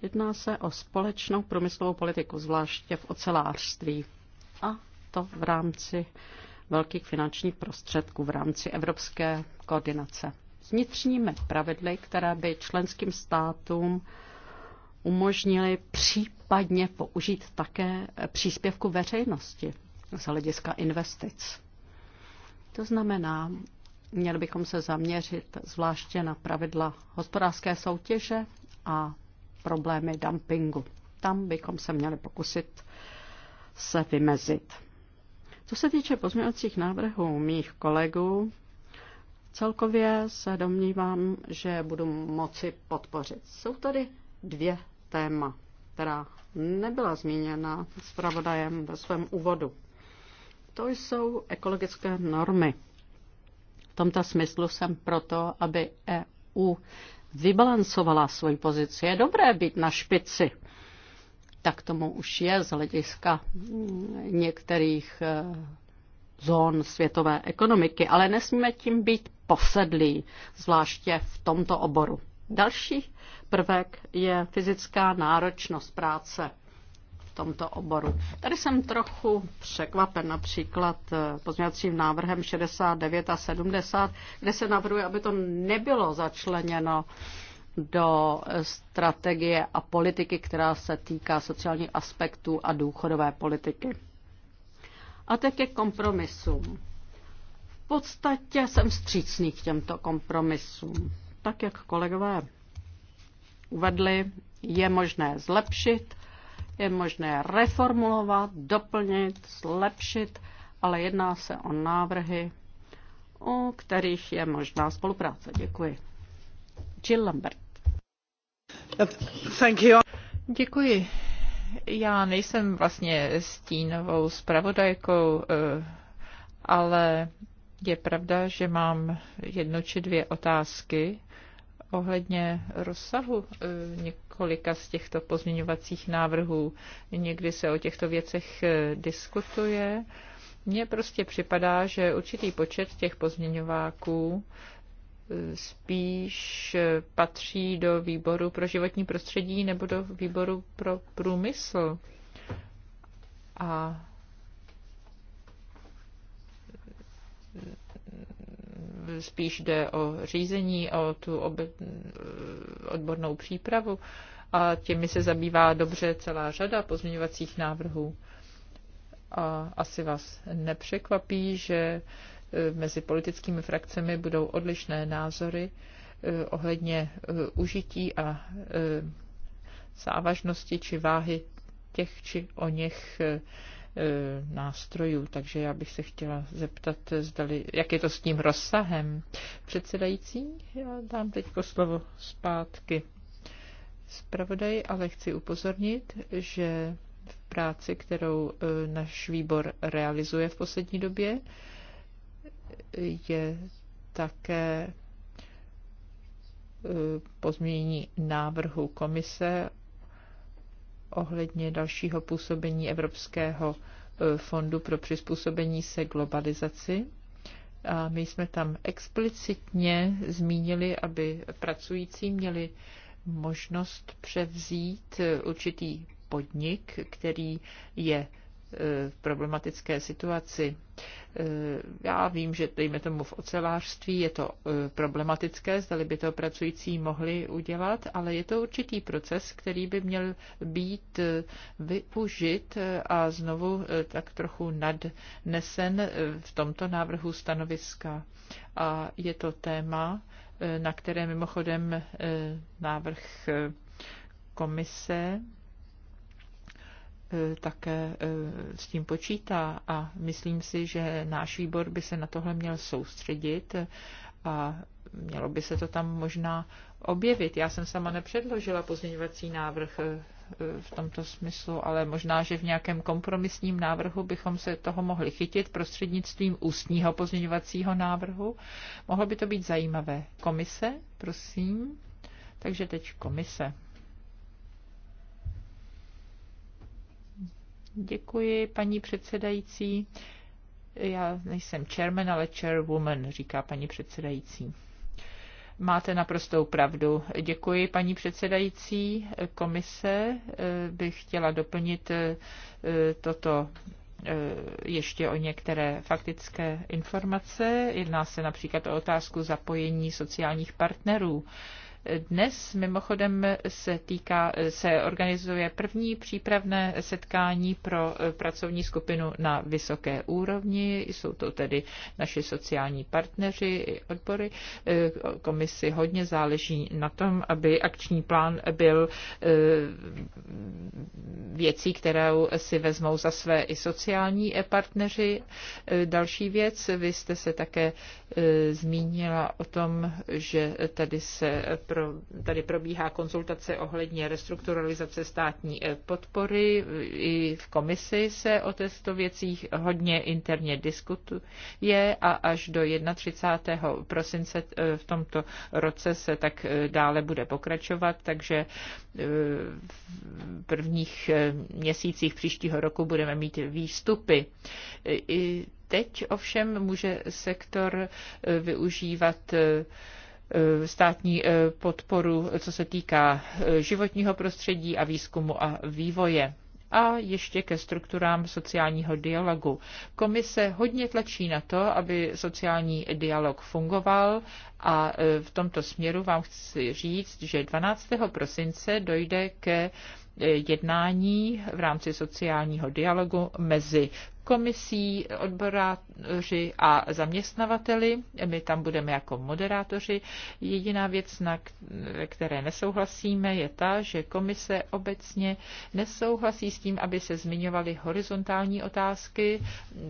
Jedná se o společnou průmyslovou politiku, zvláště v ocelářství. A to v rámci velkých finančních prostředků, v rámci evropské koordinace. vnitřními pravidly, které by členským státům umožnili případně použít také příspěvku veřejnosti z hlediska investic. To znamená, měli bychom se zaměřit zvláště na pravidla hospodářské soutěže a problémy dumpingu. Tam bychom se měli pokusit se vymezit. Co se týče pozměňovacích návrhů mých kolegů, celkově se domnívám, že budu moci podpořit. Jsou tady dvě téma, která nebyla zmíněna zpravodajem ve svém úvodu to jsou ekologické normy. V tomto smyslu jsem proto, aby EU vybalancovala svoji pozici. Je dobré být na špici. Tak tomu už je z hlediska mm, některých e, zón světové ekonomiky, ale nesmíme tím být posedlí, zvláště v tomto oboru. Další prvek je fyzická náročnost práce tomto oboru. Tady jsem trochu překvapen například eh, pozměňovacím návrhem 69 a 70, kde se navrhuje, aby to nebylo začleněno do eh, strategie a politiky, která se týká sociálních aspektů a důchodové politiky. A teď ke kompromisům. V podstatě jsem střícný k těmto kompromisům. Tak, jak kolegové uvedli, je možné zlepšit je možné reformulovat, doplnit, zlepšit, ale jedná se o návrhy, u kterých je možná spolupráce. Děkuji. Jill Lambert. Thank you. Děkuji. Já nejsem vlastně stínovou zpravodajkou, eh, ale je pravda, že mám jedno či dvě otázky ohledně rozsahu eh, několika z těchto pozměňovacích návrhů. Někdy se o těchto věcech eh, diskutuje. Mně prostě připadá, že určitý počet těch pozměňováků eh, spíš patří do výboru pro životní prostředí nebo do výboru pro průmysl. A spíš jde o řízení, o tu odbornou přípravu a těmi se zabývá dobře celá řada pozměňovacích návrhů. A asi vás nepřekvapí, že e, mezi politickými frakcemi budou odlišné názory e, ohledně e, užití a závažnosti či váhy těch či o něch E, nástrojů. Takže já bych se chtěla zeptat, zdali, jak je to s tím rozsahem. Předsedající, já dám teď slovo zpátky zpravodaj, ale chci upozornit, že v práci, kterou e, náš výbor realizuje v poslední době, je také e, pozměnění návrhu komise ohledně dalšího působení Evropského e, fondu pro přizpůsobení se globalizaci. A my jsme tam explicitně zmínili, aby pracující měli možnost převzít e, určitý podnik, který je v eh, problematické situaci. Eh, já vím, že dejme tomu v ocelářství je to eh, problematické, zdali by to pracující mohli udělat, ale je to určitý proces, který by měl být využit a znovu tak trochu nadnesen v tomto návrhu stanoviska. A je to téma, na které mimochodem návrh komise Eh, také eh, s tím počítá a myslím si, že náš výbor by se na tohle měl soustředit a mělo by se to tam možná objevit. Já jsem sama nepředložila pozměňovací návrh eh, v tomto smyslu, ale možná, že v nějakém kompromisním návrhu bychom se toho mohli chytit prostřednictvím ústního pozměňovacího návrhu. Mohlo by to být zajímavé. Komise, prosím. Takže teď komise. Děkuji, paní předsedající. Já nejsem chairman, ale chairwoman, říká paní předsedající. Máte naprostou pravdu. Děkuji, paní předsedající. Komise eh, by chtěla doplnit eh, toto eh, ještě o některé faktické informace. Jedná se například o otázku zapojení sociálních partnerů. Dnes mimochodem se, týká, se organizuje první přípravné setkání pro eh, pracovní skupinu na vysoké úrovni. Jsou to tedy naši sociální partneři i odbory. Eh, komisi hodně záleží na tom, aby akční plán byl eh, věcí, kterou si vezmou za své i sociální partneři. Další věc, vy jste se také zmínila o tom, že tady se pro, tady probíhá konzultace ohledně restrukturalizace státní eh, podpory. I v komisi se o těchto věcích hodně interně diskutuje a až do 31. prosince eh, v tomto roce se tak eh, dále bude pokračovat, takže v prvních měsících příštího roku budeme mít výstupy. I teď ovšem může sektor využívat Eh, státní eh, podporu, co se týká eh, životního prostředí a výzkumu a vývoje a ještě ke strukturám sociálního dialogu. Komise hodně tlačí na to, aby sociální dialog fungoval a v tomto směru vám chci říct, že 12. prosince dojde ke jednání v rámci sociálního dialogu mezi komisí, odboráři a zaměstnavateli. My tam budeme jako moderátoři. Jediná věc, na které nesouhlasíme, je ta, že komise obecně nesouhlasí s tím, aby se zmiňovaly horizontální otázky,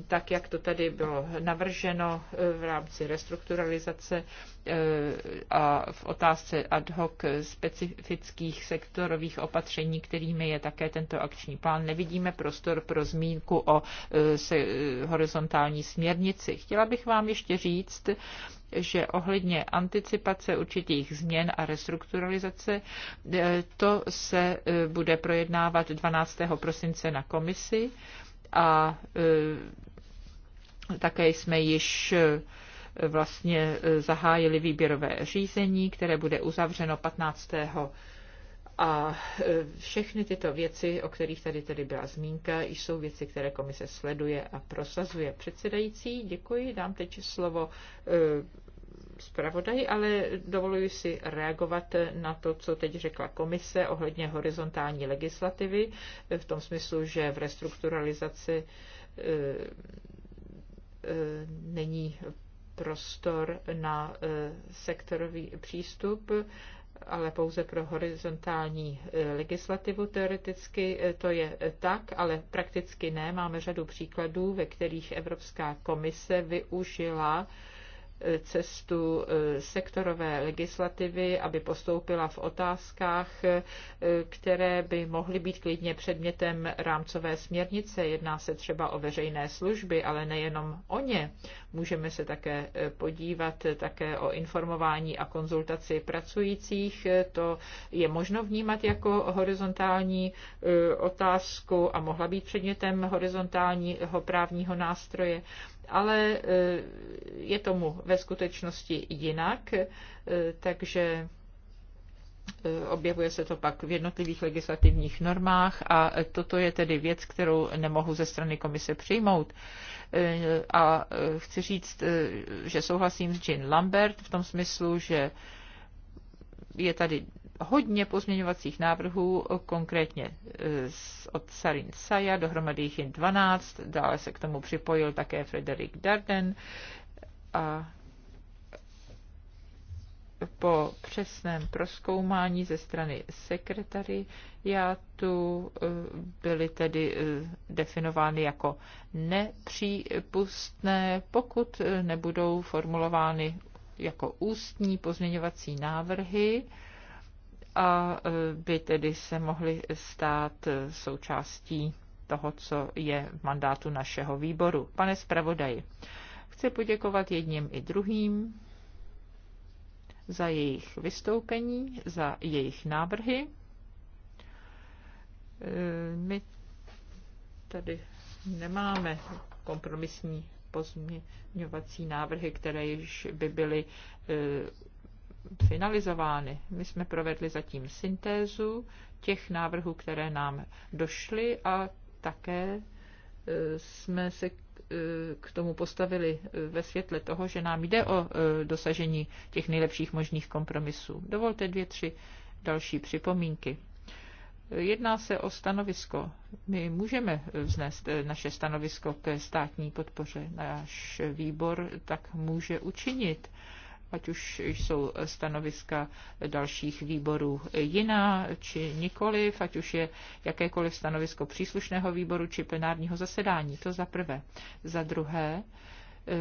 tak jak to tady bylo navrženo v rámci restrukturalizace Eh, a v otázce ad hoc specifických sektorových opatření, kterými je také tento akční plán, nevidíme prostor pro zmínku o eh, eh, horizontální směrnici. Chtěla bych vám ještě říct, že ohledně anticipace určitých změn a restrukturalizace, to se bude projednávat 12. prosince na komisi a také jsme již vlastně eh, zahájili výběrové řízení, které bude uzavřeno 15. A eh, všechny tyto věci, o kterých tady tedy byla zmínka, jsou věci, které komise sleduje a prosazuje. Předsedající, děkuji, dám teď slovo eh, zpravodaji, ale dovoluji si reagovat na to, co teď řekla komise ohledně horizontální legislativy, v tom smyslu, že v restrukturalizaci není prostor na e, sektorový přístup, ale pouze pro horizontální e, legislativu teoreticky e, to je tak, ale prakticky ne. Máme řadu příkladů, ve kterých Evropská komise využila cestu eh, sektorové legislativy, aby postoupila v otázkách, eh, které by mohly být klidně předmětem rámcové směrnice. Jedná se třeba o veřejné služby, ale nejenom o ně. Můžeme se také eh, podívat také o informování a konzultaci pracujících. To je možno vnímat jako horizontální otázku a mohla být předmětem horizontálního právního nástroje ale eh, je tomu ve skutečnosti jinak, eh, takže eh, objevuje se to pak v jednotlivých legislativních normách a toto je tedy věc, kterou nemohu ze strany komise přijmout. A chci říct, že souhlasím s Jean Lambert v tom smyslu, že je tady hodně pozměňovacích návrhů, konkrétně eh, od Sarin Saja, dohromady jich jen 12, dále se k tomu připojil také Frederik Darden a po přesném proskoumání ze strany sekretariátu eh, byly tedy eh, definovány jako nepřípustné, pokud nebudou formulovány jako ústní pozměňovací návrhy a e, by tedy se mohly stát e, součástí toho, co je v mandátu našeho výboru. Pane zpravodaji, chci poděkovat jedním i druhým za jejich vystoupení, za jejich návrhy. E, my tady nemáme kompromisní pozměňovací návrhy, které již by byly finalizovány. My jsme provedli zatím syntézu těch návrhů, které nám došly a také e, jsme se k e, tomu postavili e, ve světle toho, že nám jde o dosažení těch nejlepších možných kompromisů. Dovolte dvě, tři další připomínky. Jedná se o stanovisko. My můžeme vznést naše stanovisko ke státní podpoře. Náš výbor tak může učinit ať už jsou stanoviska dalších výborů jiná či nikoliv, ať už je jakékoliv stanovisko příslušného výboru či plenárního zasedání. To za prvé. Za druhé,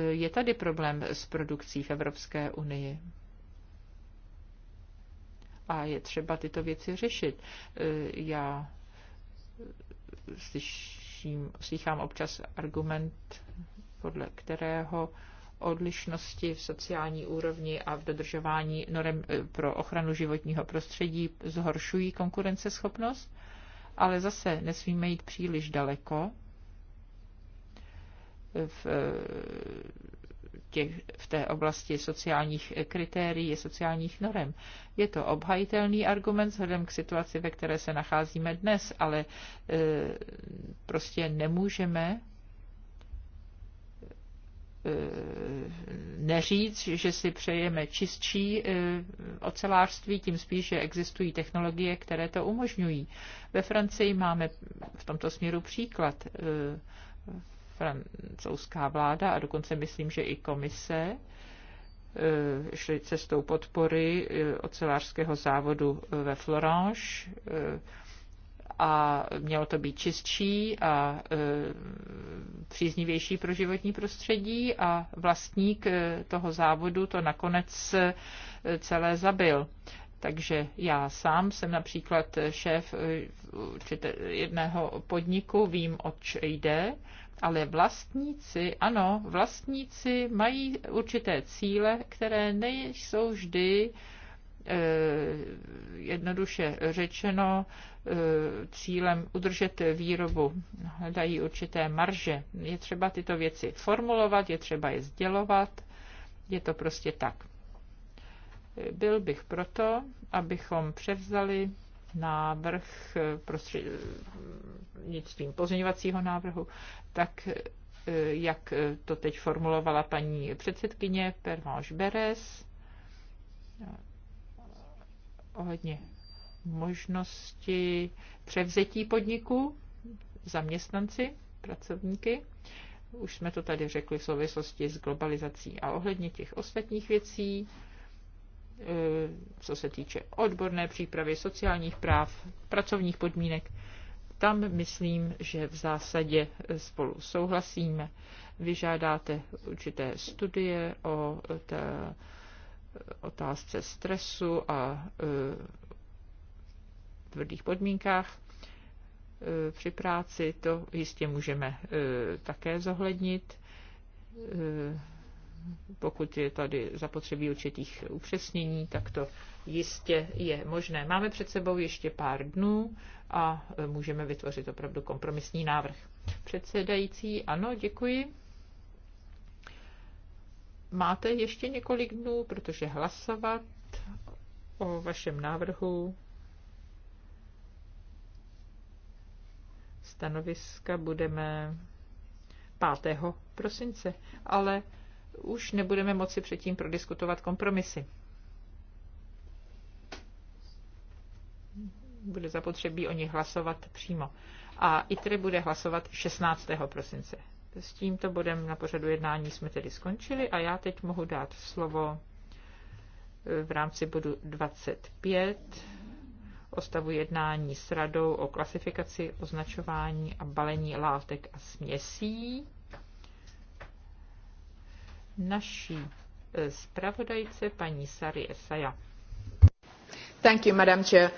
je tady problém s produkcí v Evropské unii a je třeba tyto věci řešit. Já slyším, slychám občas argument, podle kterého odlišnosti v sociální úrovni a v dodržování norem eh, pro ochranu životního prostředí zhoršují konkurenceschopnost, ale zase nesmíme jít příliš daleko v, eh, těch, v té oblasti sociálních kritérií, sociálních norem. Je to obhajitelný argument vzhledem k situaci, ve které se nacházíme dnes, ale eh, prostě nemůžeme Eh, neříct, že si přejeme čistší eh, ocelářství, tím spíš, že existují technologie, které to umožňují. Ve Francii máme v tomto směru příklad. Eh, francouzská vláda a dokonce myslím, že i komise šly cestou podpory ocelářského závodu ve Florange a mělo to být čistší a e, příznivější pro životní prostředí a vlastník e, toho závodu to nakonec e, celé zabil. Takže já sám jsem například šéf jedného podniku, vím, oč jde, ale vlastníci, ano, vlastníci mají určité cíle, které nejsou vždy jednoduše řečeno Eh, cílem udržet výrobu, hledají určité marže. Je třeba tyto věci formulovat, je třeba je sdělovat, je to prostě tak. Byl bych proto, abychom převzali návrh eh, prostřednictvím pozměňovacího návrhu, tak eh, jak to teď formulovala paní předsedkyně Permaž Beres, ohledně možnosti převzetí podniku zaměstnanci, pracovníky. Už jsme to tady řekli v souvislosti s globalizací a ohledně těch ostatních věcí, e, co se týče odborné přípravy, sociálních práv, pracovních podmínek, tam myslím, že v zásadě spolu souhlasíme. Vyžádáte určité studie o té otázce stresu a e, tvrdých podmínkách e, při práci, to jistě můžeme e, také zohlednit e, pokud je tady zapotřebí určitých upřesnění, tak to jistě je možné. Máme před sebou ještě pár dnů a můžeme vytvořit opravdu kompromisní návrh. Předsedající, ano, děkuji. Máte ještě několik dnů, protože hlasovat o vašem návrhu stanoviska budeme 5. prosince, ale už nebudeme moci předtím prodiskutovat kompromisy. Bude zapotřebí o nich hlasovat přímo. A ITRE bude hlasovat 16. prosince. S tímto bodem na pořadu jednání jsme tedy skončili a já teď mohu dát slovo v rámci bodu 25 o stavu jednání s radou o klasifikaci, označování a balení látek a směsí. Naší eh, zpravodajce paní Sari Esaja. Thank you, Madam Chair.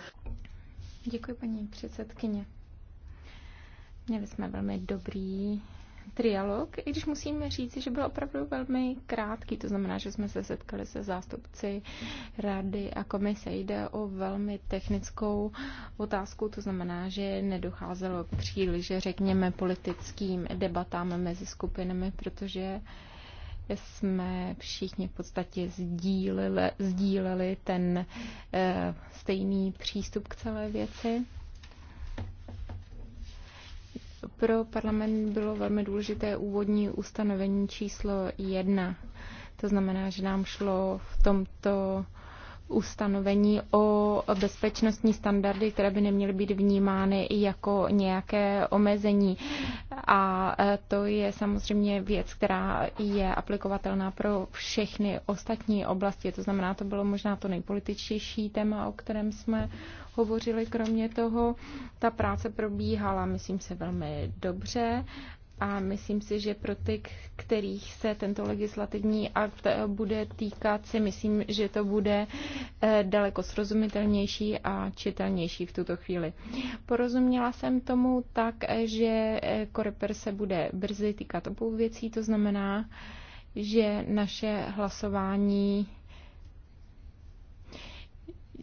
Děkuji, paní předsedkyně. Měli jsme velmi dobrý trialog, i když musíme říct, že byl opravdu velmi krátký, to znamená, že jsme se setkali se zástupci rady a komise. Jde o velmi technickou otázku, to znamená, že nedocházelo příliš, řekněme, politickým debatám mezi skupinami, protože jsme všichni v podstatě sdíleli, sdíleli ten e, stejný přístup k celé věci pro parlament bylo velmi důležité úvodní ustanovení číslo jedna. To znamená, že nám šlo v tomto ustanovení o bezpečnostní standardy, které by neměly být vnímány jako nějaké omezení. A e, to je samozřejmě věc, která je aplikovatelná pro všechny ostatní oblasti. To znamená, to bylo možná to nejpolitičtější téma, o kterém jsme hovořili. Kromě toho, ta práce probíhala, myslím se, velmi dobře a myslím si, že pro ty, kterých se tento legislativní akt bude týkat, si myslím, že to bude eh, daleko srozumitelnější a čitelnější v tuto chvíli. Porozuměla jsem tomu tak, že eh, Koreper se bude brzy týkat obou věcí, to znamená, že naše hlasování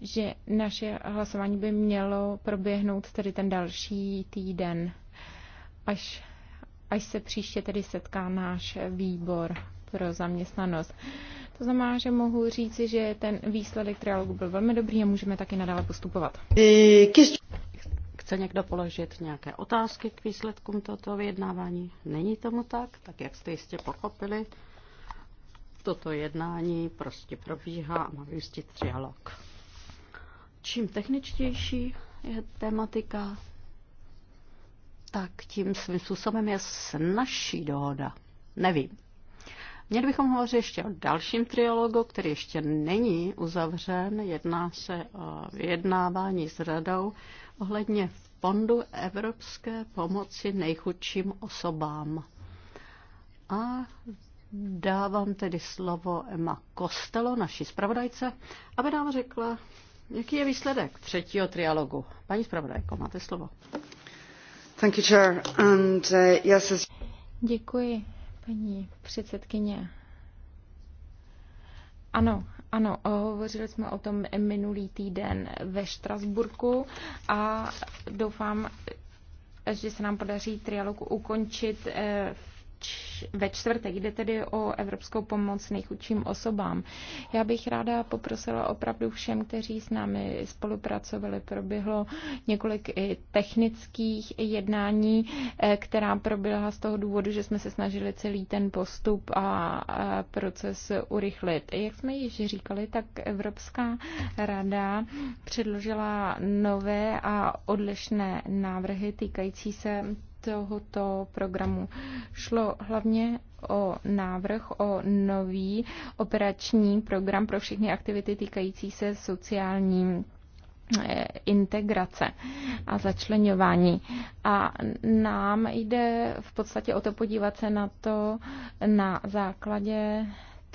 že naše hlasování by mělo proběhnout tedy ten další týden, až až se příště tedy setká náš výbor pro zaměstnanost. To znamená, že mohu říci, že ten výsledek trialogu byl velmi dobrý a můžeme taky nadále postupovat. Eh, Chce někdo položit nějaké otázky k výsledkům tohoto vyjednávání? Není tomu tak, tak jak jste jistě pochopili, toto jednání prostě probíhá a má jistě trialog. Čím techničtější je tematika, tak tím svým způsobem je snažší dohoda. Nevím. Měli bychom hovořit ještě o dalším triologu, který ještě není uzavřen. Jedná se o vyjednávání s radou ohledně Fondu Evropské pomoci nejchudším osobám. A dávám tedy slovo Emma Kostelo, naší zpravodajce, aby nám řekla, jaký je výsledek třetího trialogu. Paní zpravodajko, máte slovo. Uh, Děkuji, paní předsedkyně. Ano, ano, hovořili jsme o tom minulý týden ve Štrasburku a doufám, že se nám podaří trialog ukončit v eh, ve čtvrtek. Jde tedy o evropskou pomoc nejchudším osobám. Já bych ráda poprosila opravdu všem, kteří s námi spolupracovali. Proběhlo několik technických jednání, eh, která proběhla z toho důvodu, že jsme se snažili celý ten postup a proces urychlit. Jak jsme již říkali, tak Evropská rada předložila nové a odlišné návrhy týkající se tohoto programu. Šlo hlavně o návrh o nový operační program pro všechny aktivity týkající se sociální eh, integrace a začlenování. A nám jde v podstatě o to podívat se na to na základě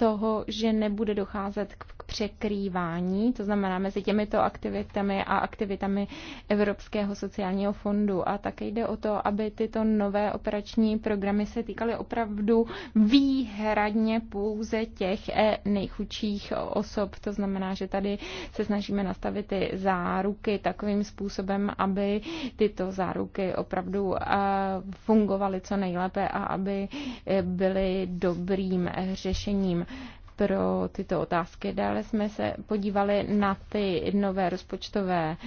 toho, že nebude docházet k překrývání, to znamená mezi těmito aktivitami a aktivitami Evropského sociálního fondu. A také jde o to, aby tyto nové operační programy se týkaly opravdu výhradně pouze těch eh, nejchudších osob. To znamená, že tady se snažíme nastavit ty záruky takovým způsobem, aby tyto záruky opravdu eh, fungovaly co nejlépe a aby eh, byly dobrým řešením pro tyto otázky. Dále jsme se podívali na ty nové rozpočtové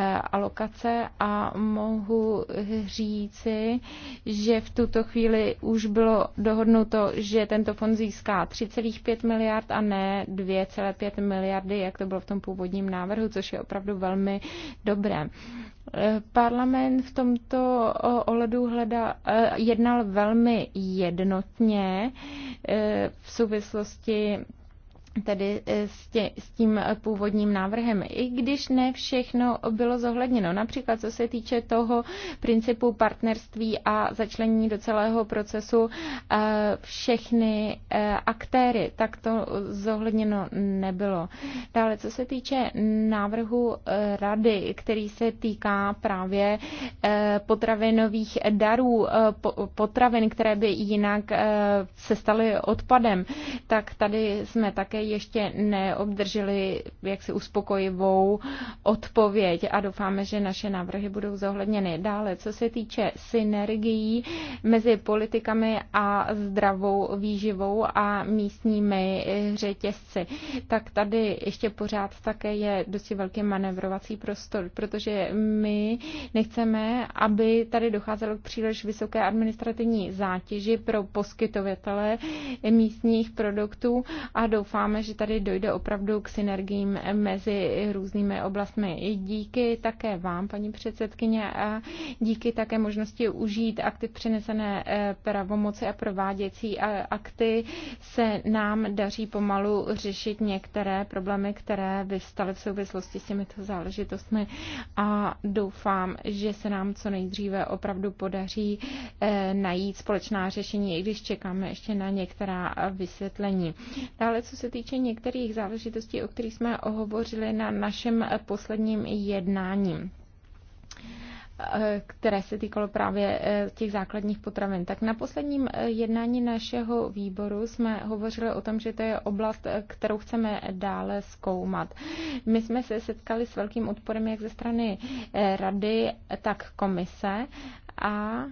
Eh, alokace a mohu říci, že v tuto chvíli už bylo dohodnuto, že tento fond získá 3,5 miliard a ne 2,5 miliardy, jak to bylo v tom původním návrhu, což je opravdu velmi dobré. Eh, parlament v tomto ohledu hleda, eh, jednal velmi jednotně v souvislosti tedy e, s, tě, s tím e, původním návrhem, i když ne všechno bylo zohledněno. Například co se týče toho principu partnerství a začlenění do celého procesu e, všechny aktéry, tak to zohledněno nebylo. Dále co se týče návrhu rady, který se týká právě potravinových darů, potravin, které by jinak se staly odpadem, tak tady jsme také také ještě neobdrželi jaksi uspokojivou odpověď a doufáme, že naše návrhy budou zohledněny. Dále, co se týče synergií mezi politikami a zdravou výživou a místními řetězci, tak tady ještě pořád také je dosti velký manevrovací prostor, protože my nechceme, aby tady docházelo k příliš vysoké administrativní zátěži pro poskytovatele místních produktů a doufáme, doufáme, že tady dojde opravdu k synergím mezi různými oblastmi. I díky také vám, paní předsedkyně, a díky také možnosti užít akty přenesené eh, pravomoci a prováděcí akty se nám daří pomalu řešit některé problémy, které vystaly v souvislosti s těmito záležitostmi a doufám, že se nám co nejdříve opravdu podaří eh, najít společná řešení, i když čekáme ještě na některá vysvětlení. Dále, co se týká týče některých záležitostí, o kterých jsme hovořili na našem posledním jednání které se týkalo právě eh, těch základních potravin. Tak na posledním eh, jednání našeho výboru jsme hovořili o tom, že to je oblast, eh, kterou chceme dále zkoumat. My jsme se setkali s velkým odporem jak ze strany rady, tak komise a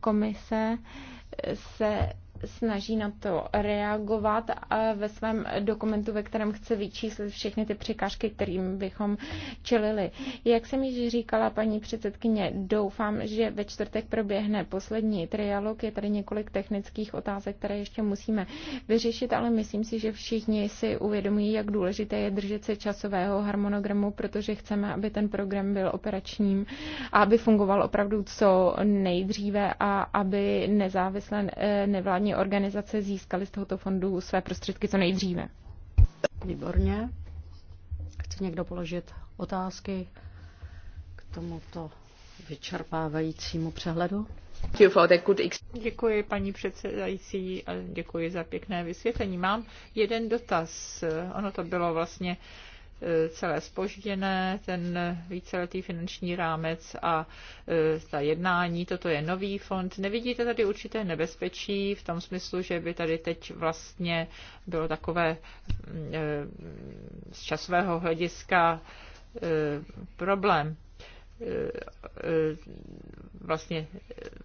komise se snaží na to reagovat ve svém dokumentu, ve kterém chce vyčíslit všechny ty překážky, kterým bychom čelili. Jak jsem již říkala paní předsedkyně, doufám, že ve čtvrtek proběhne poslední trialog. Je tady několik technických otázek, které ještě musíme vyřešit, ale myslím si, že všichni si uvědomují, jak důležité je držet se časového harmonogramu, protože chceme, aby ten program byl operačním a aby fungoval opravdu co nejdříve a aby nezávislé eh, nevládní organizace získaly z tohoto fondu své prostředky co nejdříve. Výborně. Chce někdo položit otázky k tomuto vyčerpávajícímu přehledu? Děkuji, paní předsedající, a děkuji za pěkné vysvětlení. Mám jeden dotaz. Ono to bylo vlastně E, celé spožděné, ten víceletý finanční rámec a e, ta jednání, toto je nový fond. Nevidíte tady určité nebezpečí v tom smyslu, že by tady teď vlastně bylo takové mm, e, z časového hlediska problém E, e, vlastně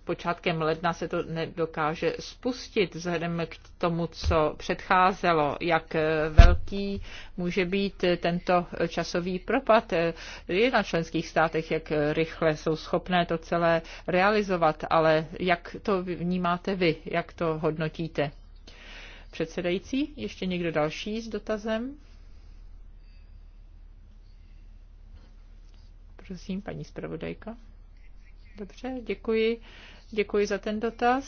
počátkem ledna se to nedokáže spustit vzhledem k tomu, co předcházelo, jak velký může být tento časový propad. Je na členských státech, jak rychle jsou schopné to celé realizovat, ale jak to vnímáte vy, jak to hodnotíte? Předsedající, ještě někdo další s dotazem? Prosím, paní zpravodajka. Dobře, děkuji. Děkuji za ten dotaz.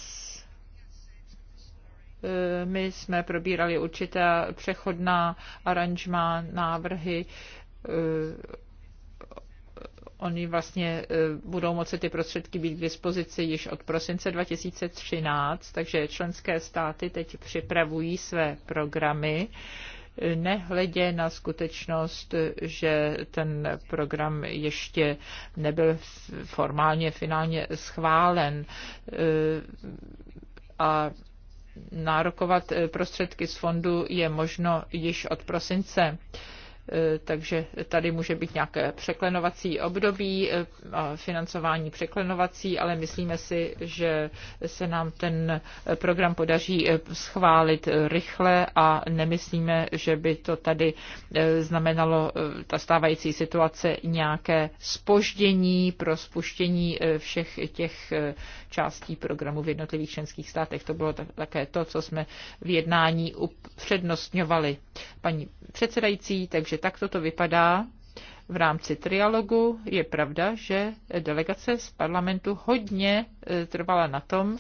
E, my jsme probírali určitá přechodná aranžma, návrhy e, oni vlastně e, budou moci ty prostředky být k dispozici již od prosince 2013, takže členské státy teď připravují své programy nehledě na skutečnost, že ten program ještě nebyl formálně finálně schválen a nárokovat prostředky z fondu je možno již od prosince Eh, takže tady může být nějaké překlenovací období, eh, financování překlenovací, ale myslíme si, že se nám ten program podaří eh, schválit rychle a nemyslíme, že by to tady znamenalo ta stávající situace nějaké spoždění pro spuštění všech těch částí programu v jednotlivých členských státech. To bylo také to, co jsme v jednání upřednostňovali. Paní předsedající, takže takže takto to vypadá v rámci trialogu. Je pravda, že delegace z parlamentu hodně e, trvala na tom,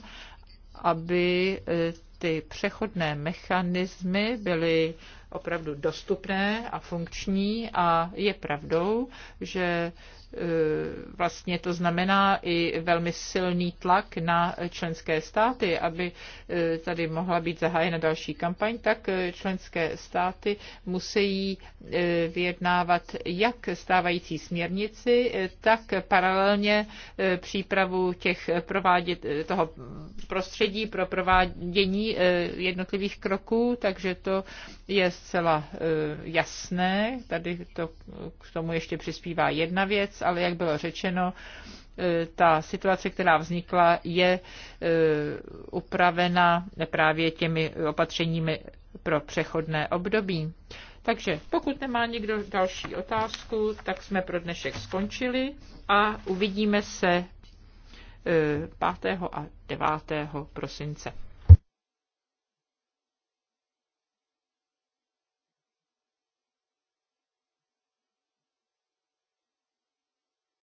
aby e, ty přechodné mechanismy byly opravdu dostupné a funkční a je pravdou, že Eh, vlastně to znamená i velmi silný tlak na členské státy, aby eh, tady mohla být zahájena další kampaň, tak eh, členské státy musí vyjednávat jak stávající směrnici, tak paralelně přípravu těch provádět, toho prostředí pro provádění jednotlivých kroků, takže to je zcela jasné. Tady to k tomu ještě přispívá jedna věc, ale jak bylo řečeno, eh, ta situace, která vznikla, je eh, upravena právě těmi opatřeními pro přechodné období. Takže pokud nemá někdo další otázku, tak jsme pro dnešek skončili a uvidíme se 5. Eh, a 9. prosince.